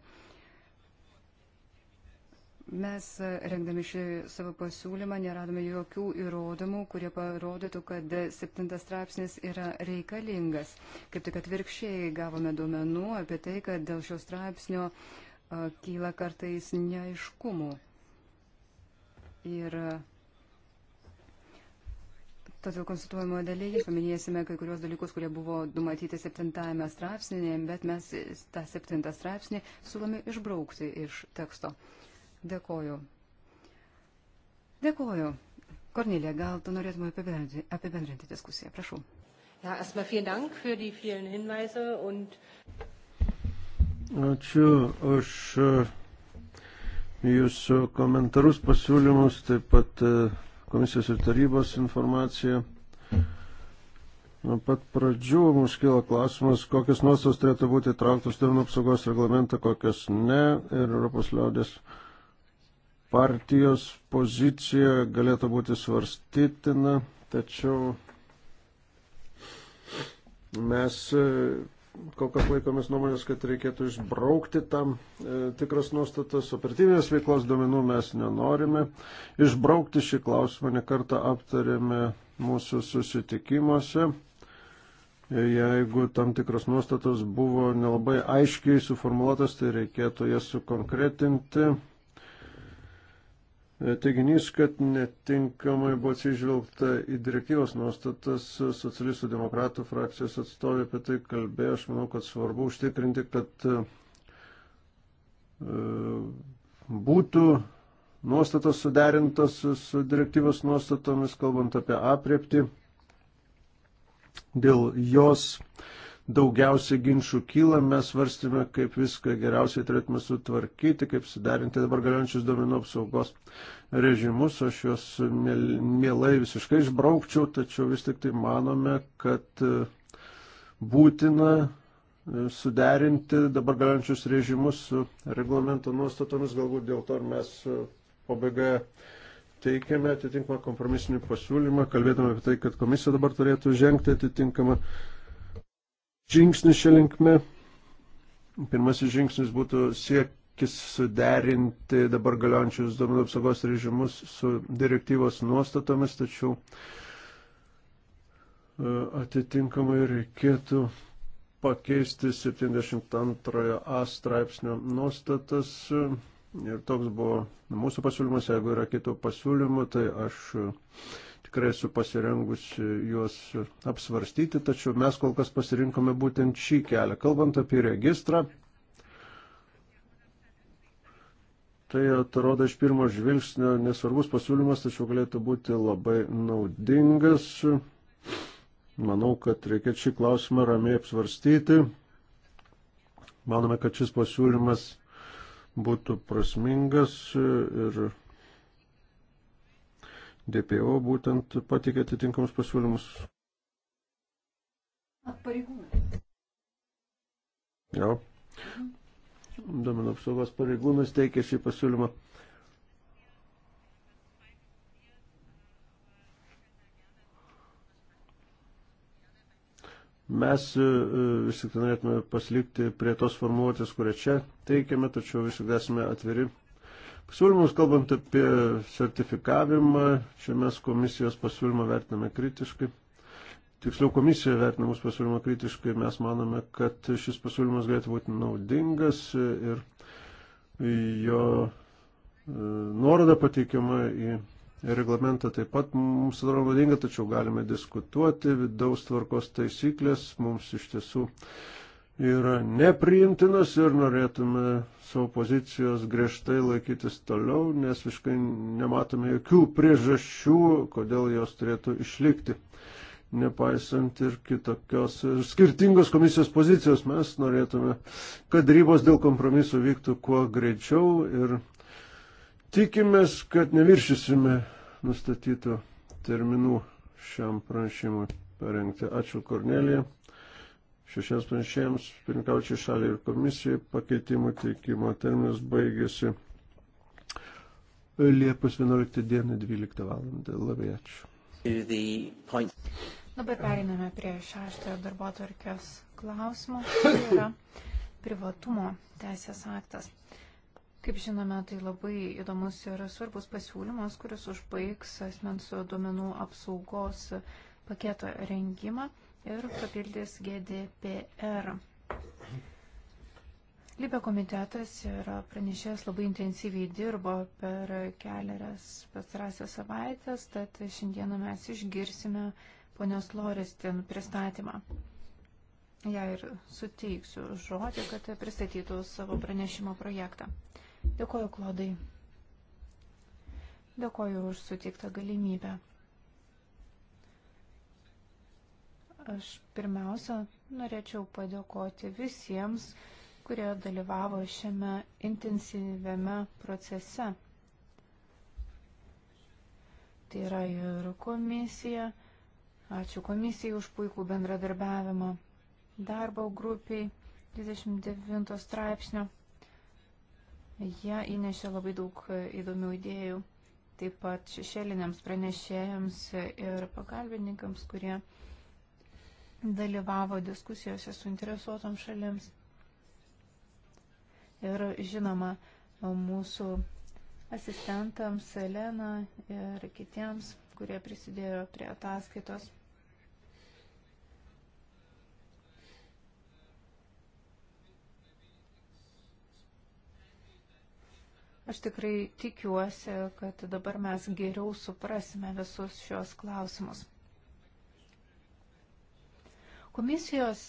Mes, e, rengdami šį savo pasiūlymą, neradome jokių įrodymų, kurie parodytų, kad septintas straipsnis yra reikalingas. Kaip tik atvirkščiai gavome duomenų apie tai, kad dėl šio straipsnio a, e, kyla kartais neaiškumų. Ir e, Todėl konsultuojamoje dalyje paminėsime kai kurios dalykus, kurie buvo numatyti septintame straipsnėje, bet mes tą septintą straipsnį sulome išbraukti iš teksto. Uh, Dėkoju. Dėkoju. Kornelija, gal tu norėtum apibendrinti, apibendrinti diskusiją? Prašau. Ja, erstmal vielen Dank für die vielen Hinweise und.
Ačiū už e, jūsų komentarus, pasiūlymus, taip pat e, komisijos ir tarybos informaciją. Nuo pat pradžių mums kilo klausimas, kokios nuostos turėtų būti trauktos turinų apsaugos reglamentą, kokios ne ir Europos liaudės. Uh, partijos pozicija galėtų būti svarstytina, tačiau mes e, kol kas laikomės nuomonės, kad reikėtų išbraukti tam e, tikras nuostatas, operatyvinės veiklos duomenų mes nenorime. Išbraukti šį klausimą nekartą aptarėme mūsų susitikimuose. E, jeigu tam tikras nuostatas buvo nelabai aiškiai suformuoluotas, tai reikėtų jas sukonkretinti Teiginys, kad netinkamai buvo atsižvelgta į direktyvos nuostatas, socialistų demokratų frakcijos atstovė apie tai kalbėjo, aš manau, kad svarbu užtikrinti, kad e, būtų nuostatos suderintos su direktyvos nuostatomis, kalbant apie apriepti, dėl jos daugiausiai ginčių kyla, mes svarstėme, kaip viską geriausiai turėtume sutvarkyti, kaip suderinti dabar galiojančius duomenų apsaugos režimus. Aš juos mielai visiškai išbraukčiau, tačiau vis tik tai manome, kad e, būtina e, suderinti dabar galiojančius režimus su reglamento nuostatomis, galbūt dėl to ir mes e, pabaigoje teikiame atitinkamą kompromisinį pasiūlymą, kalbėtume apie tai, kad komisija dabar turėtų žengti atitinkamą žingsnis šią linkme. Pirmasis žingsnis būtų siekis suderinti dabar galiojančius duomenų apsaugos režimus su direktyvos nuostatomis, tačiau e, atitinkamai reikėtų pakeisti 72a straipsnio nuostatas ir toks buvo mūsų pasiūlymas, jeigu yra kitų pasiūlymų, tai aš tikrai esu pasirengusi juos apsvarstyti, tačiau mes kol kas pasirinkome būtent šį kelią. Kalbant apie registrą, tai atrodo iš pirmo žvilgsnio nesvarbus pasiūlymas, tačiau galėtų būti labai naudingas. Manau, kad reikia šį klausimą ramiai apsvarstyti. Manome, kad šis pasiūlymas būtų prasmingas ir DPO būtent patikė atitinkamus pasiūlymus. Pareigūnai. Jo. Domino apsaugos pareigūnas teikė šį pasiūlymą. Mes e, e, vis tik tai norėtume pasilikti prie tos formuotės, kurią čia teikiame, tačiau vis tik esame atviri pasiūlymus, kalbant apie sertifikavimą, čia mes komisijos pasiūlymą vertiname kritiškai. Tiksliau, komisija vertina mūsų pasiūlymą kritiškai, mes manome, kad šis pasiūlymas galėtų būti naudingas ir jo e, nuoroda pateikiama į reglamentą taip pat mums atrodo naudinga, tačiau galime diskutuoti, vidaus tvarkos taisyklės mums iš tiesų uh, yra nepriimtinas ir norėtume savo pozicijos griežtai laikytis toliau, nes visiškai nematome jokių priežasčių, kodėl jos turėtų išlikti. Nepaisant ir kitokios ir skirtingos komisijos pozicijos, mes norėtume, kad rybos dėl kompromisų vyktų kuo greičiau ir tikimės, kad neviršysime nustatytų terminų šiam pranešimui parengti. Ačiū Kornelija šešiems pranešėjams, pirmkaučiai šaliai ir komisijai pakeitimų teikimo terminas baigėsi Liepos 11 dieną 12 val. Labai
ačiū.
Dabar pereiname prie šeštojo darbo tvarkės klausimo. Tai yra privatumo teisės aktas. Kaip žinome, tai labai įdomus ir svarbus pasiūlymas, kuris užbaigs asmens duomenų apsaugos paketo rengimą ir papildys GDPR. Libė komitetas ir pranešėjas labai intensyviai dirbo per kelias pastarąsias savaitės, tad šiandieną mes išgirsime ponios Loristin pristatymą. Ja ir suteiksiu žodį, kad pristatytų savo pranešimo projektą. Dėkoju, Klodai. Dėkoju už suteiktą galimybę. Aš pirmiausia norėčiau padėkoti visiems, kurie dalyvavo šiame intensyviame procese. Tai yra ir komisija. Ačiū komisijai už puikų bendradarbiavimą. Darbo grupiai 29 straipsnio. Jie įnešė labai daug įdomių idėjų. Taip pat šešėliniams pranešėjams ir pagalbininkams, kurie dalyvavo diskusijose su interesuotom šalims. Ir žinoma, mūsų asistentams, Elena ir kitiems, kurie prisidėjo prie ataskaitos. Aš tikrai tikiuosi, kad dabar mes geriau suprasime visus šios klausimus. Komisijos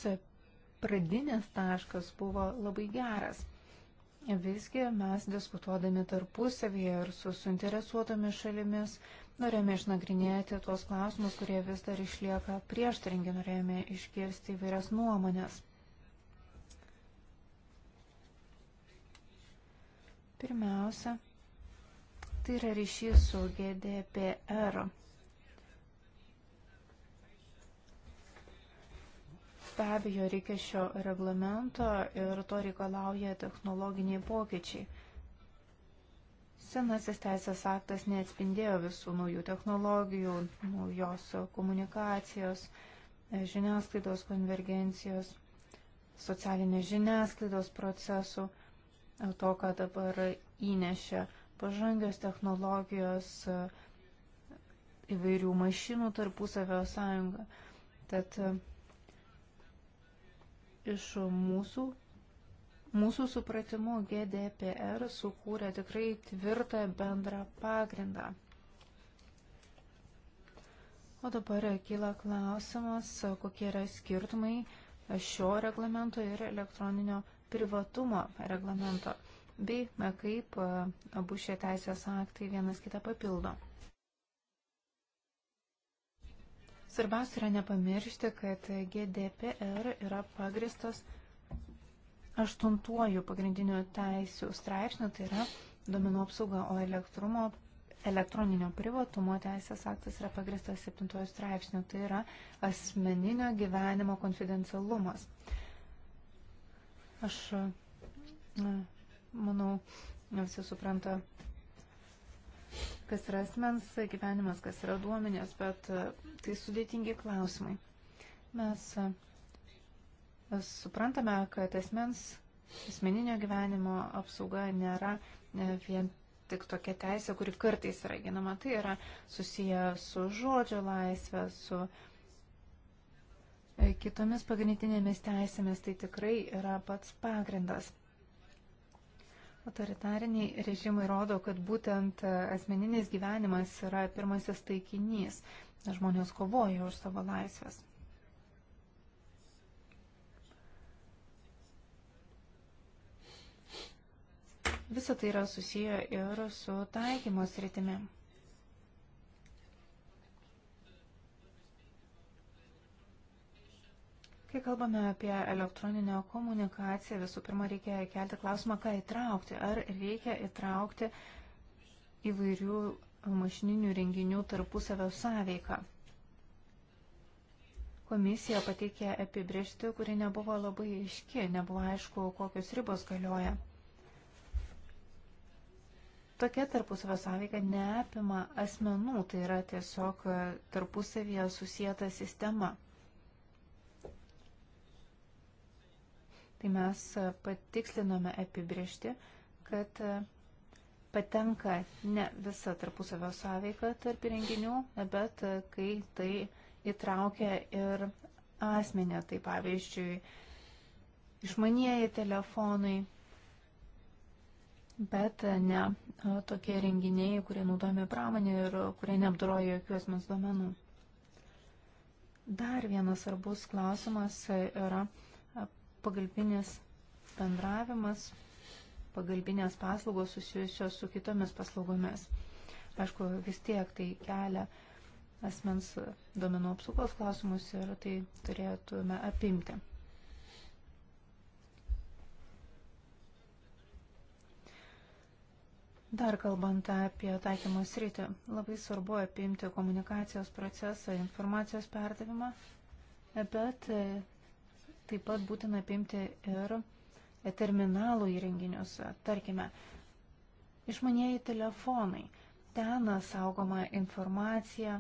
pradinis taškas buvo labai geras. Visgi mes diskutuodami tarpusavėje ir su suinteresuotomis šalimis norėjome išnagrinėti tuos klausimus, kurie vis dar išlieka prieštaringi, norėjome iškirsti įvairias nuomonės. Pirmiausia, tai yra ryšys su GDPR. Be abejo, reikia šio reglamento ir to reikalauja technologiniai pokyčiai. Senasis teisės aktas neatspindėjo visų naujų technologijų, naujos komunikacijos, žiniasklaidos konvergencijos, socialinės žiniasklaidos procesų, to, ką dabar įnešė pažangios technologijos, įvairių mašinų tarpusavio sąjunga. Tad Iš mūsų, mūsų supratimu GDPR sukūrė tikrai tvirtą bendrą pagrindą. O dabar kyla klausimas, kokie yra skirtumai šio reglamento ir elektroninio privatumo reglamento, bei kaip abu šie teisės aktai vienas kitą papildo. Svarbiausia yra nepamiršti, kad GDPR yra pagristas aštuntuoju pagrindiniu teisų straipsniu, tai yra duomenų apsauga, o elektrumo, elektroninio privatumo teisės aktas yra pagristas septintuoju straipsniu, tai yra asmeninio gyvenimo konfidencialumas. Aš manau, visi supranta kas yra asmens gyvenimas, kas yra duomenės, bet e, tai sudėtingi klausimai. Mes e, suprantame, kad asmens asmeninio gyvenimo apsauga nėra e, vien tik tokia teisė, kuri kartais yra ginama. Tai yra susiję su žodžio laisvė, su kitomis pagrindinėmis teisėmis. Tai tikrai yra pats pagrindas. Autoritariniai režimai rodo, kad būtent asmeninis gyvenimas yra pirmasis taikinys. Žmonės kovoja už savo laisvės. Visą tai yra susiję ir su taikymos rytimi. Kai kalbame apie elektroninę komunikaciją, visų pirma reikia kelti klausimą, ką įtraukti. Ar reikia įtraukti įvairių mašininių renginių tarpusavio sąveiką? Komisija pateikė apibriežti, kuri nebuvo labai aiški, nebuvo aišku, kokios ribos galioja. Tokia tarpusavio sąveika neapima asmenų, tai yra tiesiog tarpusavyje susijęta sistema. tai mes patikslinome apibriežti, kad patenka ne visa tarpusavio sąveika tarp įrenginių, bet kai tai įtraukia ir asmenė, tai pavyzdžiui, išmanieji telefonai, bet ne tokie renginiai, kurie naudojami pramonė ir kurie neapdoroja jokių asmens duomenų. Dar vienas svarbus klausimas yra Pagalbinis bendravimas, pagalbinės paslaugos susijusios su kitomis paslaugomis. Aišku, vis tiek tai kelia asmens domenų apsaugos klausimus ir tai turėtume apimti. Dar kalbant apie taikymo sritį, labai svarbu apimti komunikacijos procesą, informacijos perdavimą, bet Taip pat būtina apimti ir terminalų įrenginius, tarkime, išmanieji telefonai. Ten saugoma informacija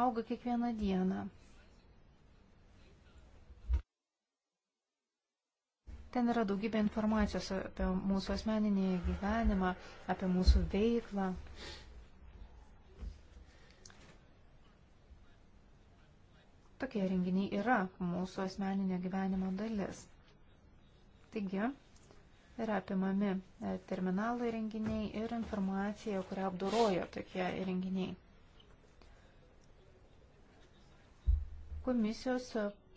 auga kiekvieną dieną. Ten yra daugybė informacijos apie mūsų asmeninį gyvenimą, apie mūsų veiklą. Tokie renginiai yra mūsų asmeninio gyvenimo dalis. Taigi, yra apimami e, terminalai renginiai ir informacija, kurią apdoroja tokie renginiai. Komisijos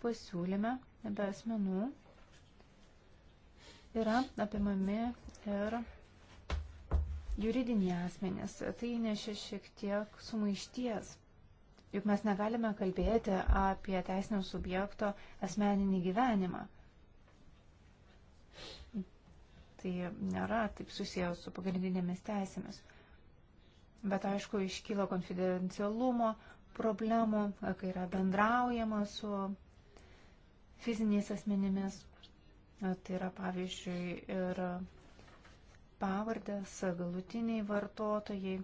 pasiūlyme be asmenų yra apimami ir juridiniai asmenės. Tai įnešė šiek tiek sumaišties. Juk mes negalime kalbėti apie teisinio subjekto asmeninį gyvenimą. Tai nėra taip susijęs su pagrindinėmis teisėmis. Bet aišku, iškyla konfidencialumo problemų, kai yra bendraujama su fiziniais asmenimis. Tai yra pavyzdžiui ir pavardės, galutiniai vartotojai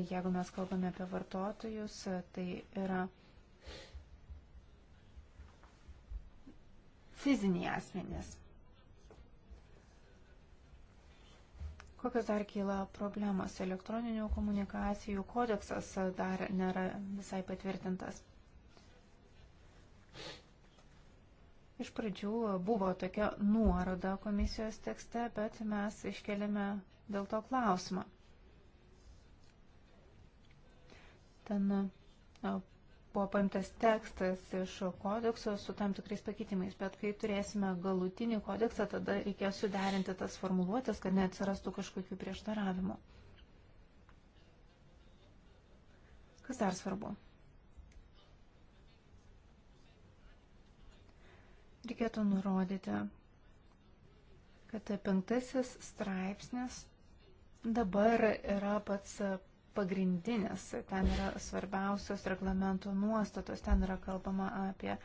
Jeigu mes kalbame apie vartotojus, tai yra fiziniai asmenys. Kokios dar kyla problemos? Elektroninių komunikacijų kodeksas dar nėra visai patvirtintas. Iš pradžių buvo tokia nuoroda komisijos tekste, bet mes iškeliame dėl to klausimą. Ten buvo paimtas tekstas iš kodekso su tam tikrais pakeitimais, bet kai turėsime galutinį kodeksą, tada reikės suderinti tas formuluotės, kad neatsirastų kažkokių prieštaravimų. Kas dar svarbu? Reikėtų nurodyti, kad penktasis straipsnis dabar yra pats pagrindinis, ten yra svarbiausios reglamento nuostatos, ten yra kalbama apie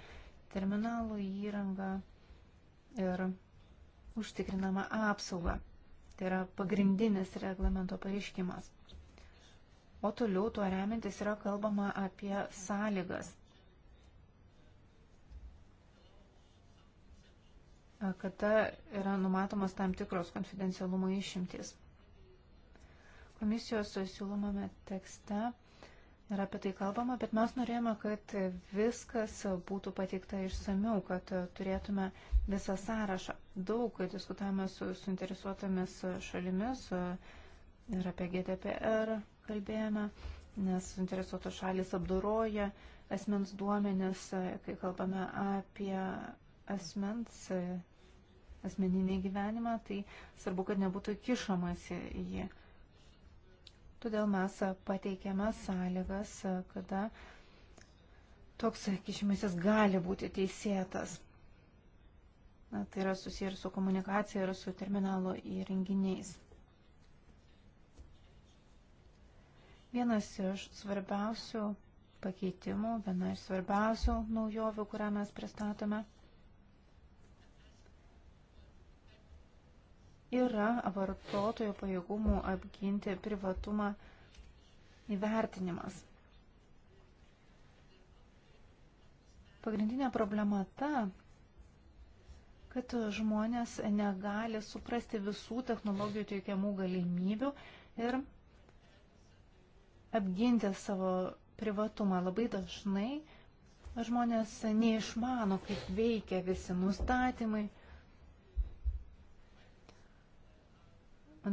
terminalų įrangą ir užtikrinama apsauga. Tai yra pagrindinis reglamento pareiškimas. O toliau tuo remintis yra kalbama apie sąlygas. kada yra numatomas tam tikros konfidencialumo išimtis. Komisijos siūlomame tekste yra apie tai kalbama, bet mes norėjome, kad viskas būtų pateikta išsamiau, kad turėtume visą sąrašą. Daug diskutavome su suinteresuotomis šalimis ir apie GDPR kalbėjome, nes suinteresuotos šalis apdoroja asmens duomenis, kai kalbame apie asmens asmeninį gyvenimą, tai svarbu, kad nebūtų kišamasi į jį. Todėl mes pateikėme sąlygas, kada toks kišimasis gali būti teisėtas. Na, tai yra susiję ir su komunikacija, ir su terminalo įrenginiais. Vienas iš svarbiausių pakeitimų, viena iš svarbiausių naujovių, kurią mes pristatome – yra vartotojo pajėgumų apginti privatumą įvertinimas. Pagrindinė problema ta, kad žmonės negali suprasti visų technologijų teikiamų galimybių ir apginti savo privatumą. Labai dažnai žmonės neišmano, kaip veikia visi nustatymai,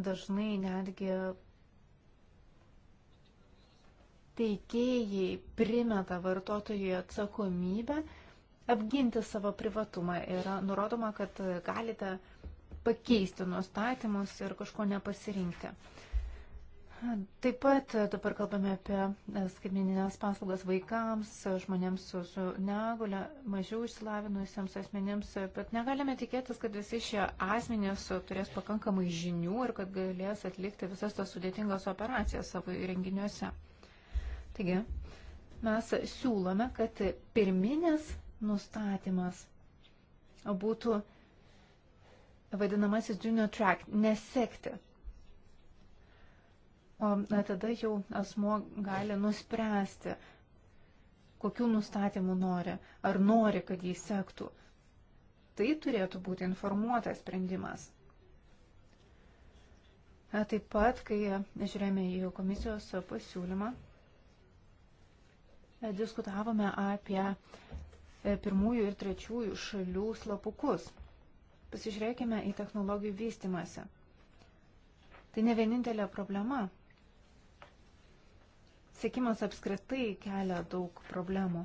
Dažnai netgi teikėjai primeta vartotojui atsakomybę apginti savo privatumą. Yra nurodoma, kad galite pakeisti nuostatymus ir kažko nepasirinkti. Taip pat dabar kalbame apie e, skaitmeninės paslaugas vaikams, žmonėms su, su negule, mažiau išsilavinusiems asmenėms, bet negalime tikėtis, kad visi šie asmenys turės pakankamai žinių ir kad galės atlikti visas tas sudėtingas operacijas savo įrenginiuose. Taigi, mes siūlome, kad pirminis nustatymas būtų vadinamasis junior track, nesekti O tada jau asmo gali nuspręsti, kokiu nustatymu nori, ar nori, kad jį sektų. Tai turėtų būti informuotas sprendimas. Taip pat, kai žiūrėjome į komisijos pasiūlymą, diskutavome apie e, pirmųjų ir trečiųjų šalių slapukus. Pasižiūrėkime į technologijų vystimąsi. Tai ne vienintelė problema, Sekimas apskritai kelia daug problemų.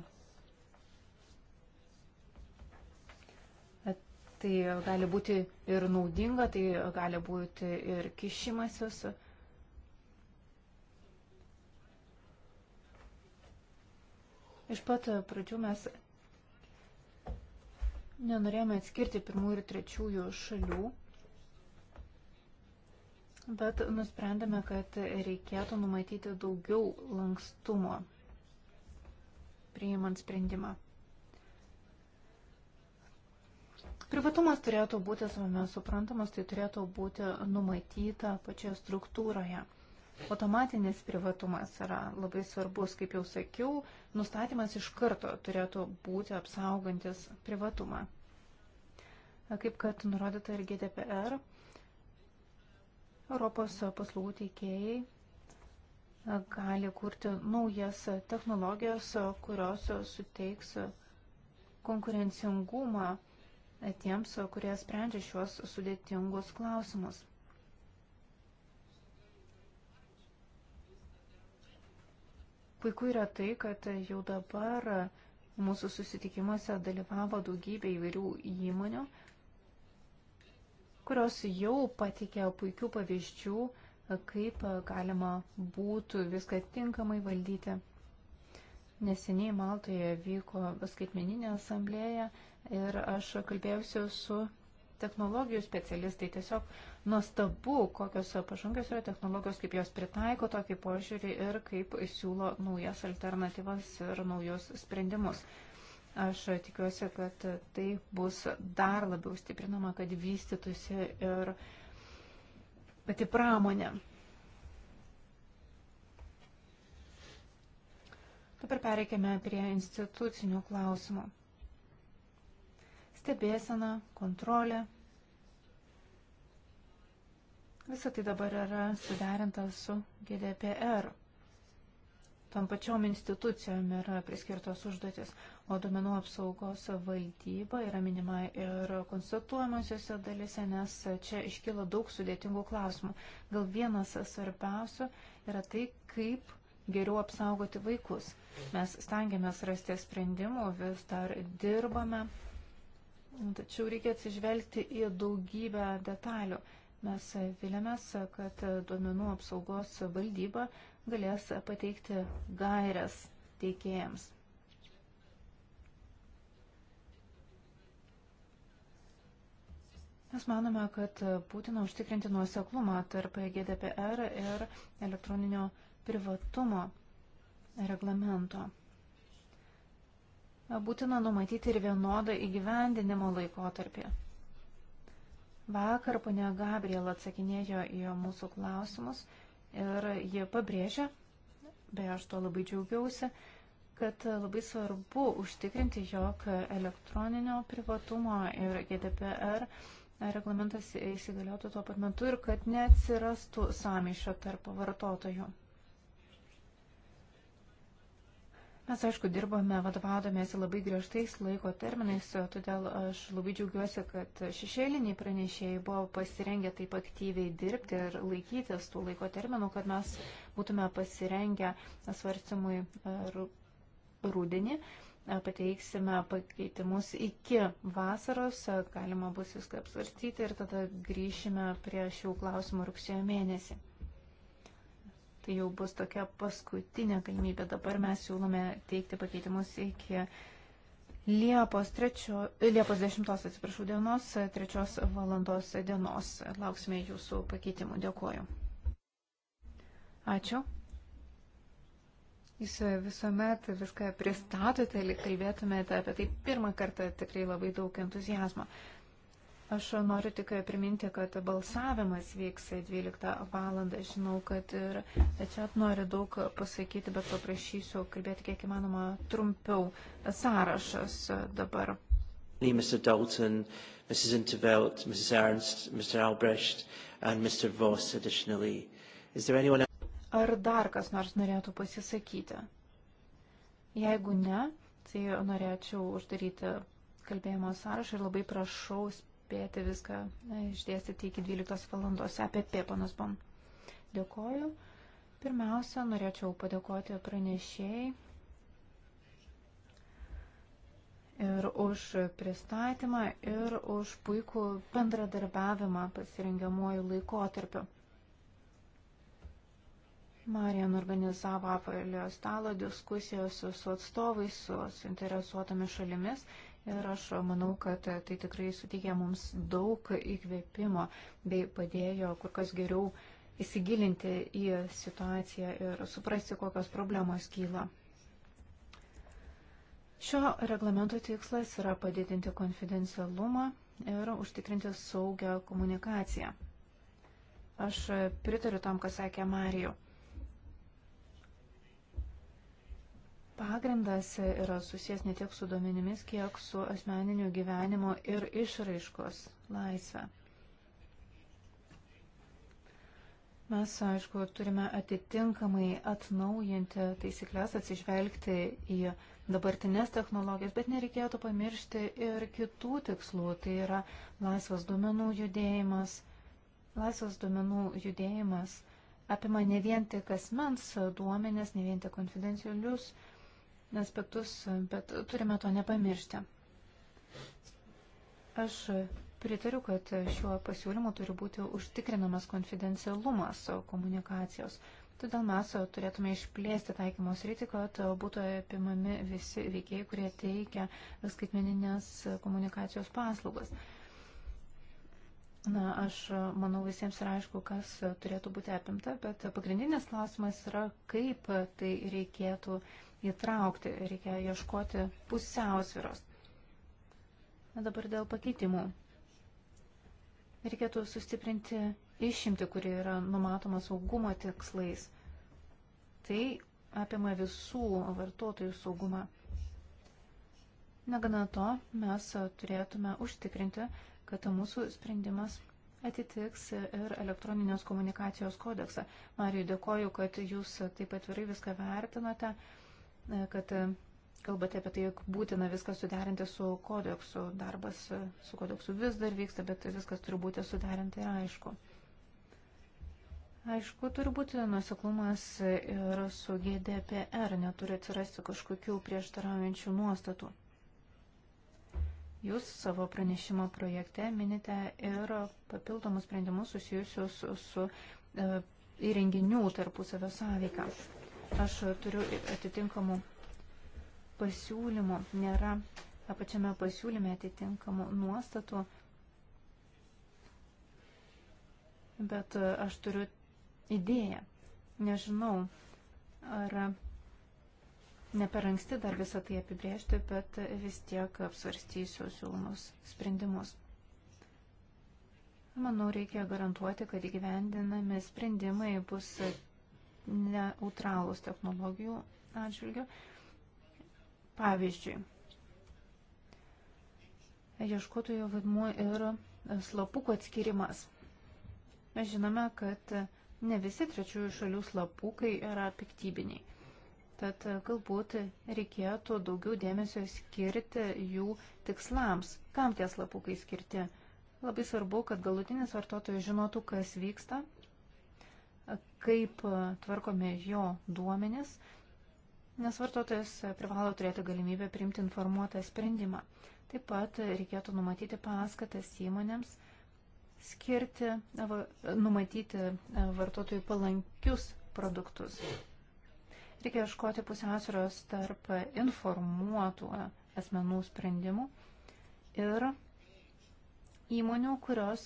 Tai gali būti ir naudinga, tai gali būti ir kišimasis. Iš pat pradžių mes nenorėjome atskirti pirmų ir trečiųjų šalių. Bet nusprendėme, kad reikėtų numatyti daugiau lankstumo priimant sprendimą. Privatumas turėtų būti savame suprantamas, tai turėtų būti numatyta pačioje struktūroje. Automatinis privatumas yra labai svarbus, kaip jau sakiau, nustatymas iš karto turėtų būti apsaugantis privatumą. Kaip kad nurodyta ir GDPR, Europos paslaugų teikėjai e, gali kurti naujas technologijas, e, kurios suteiks konkurencingumą e, tiems, kurie sprendžia šiuos sudėtingus klausimus. Puiku yra tai, kad jau dabar mūsų susitikimuose dalyvavo daugybė įvairių įmonių, kurios jau patikė puikių pavyzdžių, kaip galima būtų viską tinkamai valdyti. Neseniai Maltoje vyko skaitmeninė asamblėja ir aš kalbėjausi su technologijų specialistai. Tiesiog nuostabu, kokios pažangios yra technologijos, kaip jos pritaiko tokį požiūrį ir kaip siūlo naujas alternatyvas ir naujus sprendimus. Aš tikiuosi, kad tai bus dar labiau stiprinama, kad vystytųsi ir pati pramonė. Dabar pereikime prie institucinių klausimų. Stebėsena, kontrolė. Visą tai dabar yra suderinta su GDPR. Tom pačiom institucijom yra priskirtos užduotis. O duomenų apsaugos valdyba yra minima ir konstatuojamosiose dalise, nes čia iškilo daug sudėtingų klausimų. Gal vienas svarbiausių yra tai, kaip geriau apsaugoti vaikus. Mes stengiamės rasti sprendimų, vis dar dirbame, tačiau reikia atsižvelgti į daugybę detalių. Mes vilėmės, kad duomenų apsaugos valdyba galės pateikti gairias teikėjams. Mes manome, kad būtina užtikrinti nuoseklumą tarp GDPR ir elektroninio privatumo reglamento. Būtina numatyti ir vienodą įgyvendinimo laikotarpį. Vakar ponia Gabriel atsakinėjo į mūsų klausimus ir jie pabrėžė, beje, aš tuo labai džiaugiausi, kad labai svarbu užtikrinti, jog elektroninio privatumo ir GDPR reglamentas įsigaliotų tuo pat metu ir kad neatsirastų sąmyšio tarp vartotojų. Mes, aišku, dirbame vadovaudomėsi labai griežtais laiko terminais, todėl aš labai džiaugiuosi, kad šešėliniai pranešėjai buvo pasirengę taip aktyviai dirbti ir laikytis tų laiko terminų, kad mes būtume pasirengę svarstymui rūdienį. Rū pateiksime pakeitimus iki vasaros, galima bus viską apsvarstyti ir tada grįšime prie šių klausimų rugsėjo mėnesį. Tai jau bus tokia paskutinė galimybė. Dabar mes siūlome teikti pakeitimus iki Liepos, trečio, Liepos 10 atsiprašau, dienos, 3 valandos dienos. Lauksime jūsų pakeitimų. Dėkuoju. Ačiū. Jūs visuomet viską pristatote, kalbėtumėte apie tai pirmą kartą tikrai labai daug entuzijazmo. Aš noriu tik priminti, kad balsavimas vyks 12 valandą. Žinau, kad ir čia noriu daug pasakyti, bet paprašysiu kalbėti kiek įmanoma trumpiau. Sąrašas dabar.
Mr. Dalton, Mrs. Intervelt, Mrs. Ernst, Mr. Albrecht and Mr. Voss additionally. Is there anyone else?
Ar dar kas nors norėtų pasisakyti? Jeigu ne, tai norėčiau uždaryti kalbėjimo sąrašą ir labai prašau spėti viską e, išdėstyti iki 12 valandos. APP, e panas Bon. Dėkoju. Pirmiausia, norėčiau padėkoti pranešėjai ir už pristatymą ir už puikų bendradarbiavimą pasirengiamuoju laikotarpiu. Marijan organizavo apalio stalo diskusijos su atstovais, su suinteresuotomis šalimis ir aš manau, kad tai tikrai suteikė mums daug įkvėpimo bei padėjo kur kas geriau įsigilinti į situaciją ir suprasti, kokios problemos kyla. Šio reglamento tikslas yra padidinti konfidencialumą ir užtikrinti saugią komunikaciją. Aš pritariu tam, ką sakė Marijau. pagrindas yra susijęs ne tiek su duomenimis, kiek su asmeniniu gyvenimo ir išraiškos laisvę. Mes, aišku, turime atitinkamai atnaujinti taisyklės, atsižvelgti į dabartinės technologijas, bet nereikėtų pamiršti ir kitų tikslų. Tai yra laisvas duomenų judėjimas. Laisvas duomenų judėjimas apima ne vien tik asmens duomenis, ne vien tik konfidencialius duomenis aspektus, bet turime to nepamiršti. Aš pritariu, kad šiuo pasiūlymu turi būti užtikrinamas konfidencialumas komunikacijos. Todėl mes turėtume išplėsti taikymos rytį, kad būtų apimami visi veikėjai, kurie teikia skaitmeninės komunikacijos paslaugas. Na, aš manau visiems yra aišku, kas turėtų būti apimta, bet pagrindinis klausimas yra, kaip tai reikėtų įtraukti, reikia ieškoti pusiausviros. Na dabar dėl pakeitimų. Reikėtų sustiprinti išimti, kuri yra numatoma saugumo tikslais. Tai apima visų vartotojų saugumą. Negana to, mes turėtume užtikrinti, kad mūsų sprendimas atitiks ir elektroninės komunikacijos kodeksą. Marijai, dėkoju, kad jūs taip atvirai viską vertinote. E, kad e, kalbate apie tai, jog būtina viską suderinti su kodeksu. Darbas e, su kodeksu vis dar vyksta, bet viskas turi būti suderinti ir aišku. Aišku, turi būti nuseklumas ir su GDPR, neturi atsirasti kažkokių prieštaraujančių nuostatų. Jūs savo pranešimo projekte minite ir papildomus sprendimus susijusius su, su e, įrenginių tarpusavio sąveika. Su aš turiu atitinkamų pasiūlymų, nėra apačiame pasiūlyme atitinkamų nuostatų, bet e, aš turiu idėją. Nežinau, ar ne per anksti dar visą tai apibrėžti, bet vis tiek apsvarstysiu siūlomus sprendimus. Manau, reikia garantuoti, kad įgyvendinami sprendimai bus neutralūs technologijų atžvilgių. Pavyzdžiui, ieškotojo vaidmuo ir slapukų atskirimas. Mes žinome, kad ne visi trečiųjų šalių slapukai yra piktybiniai. Tad galbūt reikėtų daugiau dėmesio skirti jų tikslams. Kam tie slapukai skirti? Labai svarbu, kad galutinis vartotojas žinotų, kas vyksta kaip e, tvarkome jo duomenis, nes vartotojas e, privalo turėti galimybę priimti informuotą sprendimą. Taip pat e, reikėtų numatyti paskatas įmonėms skirti, numatyti vartotojų palankius produktus. Reikia iškoti pusiausvėros tarp informuotų asmenų sprendimų ir įmonių, kurios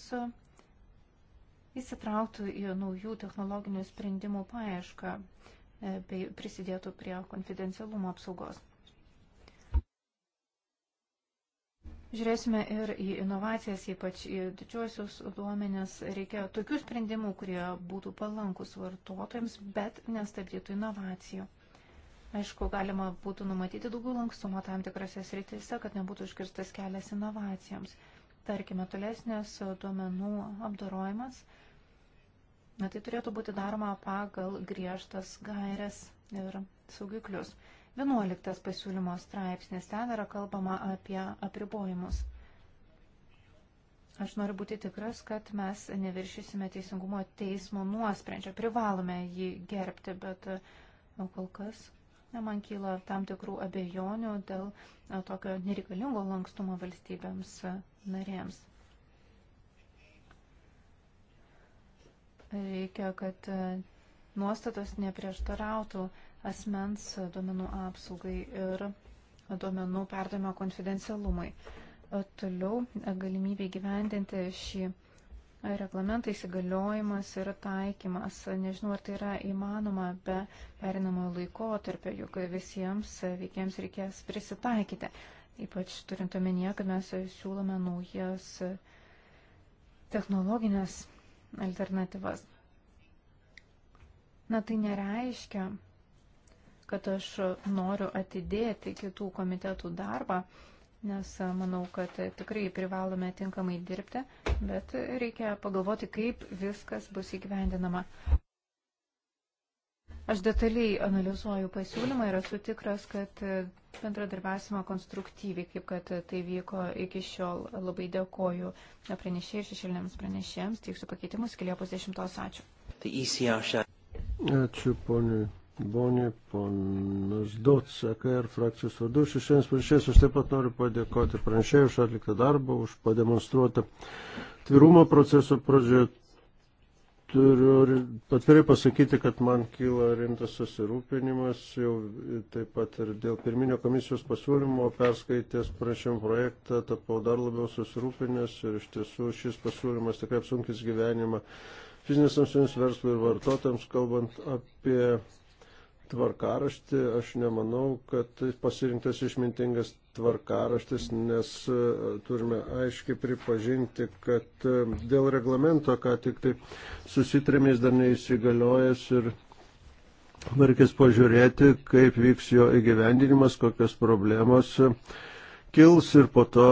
įsitrauktų į naujų technologinių sprendimų paiešką e, bei prisidėtų prie konfidencialumo apsaugos. Žiūrėsime ir į inovacijas, ypač į didžiuosius duomenis. Reikia tokių sprendimų, kurie būtų palankus vartotojams, bet nestabdytų inovacijų. Aišku, galima būtų numatyti daugiau lankstumo tam tikrose sritise, kad nebūtų iškirstas kelias inovacijoms. Tarkime, tolesnės duomenų apdorojimas Na, tai turėtų būti daroma pagal griežtas gairias ir saugiklius. 11 pasiūlymo straipsnis ten yra kalbama apie apribojimus. Aš noriu būti tikras, kad mes neviršysime teisingumo teismo nuosprendžio. Privalome jį gerbti, bet o kol kas na, man kyla tam tikrų abejonių dėl na, tokio nereikalingo lankstumo valstybėms narėms. Reikia, kad e, nuostatos neprieštarautų asmens duomenų apsaugai ir duomenų perdavimo konfidencialumui. E, toliau e, galimybė gyvendinti šį reglamentą įsigaliojimas ir taikymas. Nežinau, ar tai yra įmanoma be perinamojo laikotarpio, juk visiems veikiems reikės prisitaikyti. Ypač turint omenyje, kad mes siūlome naujas technologinės alternatyvas. Na tai nereiškia, kad aš noriu atidėti kitų komitetų darbą, nes manau, kad tikrai privalome tinkamai dirbti, bet reikia pagalvoti, kaip viskas bus įgyvendinama. Aš detaliai analizuoju pasiūlymą ir esu tikras, kad bendradarbiausime konstruktyviai, kaip kad tai vyko iki šiol. Labai dėkoju pranešėjai ir šešėlinėms pranešėjams. Teiksiu pakeitimus iki Liepos 10. Ačiū.
E Ačiū, poniai. Bonė, ponas Dots, AKR e frakcijos vadovas, šešiems pranešėjus, aš taip pat noriu padėkoti pranešėjui už atliktą darbą, už pademonstruotą tvirumą proceso pradžioje. Turiu atvirai pasakyti, kad man kyla rimtas susirūpinimas, jau taip pat ir dėl pirminio komisijos pasiūlymo perskaitės prašym projektą, tapau dar labiau susirūpinęs ir iš tiesų šis pasiūlymas tikrai apsunkis gyvenimą fiziniams asmenims verslui ir vartotojams, kalbant apie tvarkaraštį, aš nemanau, kad tai pasirinktas išmintingas tvarkaraštis, nes e, turime aiškiai pripažinti, kad e, dėl reglamento, ką tik tai susitrėmės dar neįsigaliojęs ir varkis pažiūrėti, kaip vyks jo įgyvendinimas, kokios problemos e, kils ir po to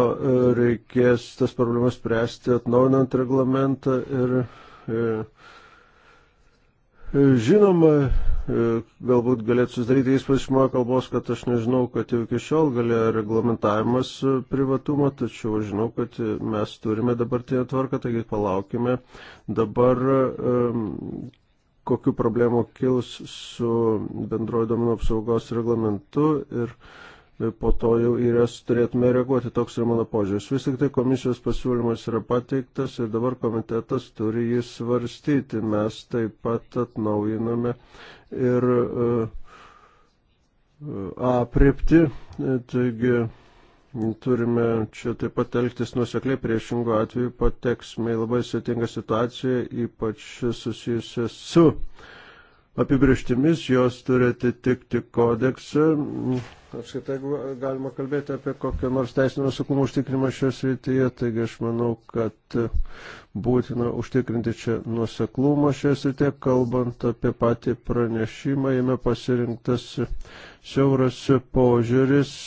reikės tas problemas spręsti atnaujinant reglamentą ir Žinoma, E, galbūt galėtų susidaryti įspūdis iš mano kalbos, kad aš nežinau, kad jau iki šiol galėjo reglamentavimas e, privatumo, tačiau žinau, kad mes turime dabartinę tvarką, taigi palaukime dabar, e, kokiu problemu kils su bendrojo domino apsaugos reglamentu ir po to jau ir jas turėtume reaguoti, toks yra mano požiūris. Vis tik tai komisijos pasiūlymas yra pateiktas ir dabar komitetas turi jį svarstyti. Mes taip pat atnaujiname ir e, e, aprepti, taigi turime čia taip pat elgtis nusekliai, priešingų atveju pateksime į labai sėtingą situaciją, ypač susijusią su. Uh, apibrieštimis, jos turi atitikti kodeksą. Apskritai, jeigu galima kalbėti apie kokią nors teisinio saugumo užtikrimą šioje srityje, taigi aš manau, kad būtina užtikrinti čia nuoseklumą šioje srityje, kalbant apie patį pranešimą, jame pasirinktas siauras požiūris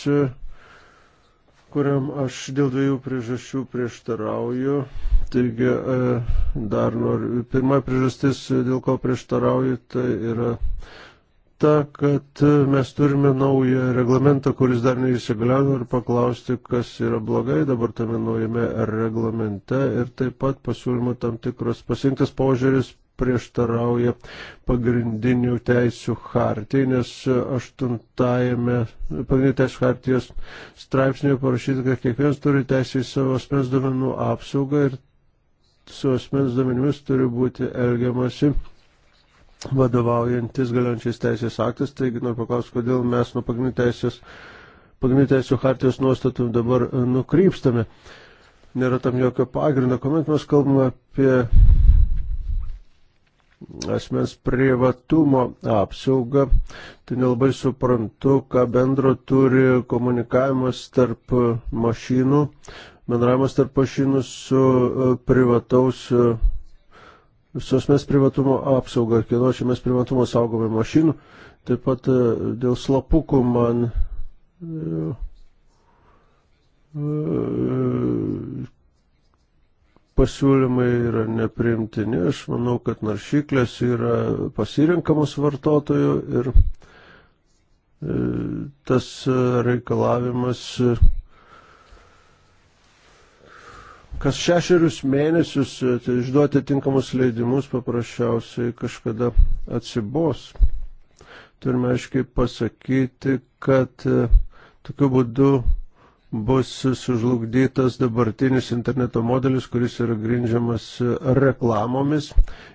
kuriam aš dėl dviejų priežasčių prieštarauju. Taigi, e, dar noriu. Pirma priežastis, dėl ko prieštarauju, tai yra ta, kad mes turime naują reglamentą, kuris dar neįsigaliavo ir paklausti, kas yra blogai dabar tame naujame reglamente ir taip pat pasiūlymo tam tikras pasirinktas požiūris prieštarauja pagrindinių teisų hartijai, nes aštuntajame pagrindinių teisų hartijos straipsnėje parašyta, kad kiekvienas turi teisę į savo asmens duomenų apsaugą ir su asmens duomenimis turi būti elgiamasi vadovaujantis galiojančiais teisės aktais. Taigi noriu paklausti, kodėl mes nuo pagrindinių teisės, pagrindinių teisų hartijos nuostatų dabar e, nukrypstame. Nėra tam jokio pagrindo, kuomet mes kalbame apie asmens privatumo apsaugą, tai nelabai suprantu, ką bendro turi komunikavimas tarp mašinų, bendravimas tarp mašinų su e, privataus, e, su asmens privatumo apsauga, kieno čia mes privatumo saugome mašinų. Taip pat e, dėl slapukų man pasiūlymai yra nepriimtini. Aš manau, kad naršyklės yra pasirinkamas vartotojų ir e, tas reikalavimas kas šešerius mėnesius e, tai išduoti tinkamus leidimus paprasčiausiai kažkada atsibos. Turime aiškiai pasakyti, kad e, tokiu būdu bus sužlugdytas dabartinis interneto modelis, kuris yra grindžiamas reklamomis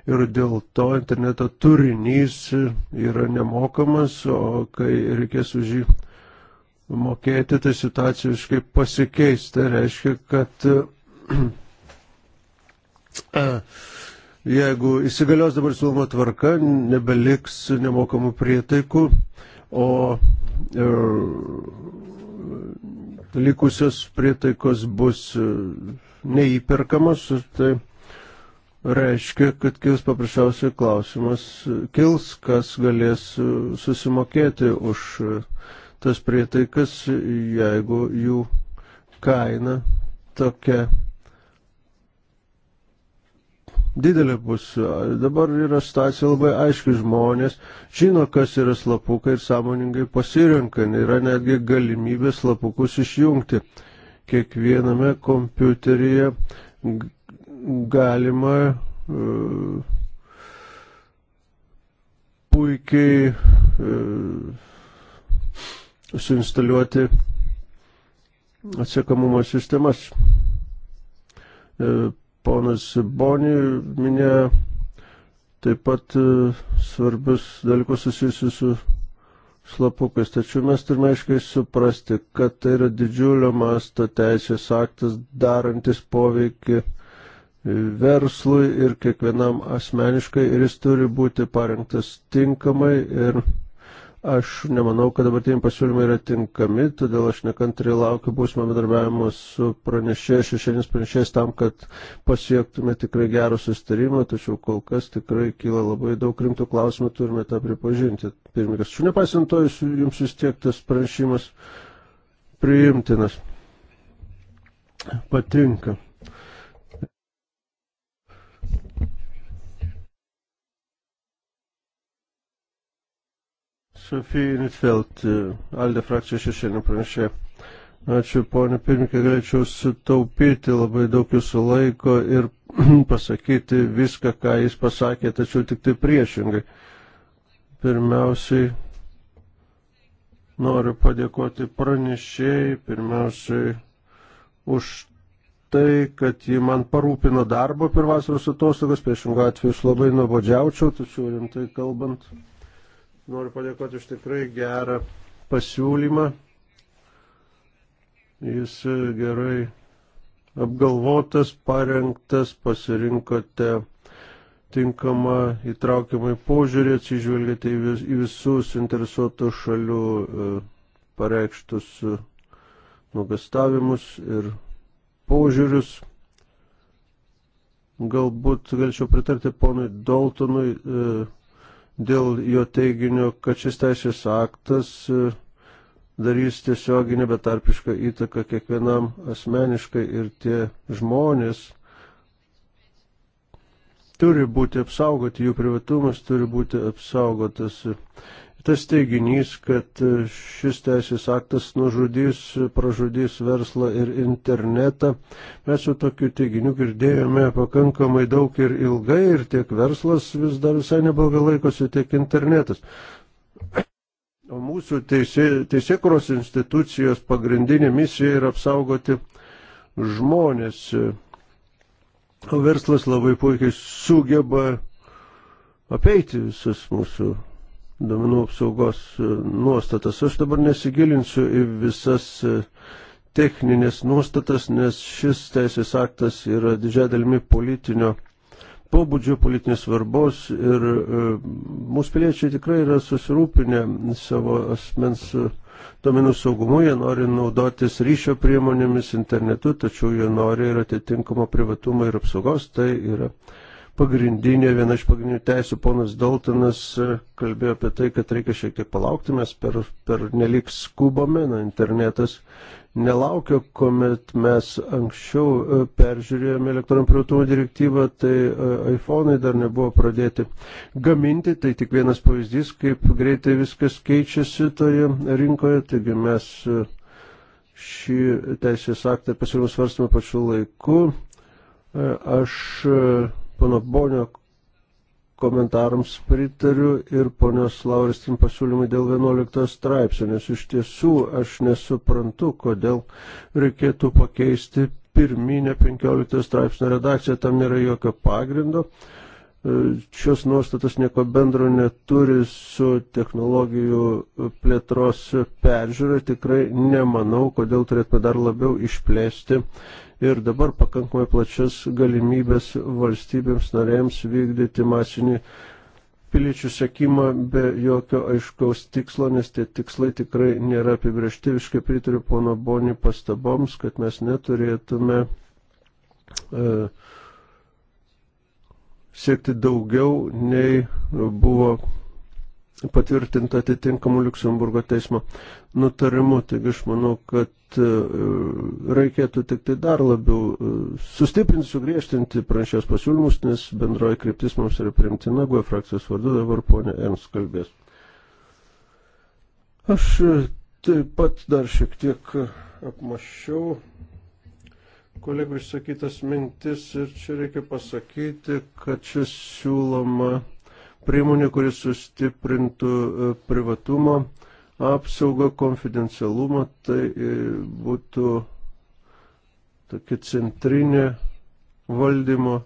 ir dėl to interneto turinys yra nemokamas, o kai reikės už jį mokėti, tai situacija visiškai pasikeis. Tai reiškia, kad *clears throat* jeigu įsigalios dabar siūloma tvarka, nebeliks nemokamų prietaikų, o e, likusios prietaikos bus e, neįperkamos ir tai reiškia, kad kils paprasčiausiai klausimas, e, kils, kas galės e, susimokėti už tas prietaikas, jeigu jų kaina tokia didelė bus. Dabar yra stacija labai aiški žmonės, žino, kas yra slapukai ir sąmoningai pasirinka. Yra netgi galimybė slapukus išjungti. Kiekviename kompiuteryje galima uh, puikiai uh, suinstaliuoti atsiekamumo sistemas. Uh, Ponas Boni minėjo taip pat e, svarbius dalykus susijusius su slapukais, tačiau mes turime aiškiai suprasti, kad tai yra didžiulio masto teisės aktas darantis poveikį e, verslui ir kiekvienam asmeniškai ir jis turi būti parengtas tinkamai ir Aš nemanau, kad dabartiniai pasiūlymai yra tinkami, todėl aš nekantriai laukiu būsimo bendarbiavimo su pranešėjais, šešėlinis pranešėjais tam, kad pasiektume tikrai gerą sustarimą, tačiau kol kas tikrai kyla labai daug rimtų klausimų, turime tą pripažinti. Pirmininkas, šiuo nepaisant to, jums vis tiek tas pranešimas priimtinas. Patinka. Sofija Nitfeld, e, Alde frakcija šešėlė pranešė. Ačiū, ponė pirmininkė, galėčiau sutaupyti labai daug jūsų laiko ir *clears throat* pasakyti viską, ką jis pasakė, tačiau tik tai priešingai. Pirmiausiai noriu padėkoti pranešėjai, pirmiausiai už tai, kad ji man parūpino darbo per vasaros atostogas, priešingą atveju aš labai nuobodžiaučiau, tačiau rimtai kalbant. Noriu padėkoti už tikrai gerą pasiūlymą. Jis gerai apgalvotas, parengtas, pasirinkote tinkamą įtraukiamą požiūrį, atsižvelgėte į, vis, į visus interesuotų šalių e, pareikštus e, nuogastavimus ir požiūrius. Galbūt galėčiau pritarti ponui Daltonui. E, dėl jo teiginio, kad šis teisės aktas e, darys tiesioginę betarpišką įtaką kiekvienam asmeniškai ir tie žmonės turi būti apsaugoti, jų privatumas turi būti apsaugotas. Tas teiginys, kad e, šis teisės aktas nužudys, pražudys verslą ir internetą, mes su tokiu teiginiu girdėjome pakankamai daug ir ilgai ir tiek verslas vis dar visai neblogai laikosi, tiek internetas. O mūsų teisė, teisėkuros institucijos pagrindinė misija yra apsaugoti žmonės. O verslas labai puikiai sugeba apeiti visas mūsų duomenų apsaugos e, nuostatas. Aš dabar nesigilinsiu į visas e, techninės nuostatas, nes šis teisės aktas yra didžia dalimi politinio pobūdžio, politinės svarbos ir e, mūsų piliečiai tikrai yra susirūpinę savo asmens duomenų saugumu, jie nori naudotis ryšio priemonėmis internetu, tačiau jie nori ir atitinkamo privatumo ir apsaugos, tai yra pagrindinė, viena iš pagrindinių teisų, ponas Daltonas e, kalbėjo apie tai, kad reikia šiek tiek palaukti, mes per, per nelik skubame, na, internetas nelaukia, kuomet mes anksčiau e, peržiūrėjome elektroninio privatumo direktyvą, tai e, iPhone'ai dar nebuvo pradėti gaminti, tai tik vienas pavyzdys, kaip greitai viskas keičiasi toje rinkoje, taigi mes šį teisės aktą pasirinkus svarstymą pačiu laiku. Aš Pono Bonio komentarams pritariu ir ponios Lauristin pasiūlymai dėl 11 straipsnio, nes iš tiesų aš nesuprantu, kodėl reikėtų pakeisti pirminę 15 straipsnio redakciją, tam nėra jokio pagrindo. E, šios nuostatos nieko bendro neturi su technologijų plėtros peržiūra, tikrai nemanau, kodėl turėtume dar labiau išplėsti ir dabar pakankamai plačias galimybės valstybėms narėms vykdyti masinį piliečių sekimą be jokio aiškaus tikslo, nes tie tikslai tikrai nėra apibriešti. Viškai pritariu pono Boni pastaboms, kad mes neturėtume e, siekti daugiau nei buvo patvirtinta atitinkamų Luxemburgo teismo nutarimu. Taigi aš manau, kad e, reikėtų tik tai dar labiau e, sustiprinti, sugriežtinti pranešės pasiūlymus, nes bendroji kryptis mums yra primtina, guo frakcijos vardu dabar ponė Ernst kalbės. Aš e, taip pat dar šiek tiek apmašiau kolegų išsakytas mintis ir čia reikia pasakyti, kad čia siūloma priemonė, kuris sustiprintų e, privatumo apsaugą, konfidencialumą, tai e, būtų tokia centrinė valdymo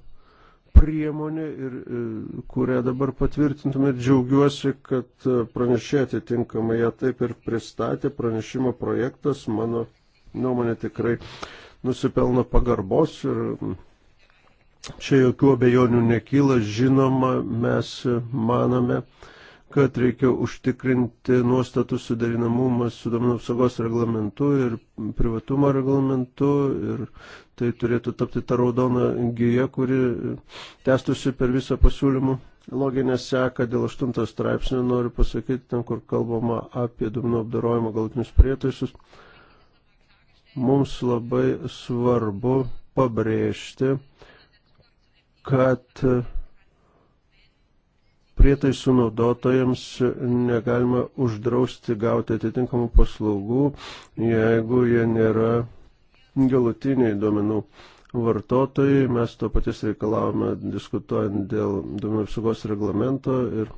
priemonė ir e, kurią dabar patvirtintume ir džiaugiuosi, kad pranešė atitinkamai ją taip ir pristatė pranešimo projektas, mano nuomonė tikrai nusipelno pagarbos ir Čia jokių abejonių nekyla, žinoma, mes manome, kad reikia užtikrinti nuostatų suderinamumą su duomenų apsaugos reglamentu ir privatumo reglamentu ir tai turėtų tapti tą raudoną gyją, kuri testusi per visą pasiūlymų loginę seką dėl 8 straipsnio, noriu pasakyti, ten kur kalbama apie duomenų apdarojimo galtinius prietaisus, mums labai svarbu pabrėžti, kad prietaisų naudotojams negalima uždrausti gauti atitinkamų paslaugų, jeigu jie nėra galutiniai duomenų vartotojai. Mes to paties reikalavome diskutuojant dėl duomenų apsaugos reglamento ir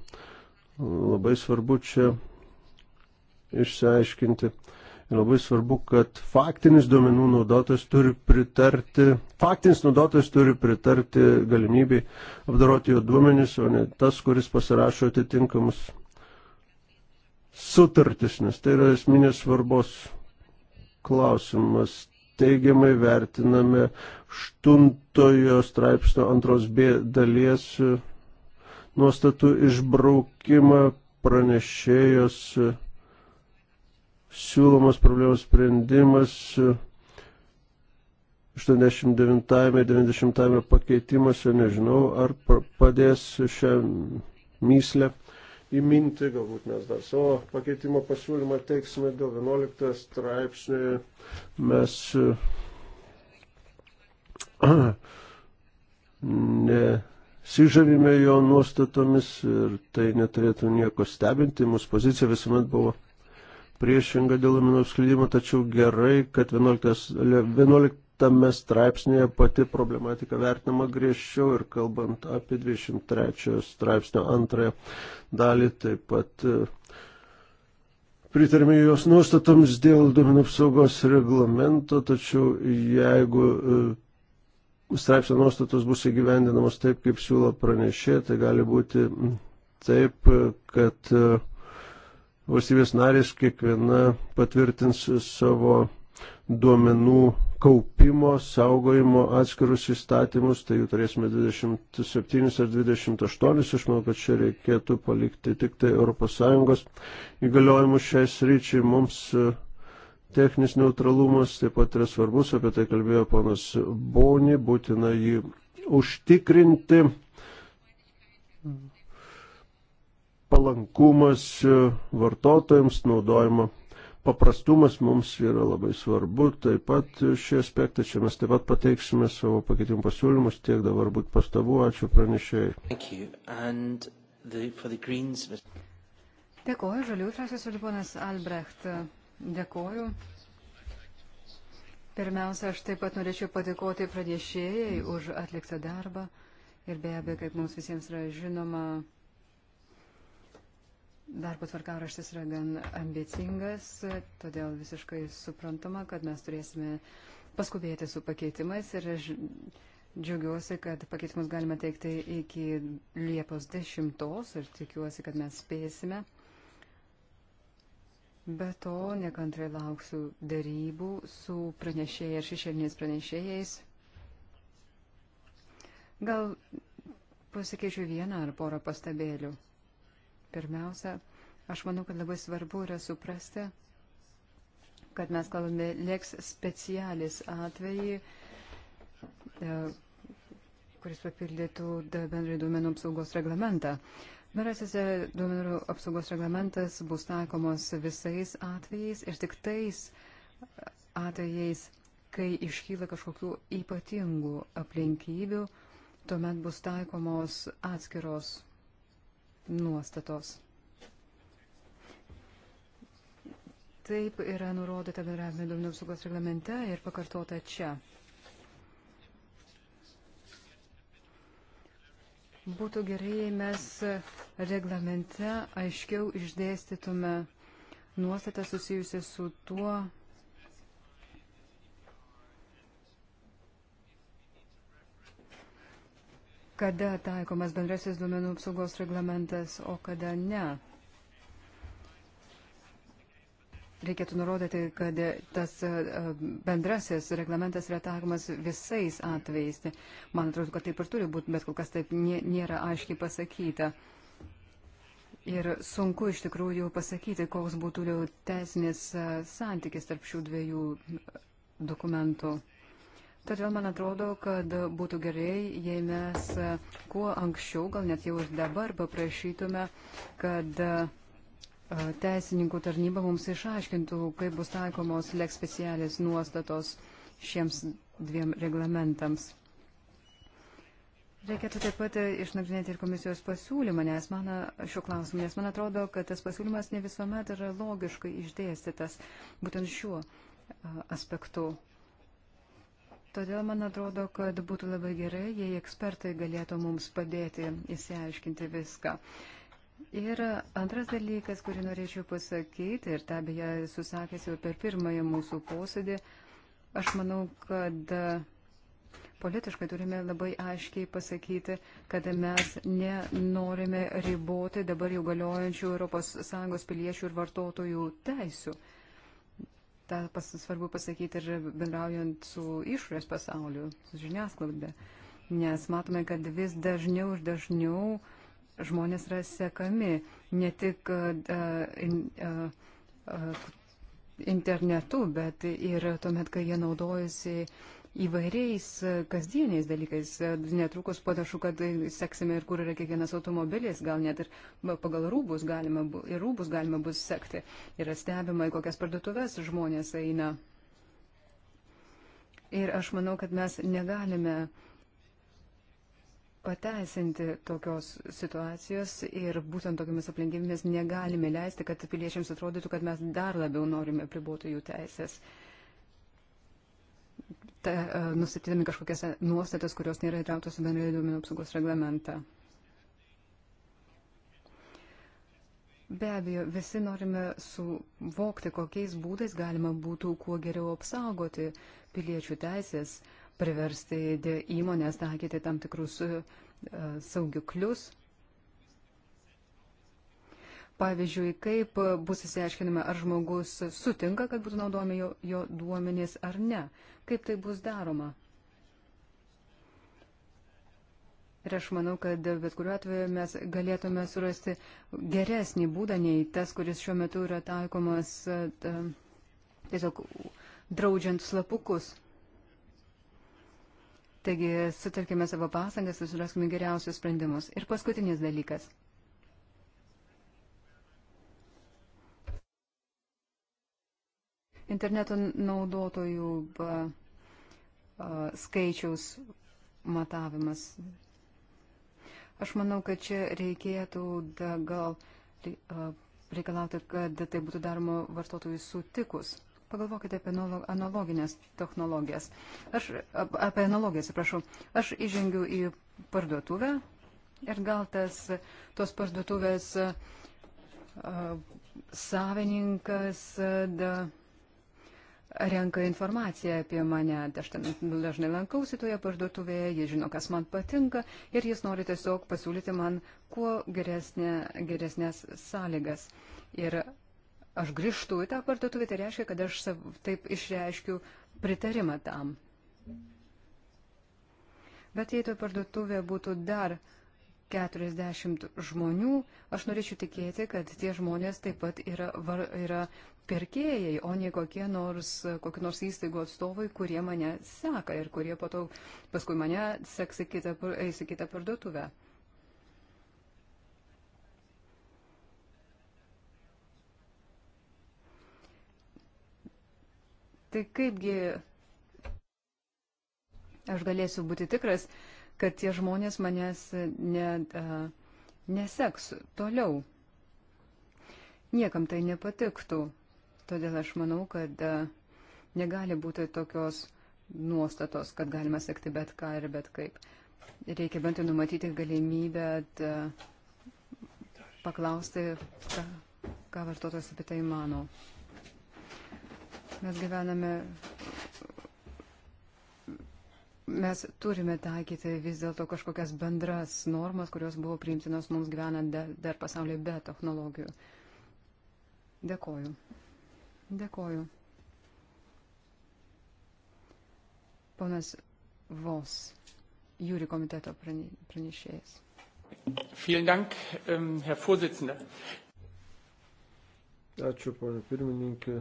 labai svarbu čia išsiaiškinti, Ir labai svarbu, kad faktinis duomenų naudotojas turi pritarti, faktinis naudotojas turi pritarti galimybį apdaroti jo duomenis, o ne tas, kuris pasirašo atitinkamus sutartis, nes tai yra esminės svarbos klausimas. Teigiamai vertiname aštuntojo straipsnio antros B dalies nuostatų išbraukimą pranešėjos siūlomas problemos sprendimas 89-90 e, pakeitimuose, nežinau, ar padės šią myslę įminti, galbūt mes dar savo pakeitimo pasiūlymą teiksime dėl 11 straipsnio, mes e, *clears throat* nesižavime jo nuostatomis ir tai neturėtų nieko stebinti, mūsų pozicija visuomet buvo priešinga dėl duomenų apskleidimo, tačiau gerai, kad 11, 11 straipsnėje pati problematika vertinama griežčiau ir kalbant apie 23 straipsnio antrąją dalį, taip pat e, pritarime jos nuostatoms dėl duomenų apsaugos reglamento, tačiau jeigu e, straipsnio nuostatos bus įgyvendinamos taip, kaip siūlo pranešė, tai gali būti taip, kad e, valstybės narės kiekviena patvirtins savo duomenų kaupimo, saugojimo atskirus įstatymus, tai jų turėsime 27 ar 28, aš manau, kad čia reikėtų palikti tik tai ES įgaliojimus šiais ryčiai, mums e, techninis neutralumas taip pat yra svarbus, apie tai kalbėjo ponas Boni, būtina jį užtikrinti palankumas e, vartotojams, naudojimo paprastumas mums yra labai svarbu. Taip pat e, šie aspektai čia mes taip pat pateiksime savo pakeitimų pasiūlymus, tiek dabar būtų pastabų. Ačiū pranešėjai.
Dėkoju, žaliųjų frakcijos ir ponas Albrecht. Dėkoju. Pirmiausia, aš taip pat norėčiau padėkoti pranešėjai už atliktą darbą ir be abejo, kaip mums visiems yra žinoma, Darbo tvarkaraštis yra gan ambicingas, todėl visiškai suprantama, kad mes turėsime paskubėti su pakeitimais ir aš džiaugiuosi, kad pakeitimus galime teikti iki Liepos 10 ir tikiuosi, kad mes spėsime. Be to, nekantrai lauksiu darybų su pranešėjai ir šešėliniais pranešėjais. Gal pasakyčiau vieną ar porą pastabėlių. Pirmiausia, aš manau, kad labai svarbu yra suprasti, kad mes kalbame leks specialis atvejį, e, kuris papildytų bendrai duomenų apsaugos reglamentą. Merasis e, duomenų apsaugos reglamentas bus taikomos visais atvejais ir tik tais atvejais, kai iškyla kažkokių ypatingų aplinkybių, tuomet bus taikomos atskiros nuostatos. Taip yra nurodyta bendravimo duomenų apsaugos reglamente ir pakartota čia. Būtų gerai, jei mes reglamente aiškiau išdėstytume nuostatą susijusią su tuo, kada taikomas bendrasis duomenų apsaugos reglamentas, o kada ne. Reikėtų nurodyti, kad tas e, bendrasis reglamentas yra taikomas visais atvejais. Man atrodo, kad taip ir turi būti, bet kol kas taip nėra aiškiai pasakyta. Ir sunku iš tikrųjų pasakyti, koks būtų teisinis e, santykis tarp šių dviejų dokumentų. Todėl man atrodo, kad būtų gerai, jei mes kuo anksčiau, gal net jau ir dabar, paprašytume, kad teisininkų tarnyba mums išaiškintų, kaip bus taikomos leks specialės nuostatos šiems dviem reglamentams. Reikėtų taip pat išnagrinėti ir komisijos pasiūlymą, nes man, šiuo klausimu, nes man atrodo, kad tas pasiūlymas ne visuomet yra logiškai išdėstytas būtent šiuo aspektu. Todėl man atrodo, kad būtų labai gerai, jei ekspertai galėtų mums padėti įsiaiškinti viską. Ir antras dalykas, kurį norėčiau pasakyti, ir tą beje susakęs jau per pirmąją mūsų posėdį, aš manau, kad politiškai turime labai aiškiai pasakyti, kad mes nenorime riboti dabar jau galiojančių ES piliečių ir vartotojų teisų tą pas, svarbu pasakyti ir bendraujant su išorės pasauliu, su žiniasklaida. Nes matome, kad vis dažniau ir dažniau žmonės yra sekami ne tik uh, in, uh, uh, internetu, bet ir tuomet, kai jie naudojasi uh, įvairiais e, kasdieniais dalykais. E, netrukus panašu, kad e, seksime ir kur yra kiekvienas automobilis, gal net ir pagal rūbus galima, ir rūbus galima bus sekti. Yra stebima, į kokias parduotuvės žmonės eina. Ir aš manau, kad mes negalime pateisinti tokios situacijos ir būtent tokiamis aplinkybėmis negalime leisti, kad piliečiams atrodytų, kad mes dar labiau norime priboti jų teisės. Uh, E, nustatydami kažkokias nuostatas, kurios nėra įtrauktos į bendrąjį duomenų apsaugos reglamentą. Be abejo, visi norime suvokti, kokiais būdais galima būtų kuo geriau apsaugoti piliečių teisės, priversti įmonės taikyti tam tikrus e, saugiklius, Pavyzdžiui, kaip bus įsiaiškinama, ar žmogus sutinka, kad būtų naudojami jo, jo duomenys ar ne. Kaip tai bus daroma. Ir aš manau, kad bet kuriuo atveju mes galėtume surasti geresnį būdą nei tas, kuris šiuo metu yra taikomas tiesiog draudžiant slapukus. Taigi sutelkime savo pasangas ir suraskime geriausius sprendimus. Ir paskutinis dalykas – interneto naudotojų skaičiaus matavimas. Aš manau, kad čia reikėtų da, gal reikalauti, kad tai būtų daroma vartotojų sutikus. Pagalvokite apie analoginės technologijas. Aš apie analogiją, atsiprašau. Aš įžengiu į parduotuvę ir gal tas, tos parduotuvės uh, savininkas. Uh, renka informaciją apie mane. Aš ten dažnai lankausi toje parduotuvėje, jis žino, kas man patinka ir jis nori tiesiog pasiūlyti man kuo geresnė, geresnės sąlygas. Ir aš grįžtu į tą parduotuvę, tai reiškia, kad aš sav, taip išreiškiu pritarimą tam. Bet jei toje parduotuvėje būtų dar 40 žmonių, aš norėčiau tikėti, kad tie žmonės taip pat yra, var, yra pirkėjai, o ne kokie nors, kokie nors įstaigų atstovai, kurie mane seka ir kurie po to paskui mane seks į kitą, eis į kitą parduotuvę. Tai kaipgi aš galėsiu būti tikras, kad tie žmonės manęs ne, a, neseks toliau. Niekam tai nepatiktų. Todėl aš manau, kad e, negali būti tokios nuostatos, kad galima sekti bet ką ir bet kaip. Reikia bent jau numatyti galimybę e, paklausti, ką, ką vartotojas apie tai mano. Mes gyvename mes turime taikyti vis dėlto kažkokias bendras normas, kurios buvo priimtinos mums gyvenant dar pasaulyje be technologijų. Dėkoju. Dėkoju. Ponas Vos, jūri komiteto pranešėjas. Vielen Dank, ähm, Herr Vorsitzender.
Ačiū, ponė pirmininkė.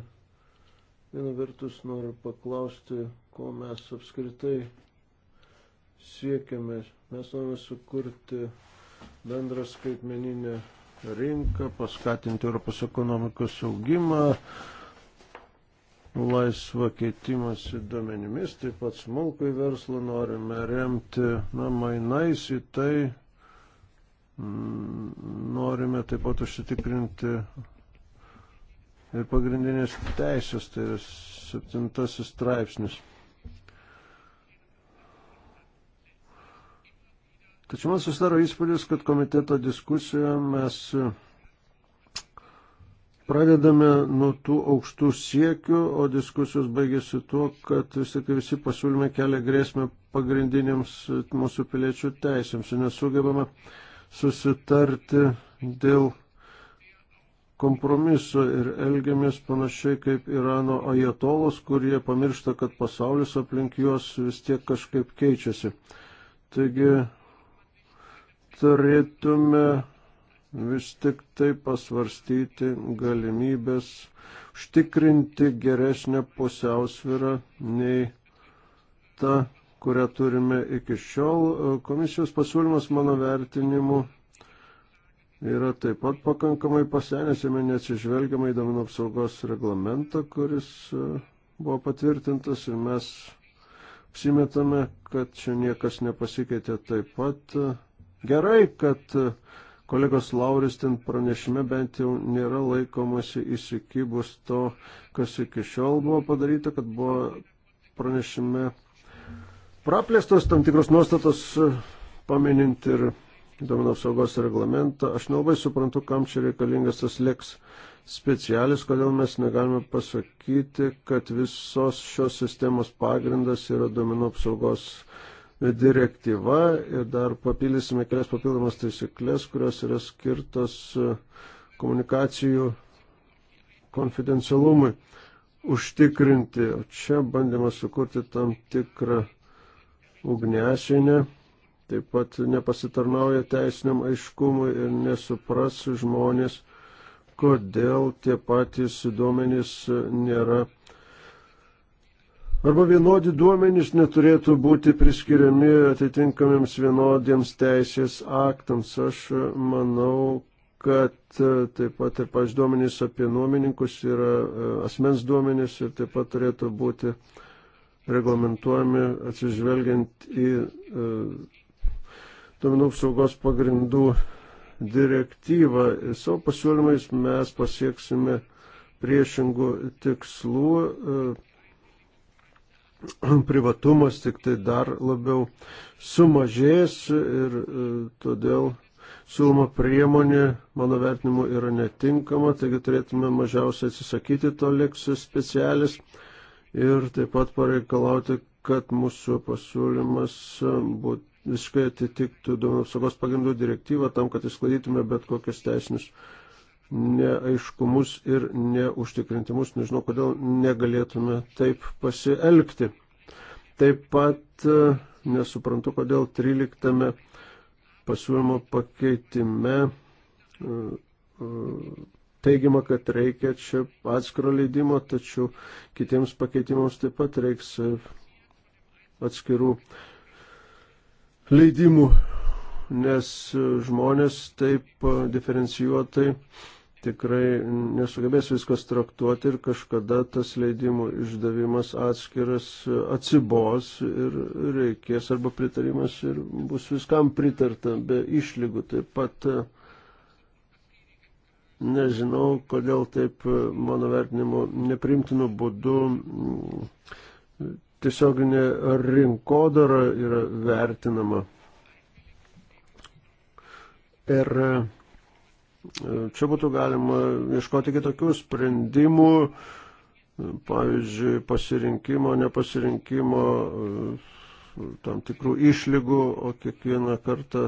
Viena vertus noriu paklausti, ko mes apskritai siekiame. Mes norime sukurti bendrą skaitmeninę rinką, paskatinti Europos ekonomikos augimą, laisvą keitimąsi duomenimis, taip pat smulkų į verslą norime remti, na, mainais į tai mm, norime taip pat užsitikrinti ir pagrindinės teisės, tai yra septintasis straipsnis. Tačiau man susidaro įspūdis, kad komiteto diskusijoje mes Pradedame nuo tų aukštų siekių, o diskusijos baigėsi tuo, kad vis tik visi pasiūlymai kelia grėsmę pagrindiniams mūsų piliečių teisėms ir nesugebame susitarti dėl kompromiso ir elgiamės panašiai kaip Irano ajatolos, kurie pamiršta, kad pasaulis aplink juos vis tiek kažkaip keičiasi. Taigi turėtume vis tik tai pasvarstyti galimybės užtikrinti geresnę pusiausvyrą nei ta, kurią turime iki šiol. Komisijos pasiūlymas mano vertinimu yra taip pat pakankamai pasenęs, jame neatsižvelgiamai domino apsaugos reglamentą, kuris e, buvo patvirtintas ir mes apsimetame, kad čia niekas nepasikeitė taip pat. Gerai, kad kolegos Lauristin pranešime bent jau nėra laikomasi įsikibus to, kas iki šiol buvo padaryta, kad buvo pranešime praplėstos tam tikros nuostatos e, paminint ir duomenų apsaugos reglamentą. Aš nelabai suprantu, kam čia reikalingas tas leks specialis, kodėl mes negalime pasakyti, kad visos šios sistemos pagrindas yra duomenų apsaugos reglamentą direktyva ir dar papildysime kelias papildomas taisyklės, kurios yra skirtos e, komunikacijų konfidencialumui užtikrinti. O čia bandymas sukurti tam tikrą ugnesinę, taip pat nepasitarnauja teisiniam aiškumui ir nesupras žmonės, kodėl tie patys duomenys nėra Arba vienodi duomenys neturėtų būti priskiriami atitinkamiems vienodiems teisės aktams. Aš manau, kad e, taip pat ir paž duomenys apie nuomininkus yra e, asmens duomenys ir taip pat turėtų būti reglamentuojami atsižvelgiant į e, duomenų apsaugos pagrindų direktyvą. Ir savo pasiūlymais mes pasieksime priešingų tikslų *clears throat* privatumas tik tai dar labiau sumažės ir e, todėl siūloma priemonė, mano vertinimu, yra netinkama, taigi turėtume mažiausiai atsisakyti to leksus specialis ir taip pat pareikalauti, kad mūsų pasiūlymas e, būtų visiškai atitiktų duomenų apsaugos pagrindų direktyvą tam, kad išsklaidytume bet kokius teisinius neaiškumus ir neužtikrintimus. Nežinau, kodėl negalėtume taip pasielgti. Taip pat e, nesuprantu, kodėl 13 pasiūlymo pakeitime e, e, teigiama, kad reikia čia atskiro leidimo, tačiau kitiems pakeitimams taip pat reiks atskirų leidimų nes žmonės taip e, diferencijuotai tikrai nesugebės viskas traktuoti ir kažkada tas leidimų išdavimas atskiras e, atsibos ir reikės arba pritarimas ir bus viskam pritarta be išlygų. Taip pat e, nežinau, kodėl taip mano vertinimu neprimtinu būdu tiesioginė rinkodara yra vertinama Ir e, čia būtų galima ieškoti kitokių sprendimų, e, pavyzdžiui, pasirinkimo, nepasirinkimo, e, tam tikrų išlygų, o kiekvieną kartą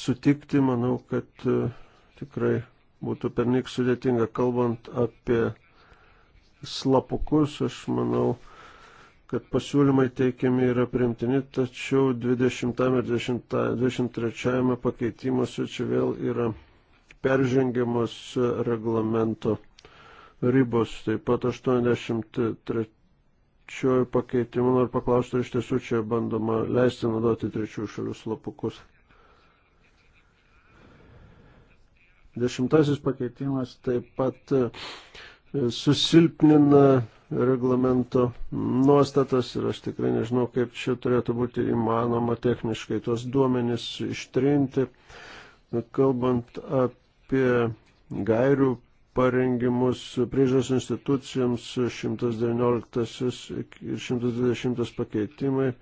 sutikti, manau, kad tikrai būtų pernik sudėtinga. Kalbant apie slapukus, aš manau, kad pasiūlymai teikiami yra primtini, tačiau 20 ir 23 pakeitimuose čia vėl yra peržengiamos reglamento ribos. Taip pat 83 pakeitimu noriu paklausti, ar iš tiesų čia bandoma leisti naudoti trečių šalių slapukus. Dešimtasis pakeitimas taip pat susilpnina reglamento nuostatas ir aš tikrai nežinau, kaip čia turėtų būti įmanoma techniškai tuos duomenys ištrinti. Kalbant apie gairių parengimus priežas institucijams 119 ir 120 pakeitimai.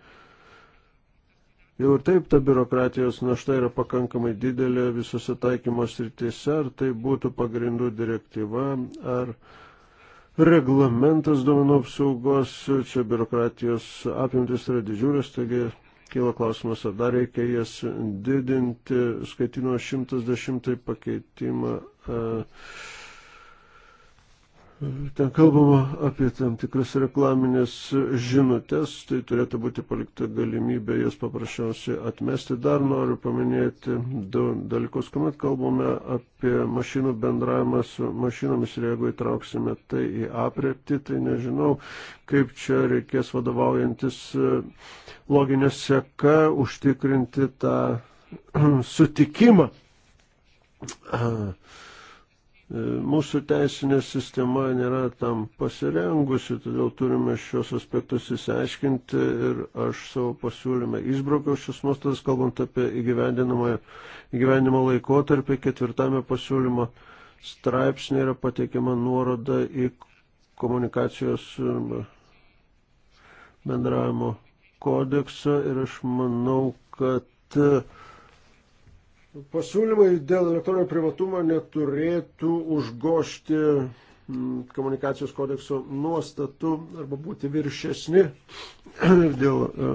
Jau ir taip ta biurokratijos našta yra pakankamai didelė visose taikymos rytise, ar tai būtų pagrindų direktyva, ar uh, reglamentas duomenų apsaugos, čia biurokratijos apimtis yra didžiulis, taigi kyla klausimas, ar dar reikia jas didinti, skaitino 110 pakeitimą. Uh, ten kalbama apie tam tikras reklaminės žinutės, tai turėtų būti palikta galimybė jas paprasčiausiai atmesti. Dar noriu paminėti du dalykus, kuomet kalbame apie mašinų bendravimą su mašinomis ir jeigu įtrauksime tai į aprepti, tai nežinau, kaip čia reikės vadovaujantis e, loginė seka užtikrinti tą *clears throat* sutikimą. E, mūsų teisinė sistema nėra tam pasirengusi, todėl turime šios aspektus įsiaiškinti ir aš savo pasiūlymę išbraukiau šios nuostatas, kalbant apie įgyvendinimo laikotarpį. Ketvirtame pasiūlymo straipsnė yra pateikiama nuoroda į komunikacijos e, bendravimo kodeksą ir aš manau, kad Pasiūlymai dėl elektroninio privatumo neturėtų užgošti mm, komunikacijos kodekso nuostatų arba būti viršesni *clears throat* dėl e,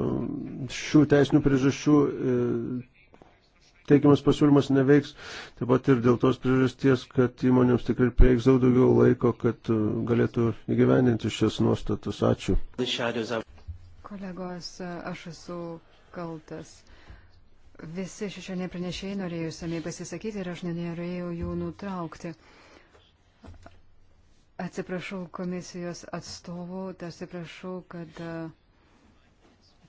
šių teisinių priežasčių e, teikiamas pasiūlymas neveiks, taip pat ir dėl tos priežasties, kad įmonėms tikrai prieiks daug daugiau laiko, kad e, galėtų įgyvendinti šias nuostatas. Ačiū.
Kolegos, aš esu kaltas Visi šešėlė pranešėjai norėjo samiai pasisakyti ir aš nenorėjau jų nutraukti. Atsiprašau komisijos atstovų, atsiprašau, kad e,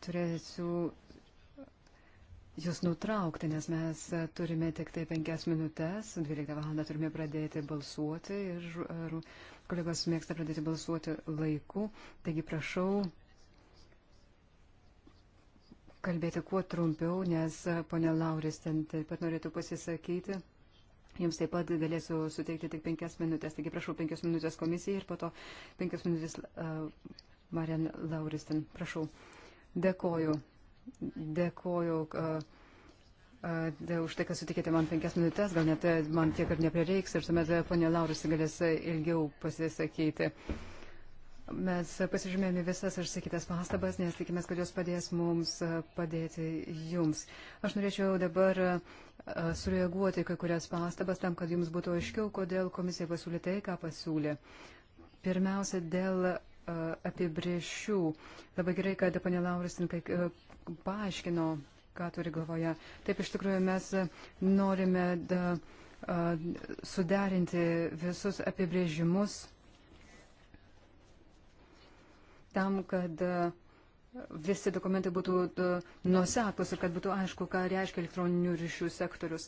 turėsiu jūs nutraukti, nes mes e, turime tik tai penkias minutės, 12 valandą turime pradėti balsuoti ir e, kolegos mėgsta pradėti balsuoti laiku. Taigi prašau kalbėti kuo trumpiau, nes ponė Lauris ten taip pat norėtų pasisakyti. Jums taip pat galėsiu suteikti tik penkias minutės. Taigi prašau penkias minutės komisijai ir po to penkias minutės uh, Marian Lauristin. Prašau. Dėkoju. Dėkoju. Uh, uh, už tai, kad sutikėte man penkias minutės, gal net e, man tiek ir neprireiks ir tuomet e, ponė Lauristin galės e, ilgiau pasisakyti. Uh, Mes pasižymėjome visas išsakytas pastabas, nes tikimės, kad jos padės mums e, padėti jums. Aš norėčiau dabar e, sureaguoti kai kurias pastabas tam, kad jums būtų aiškiau, kodėl komisija pasiūlė tai, ką pasiūlė. Pirmiausia, dėl e, apibriešių. Labai gerai, kad panė Lauristinkai paaiškino, ką turi galvoje. Taip, iš tikrųjų, mes norime da, suderinti visus apibrėžimus tam, kad e, visi dokumentai būtų e, nusekus ir kad būtų aišku, ką reiškia elektroninių ryšių sektorius.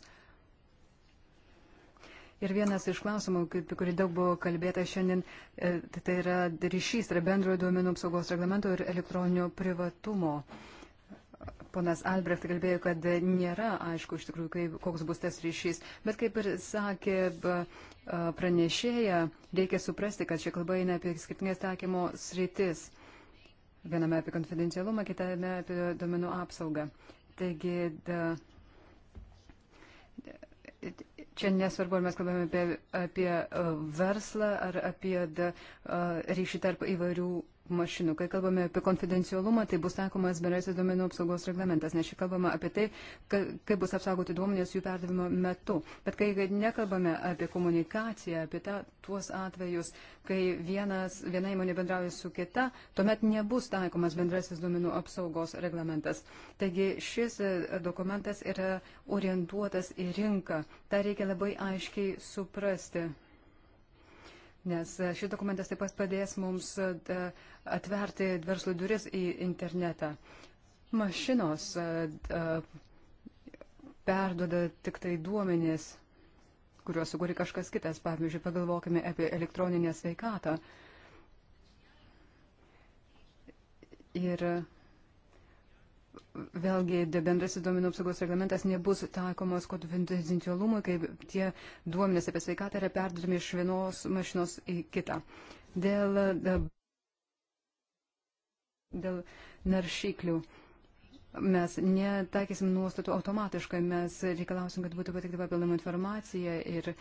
Ir vienas iš klausimų, apie kurį daug buvo kalbėta šiandien, e, tai yra ryšys tarp bendrojo duomenų apsaugos reglamento ir elektroninio privatumo. Uh, Ponas Albrecht kalbėjo, kad nėra aišku iš tikrųjų, kaip, koks bus tas ryšys, bet kaip ir sakė pranešėja, reikia suprasti, kad čia kalba eina apie skirtingas taikymo sritis. Viename apie konfidencialumą, kitame apie domenų apsaugą. Taigi, da, čia nesvarbu, ar mes kalbame apie, apie verslą ar apie da, ryšį tarp įvairių mašinų. Kai kalbame apie konfidencialumą, tai bus taikomas bendrasis duomenų apsaugos reglamentas, nes čia kalbama apie tai, kaip bus apsaugoti duomenės jų perdavimo metu. Bet kai nekalbame apie komunikaciją, apie ta, tuos atvejus, kai vienas, viena įmonė bendrauja su kita, tuomet nebus taikomas bendrasis duomenų apsaugos reglamentas. Taigi šis e, dokumentas yra orientuotas į rinką. Ta reikia labai aiškiai suprasti nes e, šis dokumentas taip pat padės mums e, atverti verslo duris į internetą. Mašinos e, perduoda tik tai duomenys, kuriuos sukūrė kažkas kitas. Pavyzdžiui, pagalvokime apie elektroninę sveikatą. Ir vėlgi bendrasis duomenų apsaugos reglamentas nebus taikomas konfidencialumui, kai tie duomenys apie sveikatą yra perdodami iš vienos mašinos į kitą. Dėl, dėl naršyklių. Mes netaikysim nuostatų automatiškai, mes reikalausim, kad būtų patikta papildoma informacija ir e,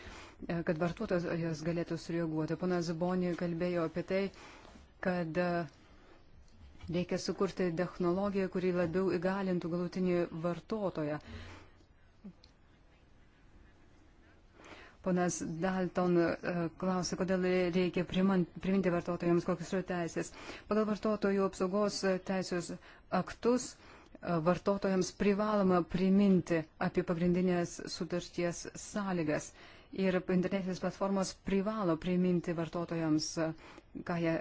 kad vartotojas galėtų sureaguoti. Pana Zubonė kalbėjo apie tai, kad uh, Reikia sukurti technologiją, kuri labiau įgalintų galutinį vartotoją. Ponas Dalton e, klausė, kodėl reikia priminti vartotojams, kokius yra teisės. Pagal vartotojų apsaugos teisės aktus e, vartotojams privaloma priminti apie pagrindinės sutarties sąlygas. Ir internetinės platformos privalo priminti vartotojams, e, ką jie,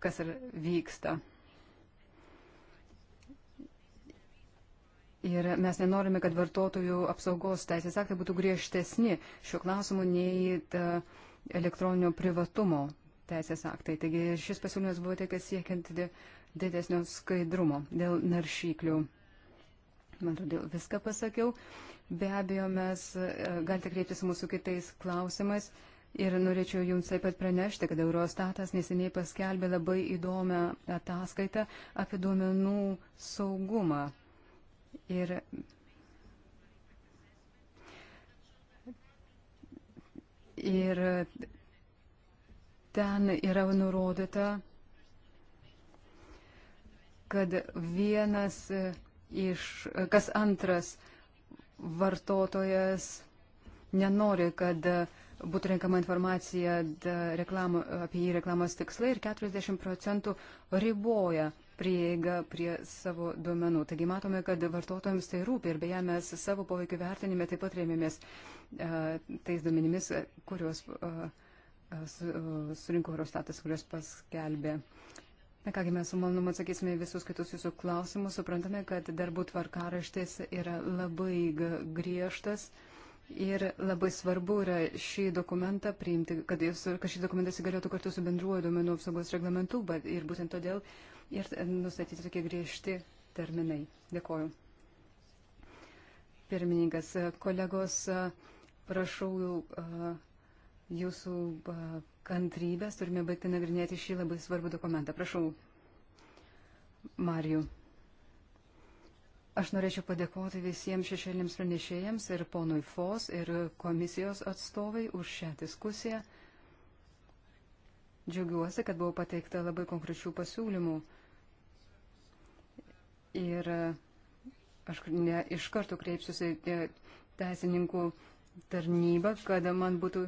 kas ir vyksta. Ir mes nenorime, kad vartotojų apsaugos teisės aktai būtų griežtesni šiuo klausimu nei elektroninio privatumo teisės aktai. Taigi šis pasiūlymas buvo teikęs siekiant didesnio skaidrumo dėl naršyklių. Man atrodo, viską pasakiau. Be abejo, mes e, galite kreiptis mūsų kitais klausimais. Ir norėčiau Jums taip pat pranešti, kad Eurostatas neseniai paskelbė labai įdomią ataskaitą apie duomenų saugumą. Ir Ir ten yra nurodyta, kad vienas iš, kas antras vartotojas nenori, kad būtų renkama informacija reklamų, apie jį reklamos tikslai ir 40 procentų riboja prieigą prie savo duomenų. Taigi matome, kad vartotojams tai rūpi ir beje mes savo poveikio vertinime taip pat rėmėmės e, tais duomenimis, kuriuos e, e, surinko Eurostatas, kuriuos paskelbė. Na kągi, mes su malonumu atsakysime visus kitus jūsų klausimus. Suprantame, kad darbų tvarkaraštis yra labai griežtas. Ir labai svarbu yra šį dokumentą priimti, kad, jis, kad šį dokumentą įsigaliotų kartu su bendruoju duomenų apsaugos reglamentu, bet ir būtent todėl ir nustatyti tokie griežti terminai. Dėkoju. Pirmininkas, kolegos, prašau jūsų kantrybės, turime baigti nagrinėti šį labai svarbų dokumentą. Prašau, Mariju. Aš norėčiau padėkoti visiems šešėlėms pranešėjams ir ponui FOS ir komisijos atstovai už šią diskusiją. Džiaugiuosi, kad buvo pateikta labai konkrečių pasiūlymų. Ir e, aš ne, iš karto kreipsiuosi e, teisininkų tarnybą, kad man būtų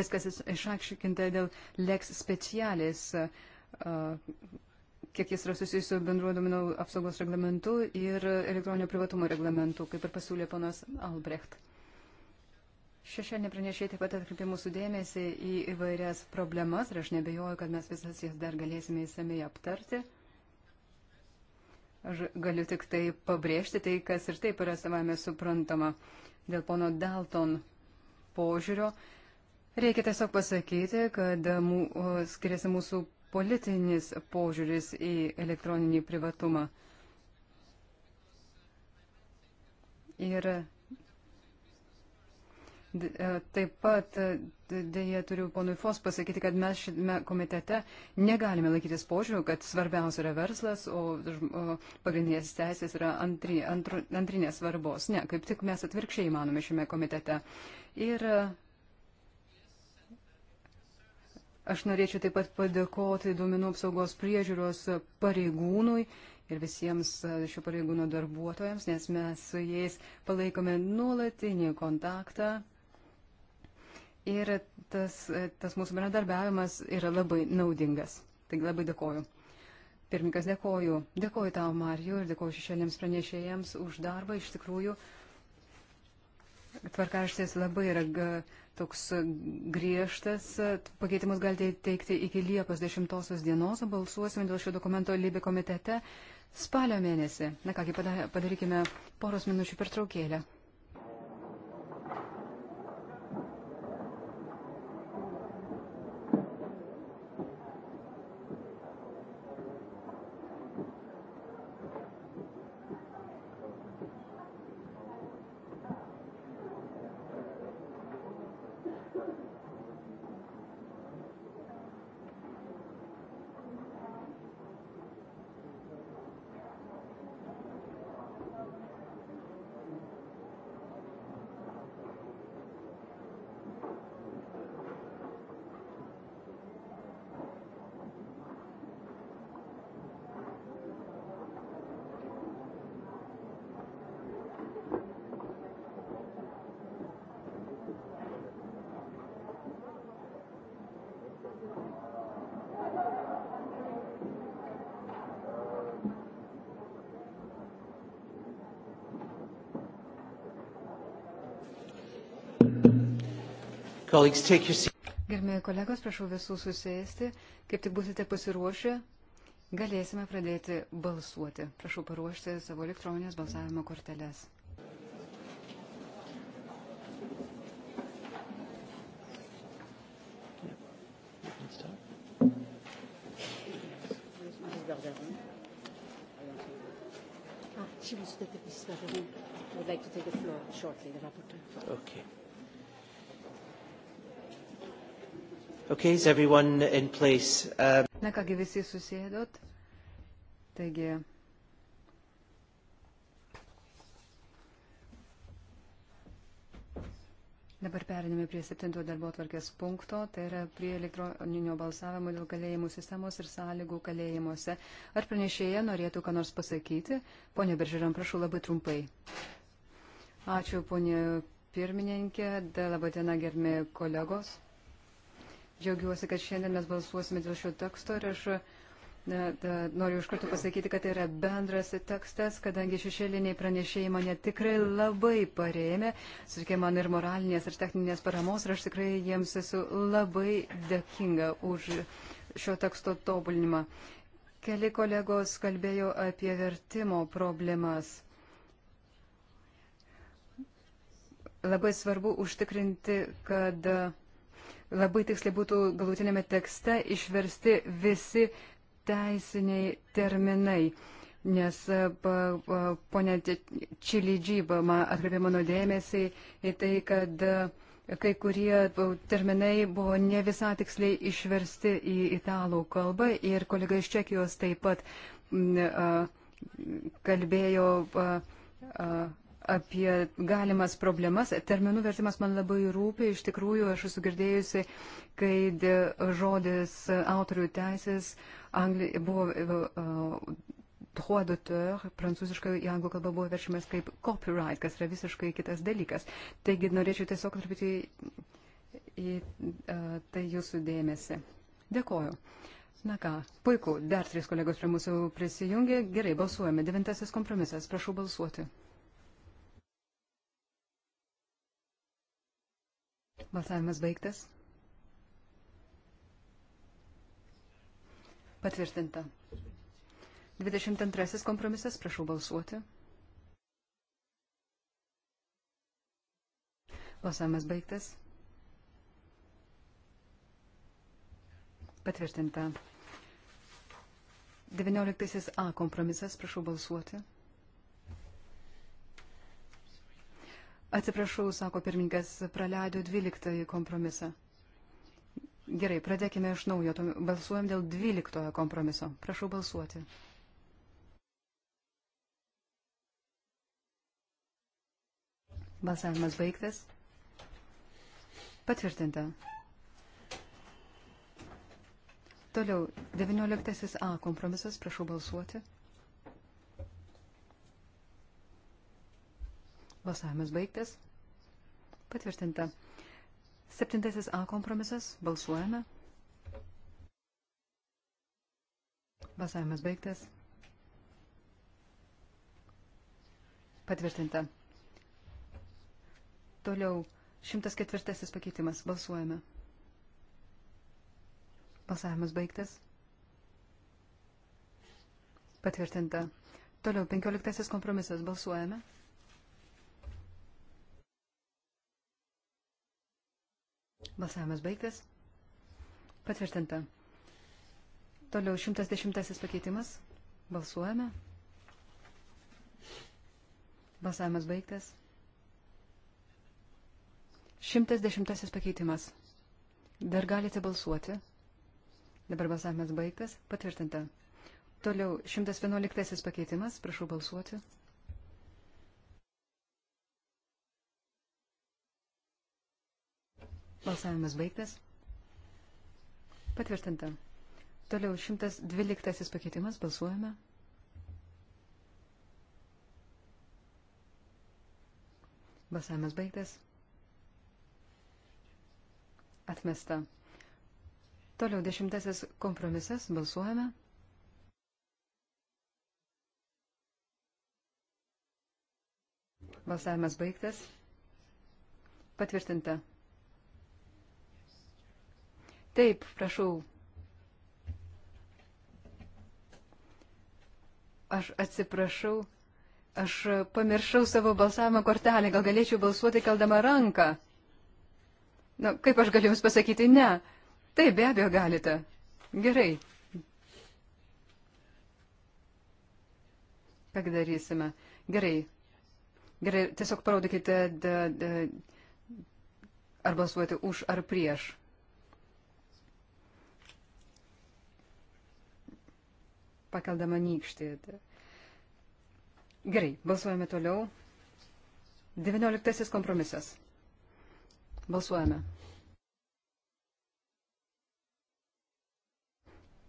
viskas išakšykinta dėl leks specialis, e, kiek jis yra susijęs su bendruo duomenų apsaugos reglamentu ir elektroninio privatumo reglamentu, kaip ir pasiūlė ponas Albrecht. Šešėlinė pranešė taip pat atkreipė mūsų dėmesį į įvairias problemas ir aš nebejoju, kad mes visas jas dar galėsime įsamei aptarti. Aš galiu tik tai pabrėžti tai, kas ir taip yra savame suprantama. Dėl pono Dalton požiūrio reikia tiesiog pasakyti, kad mū, skiriasi mūsų politinis požiūris į elektroninį privatumą. Ir E, taip pat e, dėja turiu ponui Fos pasakyti, kad mes šiame komitete negalime laikytis požiūrių, kad svarbiausia yra verslas, o pagrindinės teisės yra antri, antru, antrinės svarbos. Ne, kaip tik mes atvirkščiai manome šiame komitete. Ir e, aš norėčiau taip pat padėkoti duomenų apsaugos priežiūros pareigūnui ir visiems šio pareigūno darbuotojams, nes mes su jais palaikome nuolatinį kontaktą ir tas, tas mūsų bendradarbiavimas yra labai naudingas. Taigi labai dėkoju. Pirmininkas, dėkoju. Dėkoju tau, Mariju, ir dėkoju šešėlėms pranešėjams už darbą. Iš tikrųjų, tvarkaraštis labai yra toks griežtas. Pakeitimus galite teikti iki Liepos 10 dienos, o balsuosime dėl šio dokumento Libė komitete spalio mėnesį. Na kągi, padarykime poros minučių pertraukėlę. Gerbėjai kolegos, prašau visų susėsti. Kaip tik būsite pasiruošę, galėsime pradėti balsuoti. Prašau paruošti savo elektroninės balsavimo korteles.
Ah, she was the deputy Sutherland.
I would like to take the floor shortly, the rapporteur.
Okay. Okay, is everyone in place? Um...
Na kągi visi susėdot. Taigi. Dabar periname prie septinto darbo tvarkės punkto, tai yra prie elektroninio balsavimo dėl kalėjimų sistemos ir sąlygų kalėjimuose. Ar pranešėja norėtų ką nors pasakyti? Pone Beržiram, prašau labai trumpai. Ačiū, ponė pirmininkė, labai diena, gerbimi kolegos. Džiaugiuosi, kad šiandien mes balsuosime dėl šio teksto ir aš Na, da, noriu iš karto pasakyti, kad tai yra bendras tekstas, kadangi šešėliniai pranešėjai mane tikrai labai parėmė, sakė man ir moralinės, ir techninės paramos, ir aš tikrai jiems esu labai dėkinga už šio teksto tobulinimą. Keli kolegos kalbėjo apie vertimo problemas. Labai svarbu užtikrinti, kad labai tiksliai būtų galutinėme tekste išversti visi teisiniai terminai. Nes e, ponė Čilidžyba atkreipė mano dėmesį į tai, kad e, kai kurie e, terminai buvo ne visai tiksliai išversti į italų kalbą ir kolega iš Čekijos taip pat kalbėjo apie galimas problemas. Terminų vertimas man labai rūpi. Iš tikrųjų, aš esu girdėjusi, kai žodis autorių teisės angli, buvo uh, droit d'auteur, prancūziškai į anglų kalbą buvo verčiamas kaip copyright, kas yra visiškai kitas dalykas. Taigi norėčiau tiesiog truputį į uh, tai jūsų dėmesį. Dėkoju. Na ką, puiku, dar trys kolegos prie mūsų prisijungė. Gerai, balsuojame. Devintasis kompromisas. Prašau balsuoti. Balsavimas baigtas. Patvirtinta. 22 kompromisas, prašau balsuoti. Balsavimas baigtas. Patvirtinta. 19 A kompromisas, prašau balsuoti. Atsiprašau, sako pirmininkas, praleido 12 kompromisą. Gerai, pradėkime iš naujo. Balsuojam dėl 12 kompromiso. Prašau balsuoti. Balsavimas baigtas. Patvirtinta. Toliau, 19a kompromisas, prašau balsuoti. Balsavimas baigtas. Patvirtinta. Septintasis A kompromisas. Balsuojame. Balsavimas baigtas. Patvirtinta. Toliau 104 pakeitimas. Balsuojame. Balsavimas baigtas. Patvirtinta. Toliau 15 kompromisas. Balsuojame. Balsavimas baigtas. Patvirtinta. Toliau 110 pakeitimas. Balsuojame. Balsavimas baigtas. 110 pakeitimas. Dar galite balsuoti. Dabar balsavimas baigtas. Patvirtinta. Toliau 111 pakeitimas. Prašau balsuoti. Balsavimas baigtas. Patvirtinta. Toliau 112 pakeitimas. Balsuojame. Balsavimas baigtas. Atmesta. Toliau dešimtasis kompromisas. Balsuojame. Balsavimas baigtas. Patvirtinta. Taip, prašau. Aš atsiprašau, aš pamiršau savo balsavimo kortelę, gal galėčiau balsuoti keldama ranką. Na, kaip aš galiu Jums pasakyti ne? Taip, be abejo galite. Gerai. Ką darysime? Gerai. Gerai, tiesiog parodykite, da, da, ar balsuoti už ar prieš. pakeldama nykštį. Gerai, balsuojame toliau. 19 kompromisas. Balsuojame.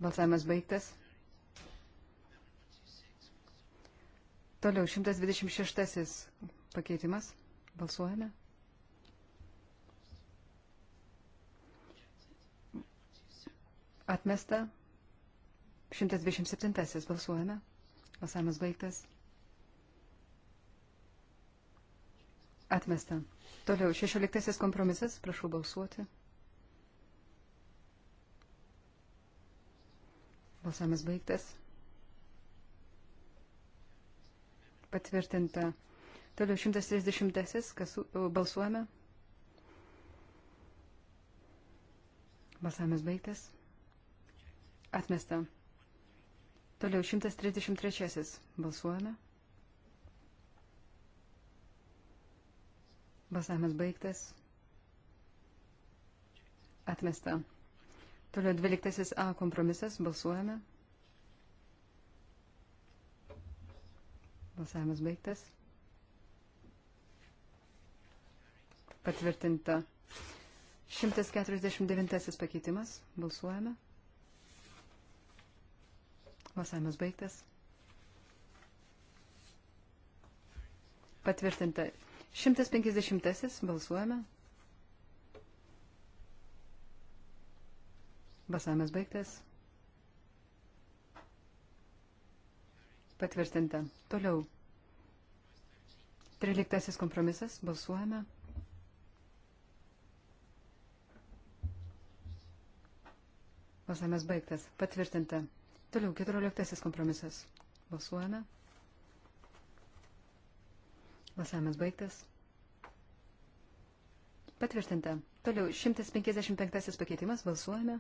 Balsavimas baigtas. Toliau 126 pakeitimas. Balsuojame. Atmesta. 127 balsuojame. Balsavimas baigtas. Atmesta. Toliau 16 kompromisas. Prašau balsuoti. Balsavimas baigtas. Patvirtinta. Toliau 130. Kas balsuojame? Balsavimas baigtas. Atmesta. Toliau 133. Balsuojame. Balsavimas baigtas. Atmesta. Toliau 12. A kompromisas. Balsuojame. Balsavimas baigtas. Patvirtinta. 149 pakeitimas. Balsuojame. Balsavimas baigtas. Patvirtinta. 150 balsuojame. Balsavimas baigtas. Patvirtinta. Toliau. 13 kompromisas. Balsuojame. Balsavimas baigtas. Patvirtinta. Toliau, keturioliktasis kompromisas. Balsuojame. Balsavimas baigtas. Patvirtinta. Toliau, 155 pakeitimas. Balsuojame.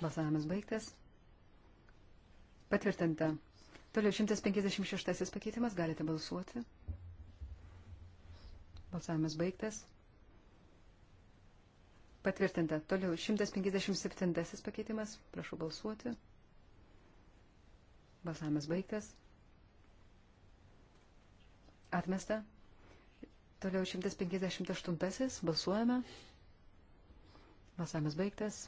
Balsavimas baigtas. Patvirtinta. Toliau 156 pakeitimas. Galite balsuoti. Balsavimas baigtas. Patvirtinta. Toliau 157 pakeitimas. Prašau balsuoti. Balsavimas baigtas. Atmesta. Toliau 158. Balsuojame. Balsavimas baigtas.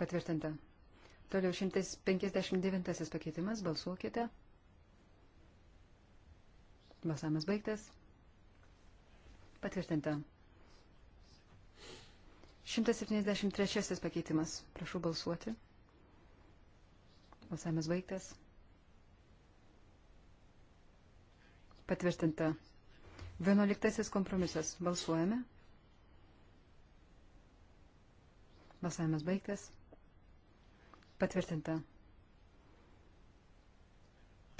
Patvirtinta. Toliau 159 pakeitimas. Balsuokite. Balsavimas baigtas. Patvirtinta. 173 pakeitimas. Prašau balsuoti. Balsavimas baigtas. Patvirtinta. 11 kompromisas. Balsuojame. Balsavimas baigtas. Patvirtinta.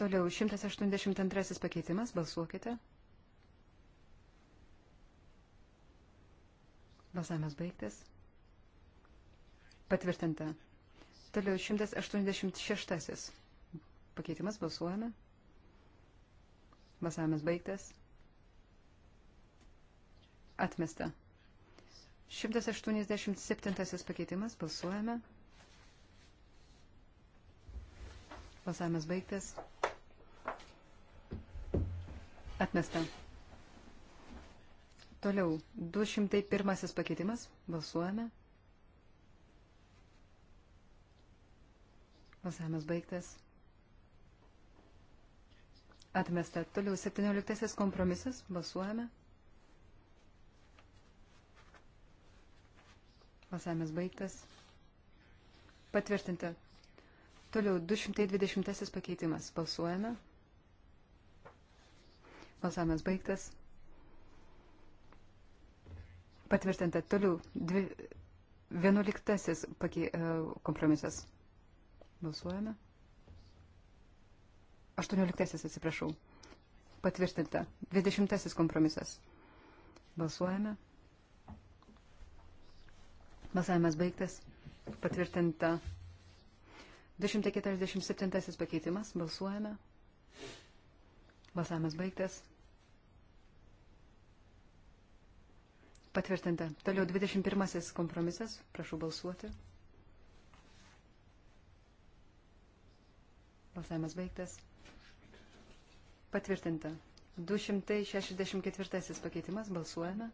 Toliau 182 pakeitimas. Balsuokite. Balsuokite. Balsavimas baigtas. Patvirtinta. Toliau 186. Pakeitimas balsuojame. Balsavimas baigtas. Atmesta. 187 pakeitimas. Balsuojame. Balsavimas baigtas. Atmesta. Toliau, 201 pakeitimas. Balsuojame. Balsavimas baigtas. Atmesta. Toliau, 17 kompromisas. Balsuojame. Balsavimas baigtas. Patvirtinta. Toliau, 220 pakeitimas. Balsuojame. Balsavimas baigtas. Patvirtinta toliau dvi, vienuoliktasis pakei, e, kompromisas. Balsuojame. Aštuonioliktasis, atsiprašau. Patvirtinta. Dvidešimtasis kompromisas. Balsuojame. Balsavimas baigtas. Patvirtinta. 247 pakeitimas. Balsuojame. Balsavimas baigtas. Patvirtinta. Toliau 21 kompromisas. Prašau balsuoti. Balsavimas baigtas. Patvirtinta. 264 pakeitimas. Balsuojame.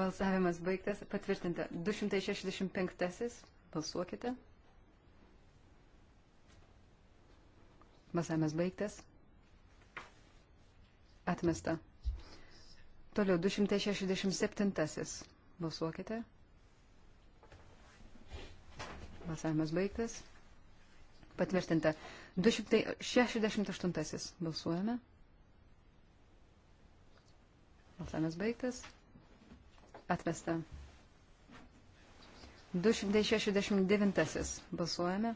Balsavimas baigtas. Patvirtinta. 265. Balsuokite. Balsavimas baigtas. Atmesta. Toliau 267. Balsuokite. Balsavimas baigtas. Patvirtinta. 268. Balsuojame. Balsavimas baigtas. Atmesta. 269. Balsuojame.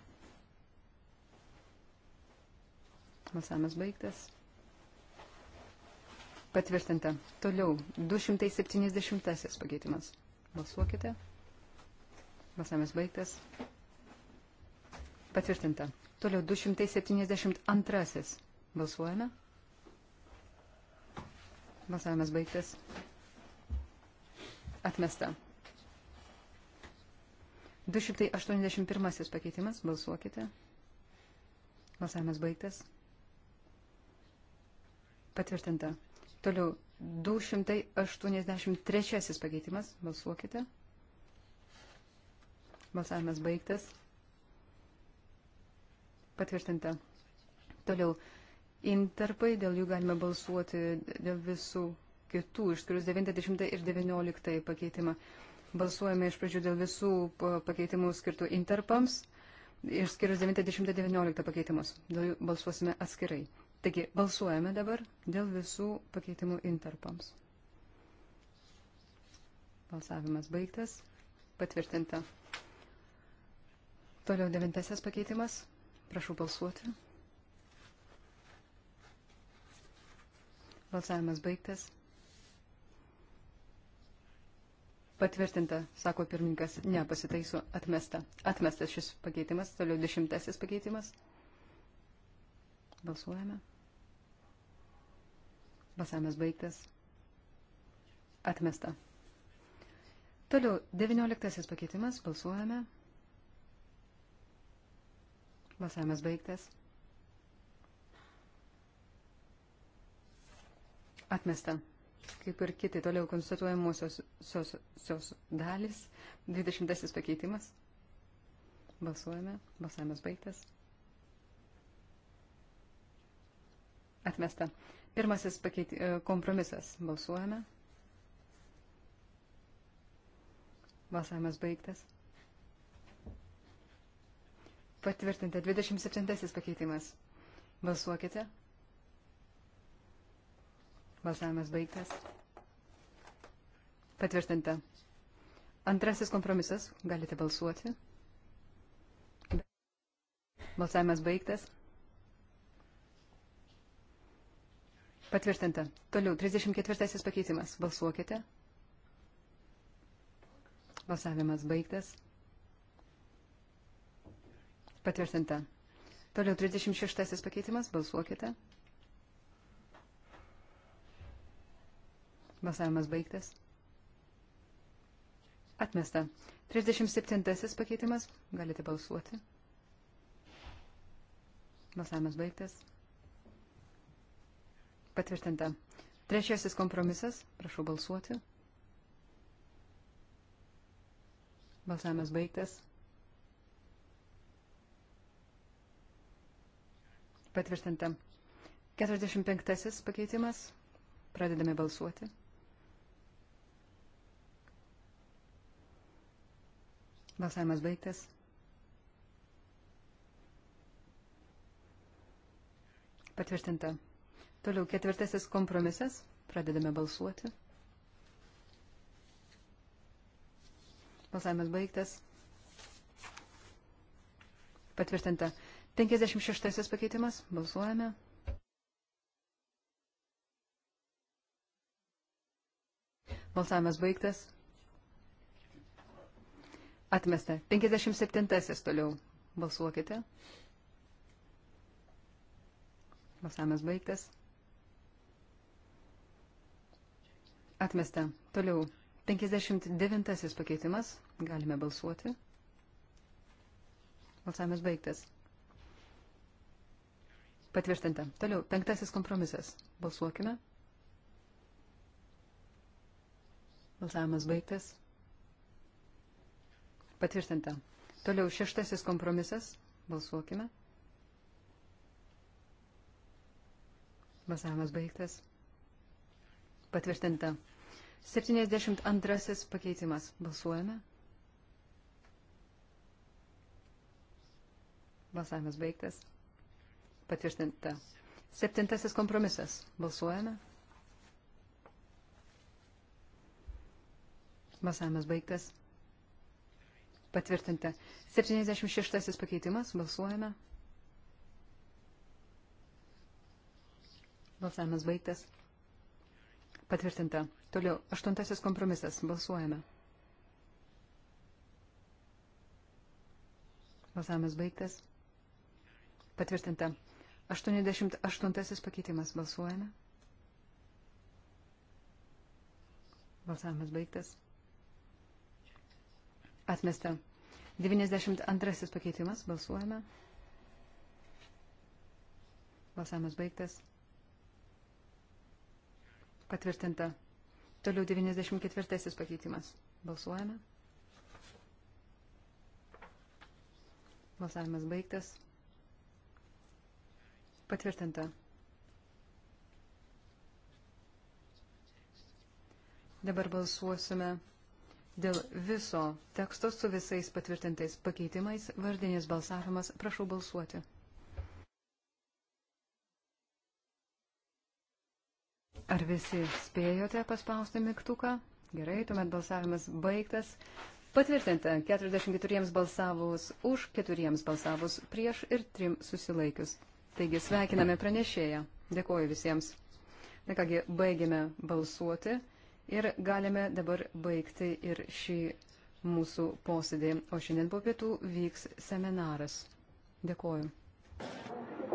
Balsavimas baigtas. Patvirtinta. Toliau. 270 pakeitimas. Balsuokite. Balsavimas baigtas. Patvirtinta. Toliau 272. Balsuojame. Balsavimas baigtas. Atmesta. 281 pakeitimas. Balsuokite. Balsavimas baigtas. Patvirtinta. Toliau 283 pakeitimas. Balsuokite. Balsavimas baigtas. Patvirtinta. Toliau intarpai, dėl jų galime balsuoti dėl visų kitų, išskyrus 90 ir 19 pakeitimą. Balsuojame iš pradžių dėl visų pakeitimų skirtų interpams, išskyrus 90-19 pakeitimus. Dėl jų balsuosime atskirai. Taigi, balsuojame dabar dėl visų pakeitimų interpams. Balsavimas baigtas. Patvirtinta. Toliau devintasis pakeitimas. Prašau balsuoti. Balsavimas baigtas. Patvirtinta, sako pirmininkas, ne, pasitaiso, atmesta. Atmestas šis pakeitimas, toliau dešimtasis pakeitimas. Balsuojame. Balsavimas baigtas. Atmesta. Toliau, devynioliktasis pakeitimas. Balsuojame. Balsavimas baigtas. Atmesta. Kaip ir kiti toliau konstatuojamosios dalis. Dvidešimtasis pakeitimas. Balsuojame. Balsavimas baigtas. Atmesta. Pirmasis pakeiti, e, kompromisas. Balsuojame. Balsavimas baigtas. Patvirtinta 27 pakeitimas. Balsuokite. Balsavimas baigtas. Patvirtinta. Antrasis kompromisas. Galite balsuoti. Balsavimas baigtas. Patvirtinta. Toliau, 34 pakeitimas. Balsuokite. Balsavimas baigtas. Patvirtinta. Toliau 36 pakeitimas. Balsuokite. Balsavimas baigtas. Atmesta. 37 pakeitimas. Galite balsuoti. Balsavimas baigtas. Patvirtinta. Trečiasis kompromisas. Prašau balsuoti. Balsavimas baigtas. Patvirtinta. 45 pakeitimas. Pradedame balsuoti. Balsavimas baigtas. Patvirtinta. Toliau ketvirtasis kompromisas. Pradedame balsuoti. Balsavimas baigtas. Patvirtinta. 56 pakeitimas. Balsuojame. Balsavimas baigtas. Atmesta. 57 toliau. Balsuokite. Balsavimas baigtas. Atmesta. Toliau. 59 pakeitimas. Galime balsuoti. Balsavimas baigtas. Patvirtinta. Toliau. Penktasis kompromisas. Balsuokime. Balsavimas baigtas. Patvirtinta. Toliau. Šeštasis kompromisas. Balsuokime. Balsavimas baigtas. Patvirtinta. 72 pakeitimas. Balsuojame. Balsavimas baigtas. Patvirtinta. Septintasis kompromisas. Balsuojame. Balsavimas baigtas. Patvirtinta. 76 pakeitimas. Balsuojame. Balsavimas baigtas. Patvirtinta. Toliau. Aštuntasis kompromisas. Balsuojame. Balsavimas baigtas. Patvirtinta. 88 pakeitimas. Balsuojame. Balsavimas baigtas. Atmesta. 92 pakeitimas. Balsuojame. Balsavimas baigtas. Patvirtinta. Toliau 94 pakeitimas. Balsuojame. Balsavimas baigtas. Patvirtinta. Dabar balsuosime dėl viso teksto su visais patvirtintais pakeitimais. Vardinis balsavimas. Prašau balsuoti. Ar visi spėjote paspausti mygtuką? Gerai, tuomet balsavimas baigtas. Patvirtinta 44 balsavus už, 4 balsavus prieš ir 3 susilaikius. Taigi sveikiname pranešėją. Dėkuoju visiems. Na kągi, baigėme balsuoti ir galime dabar baigti ir šį mūsų posėdį. O šiandien po pietų vyks seminaras. Dėkuoju.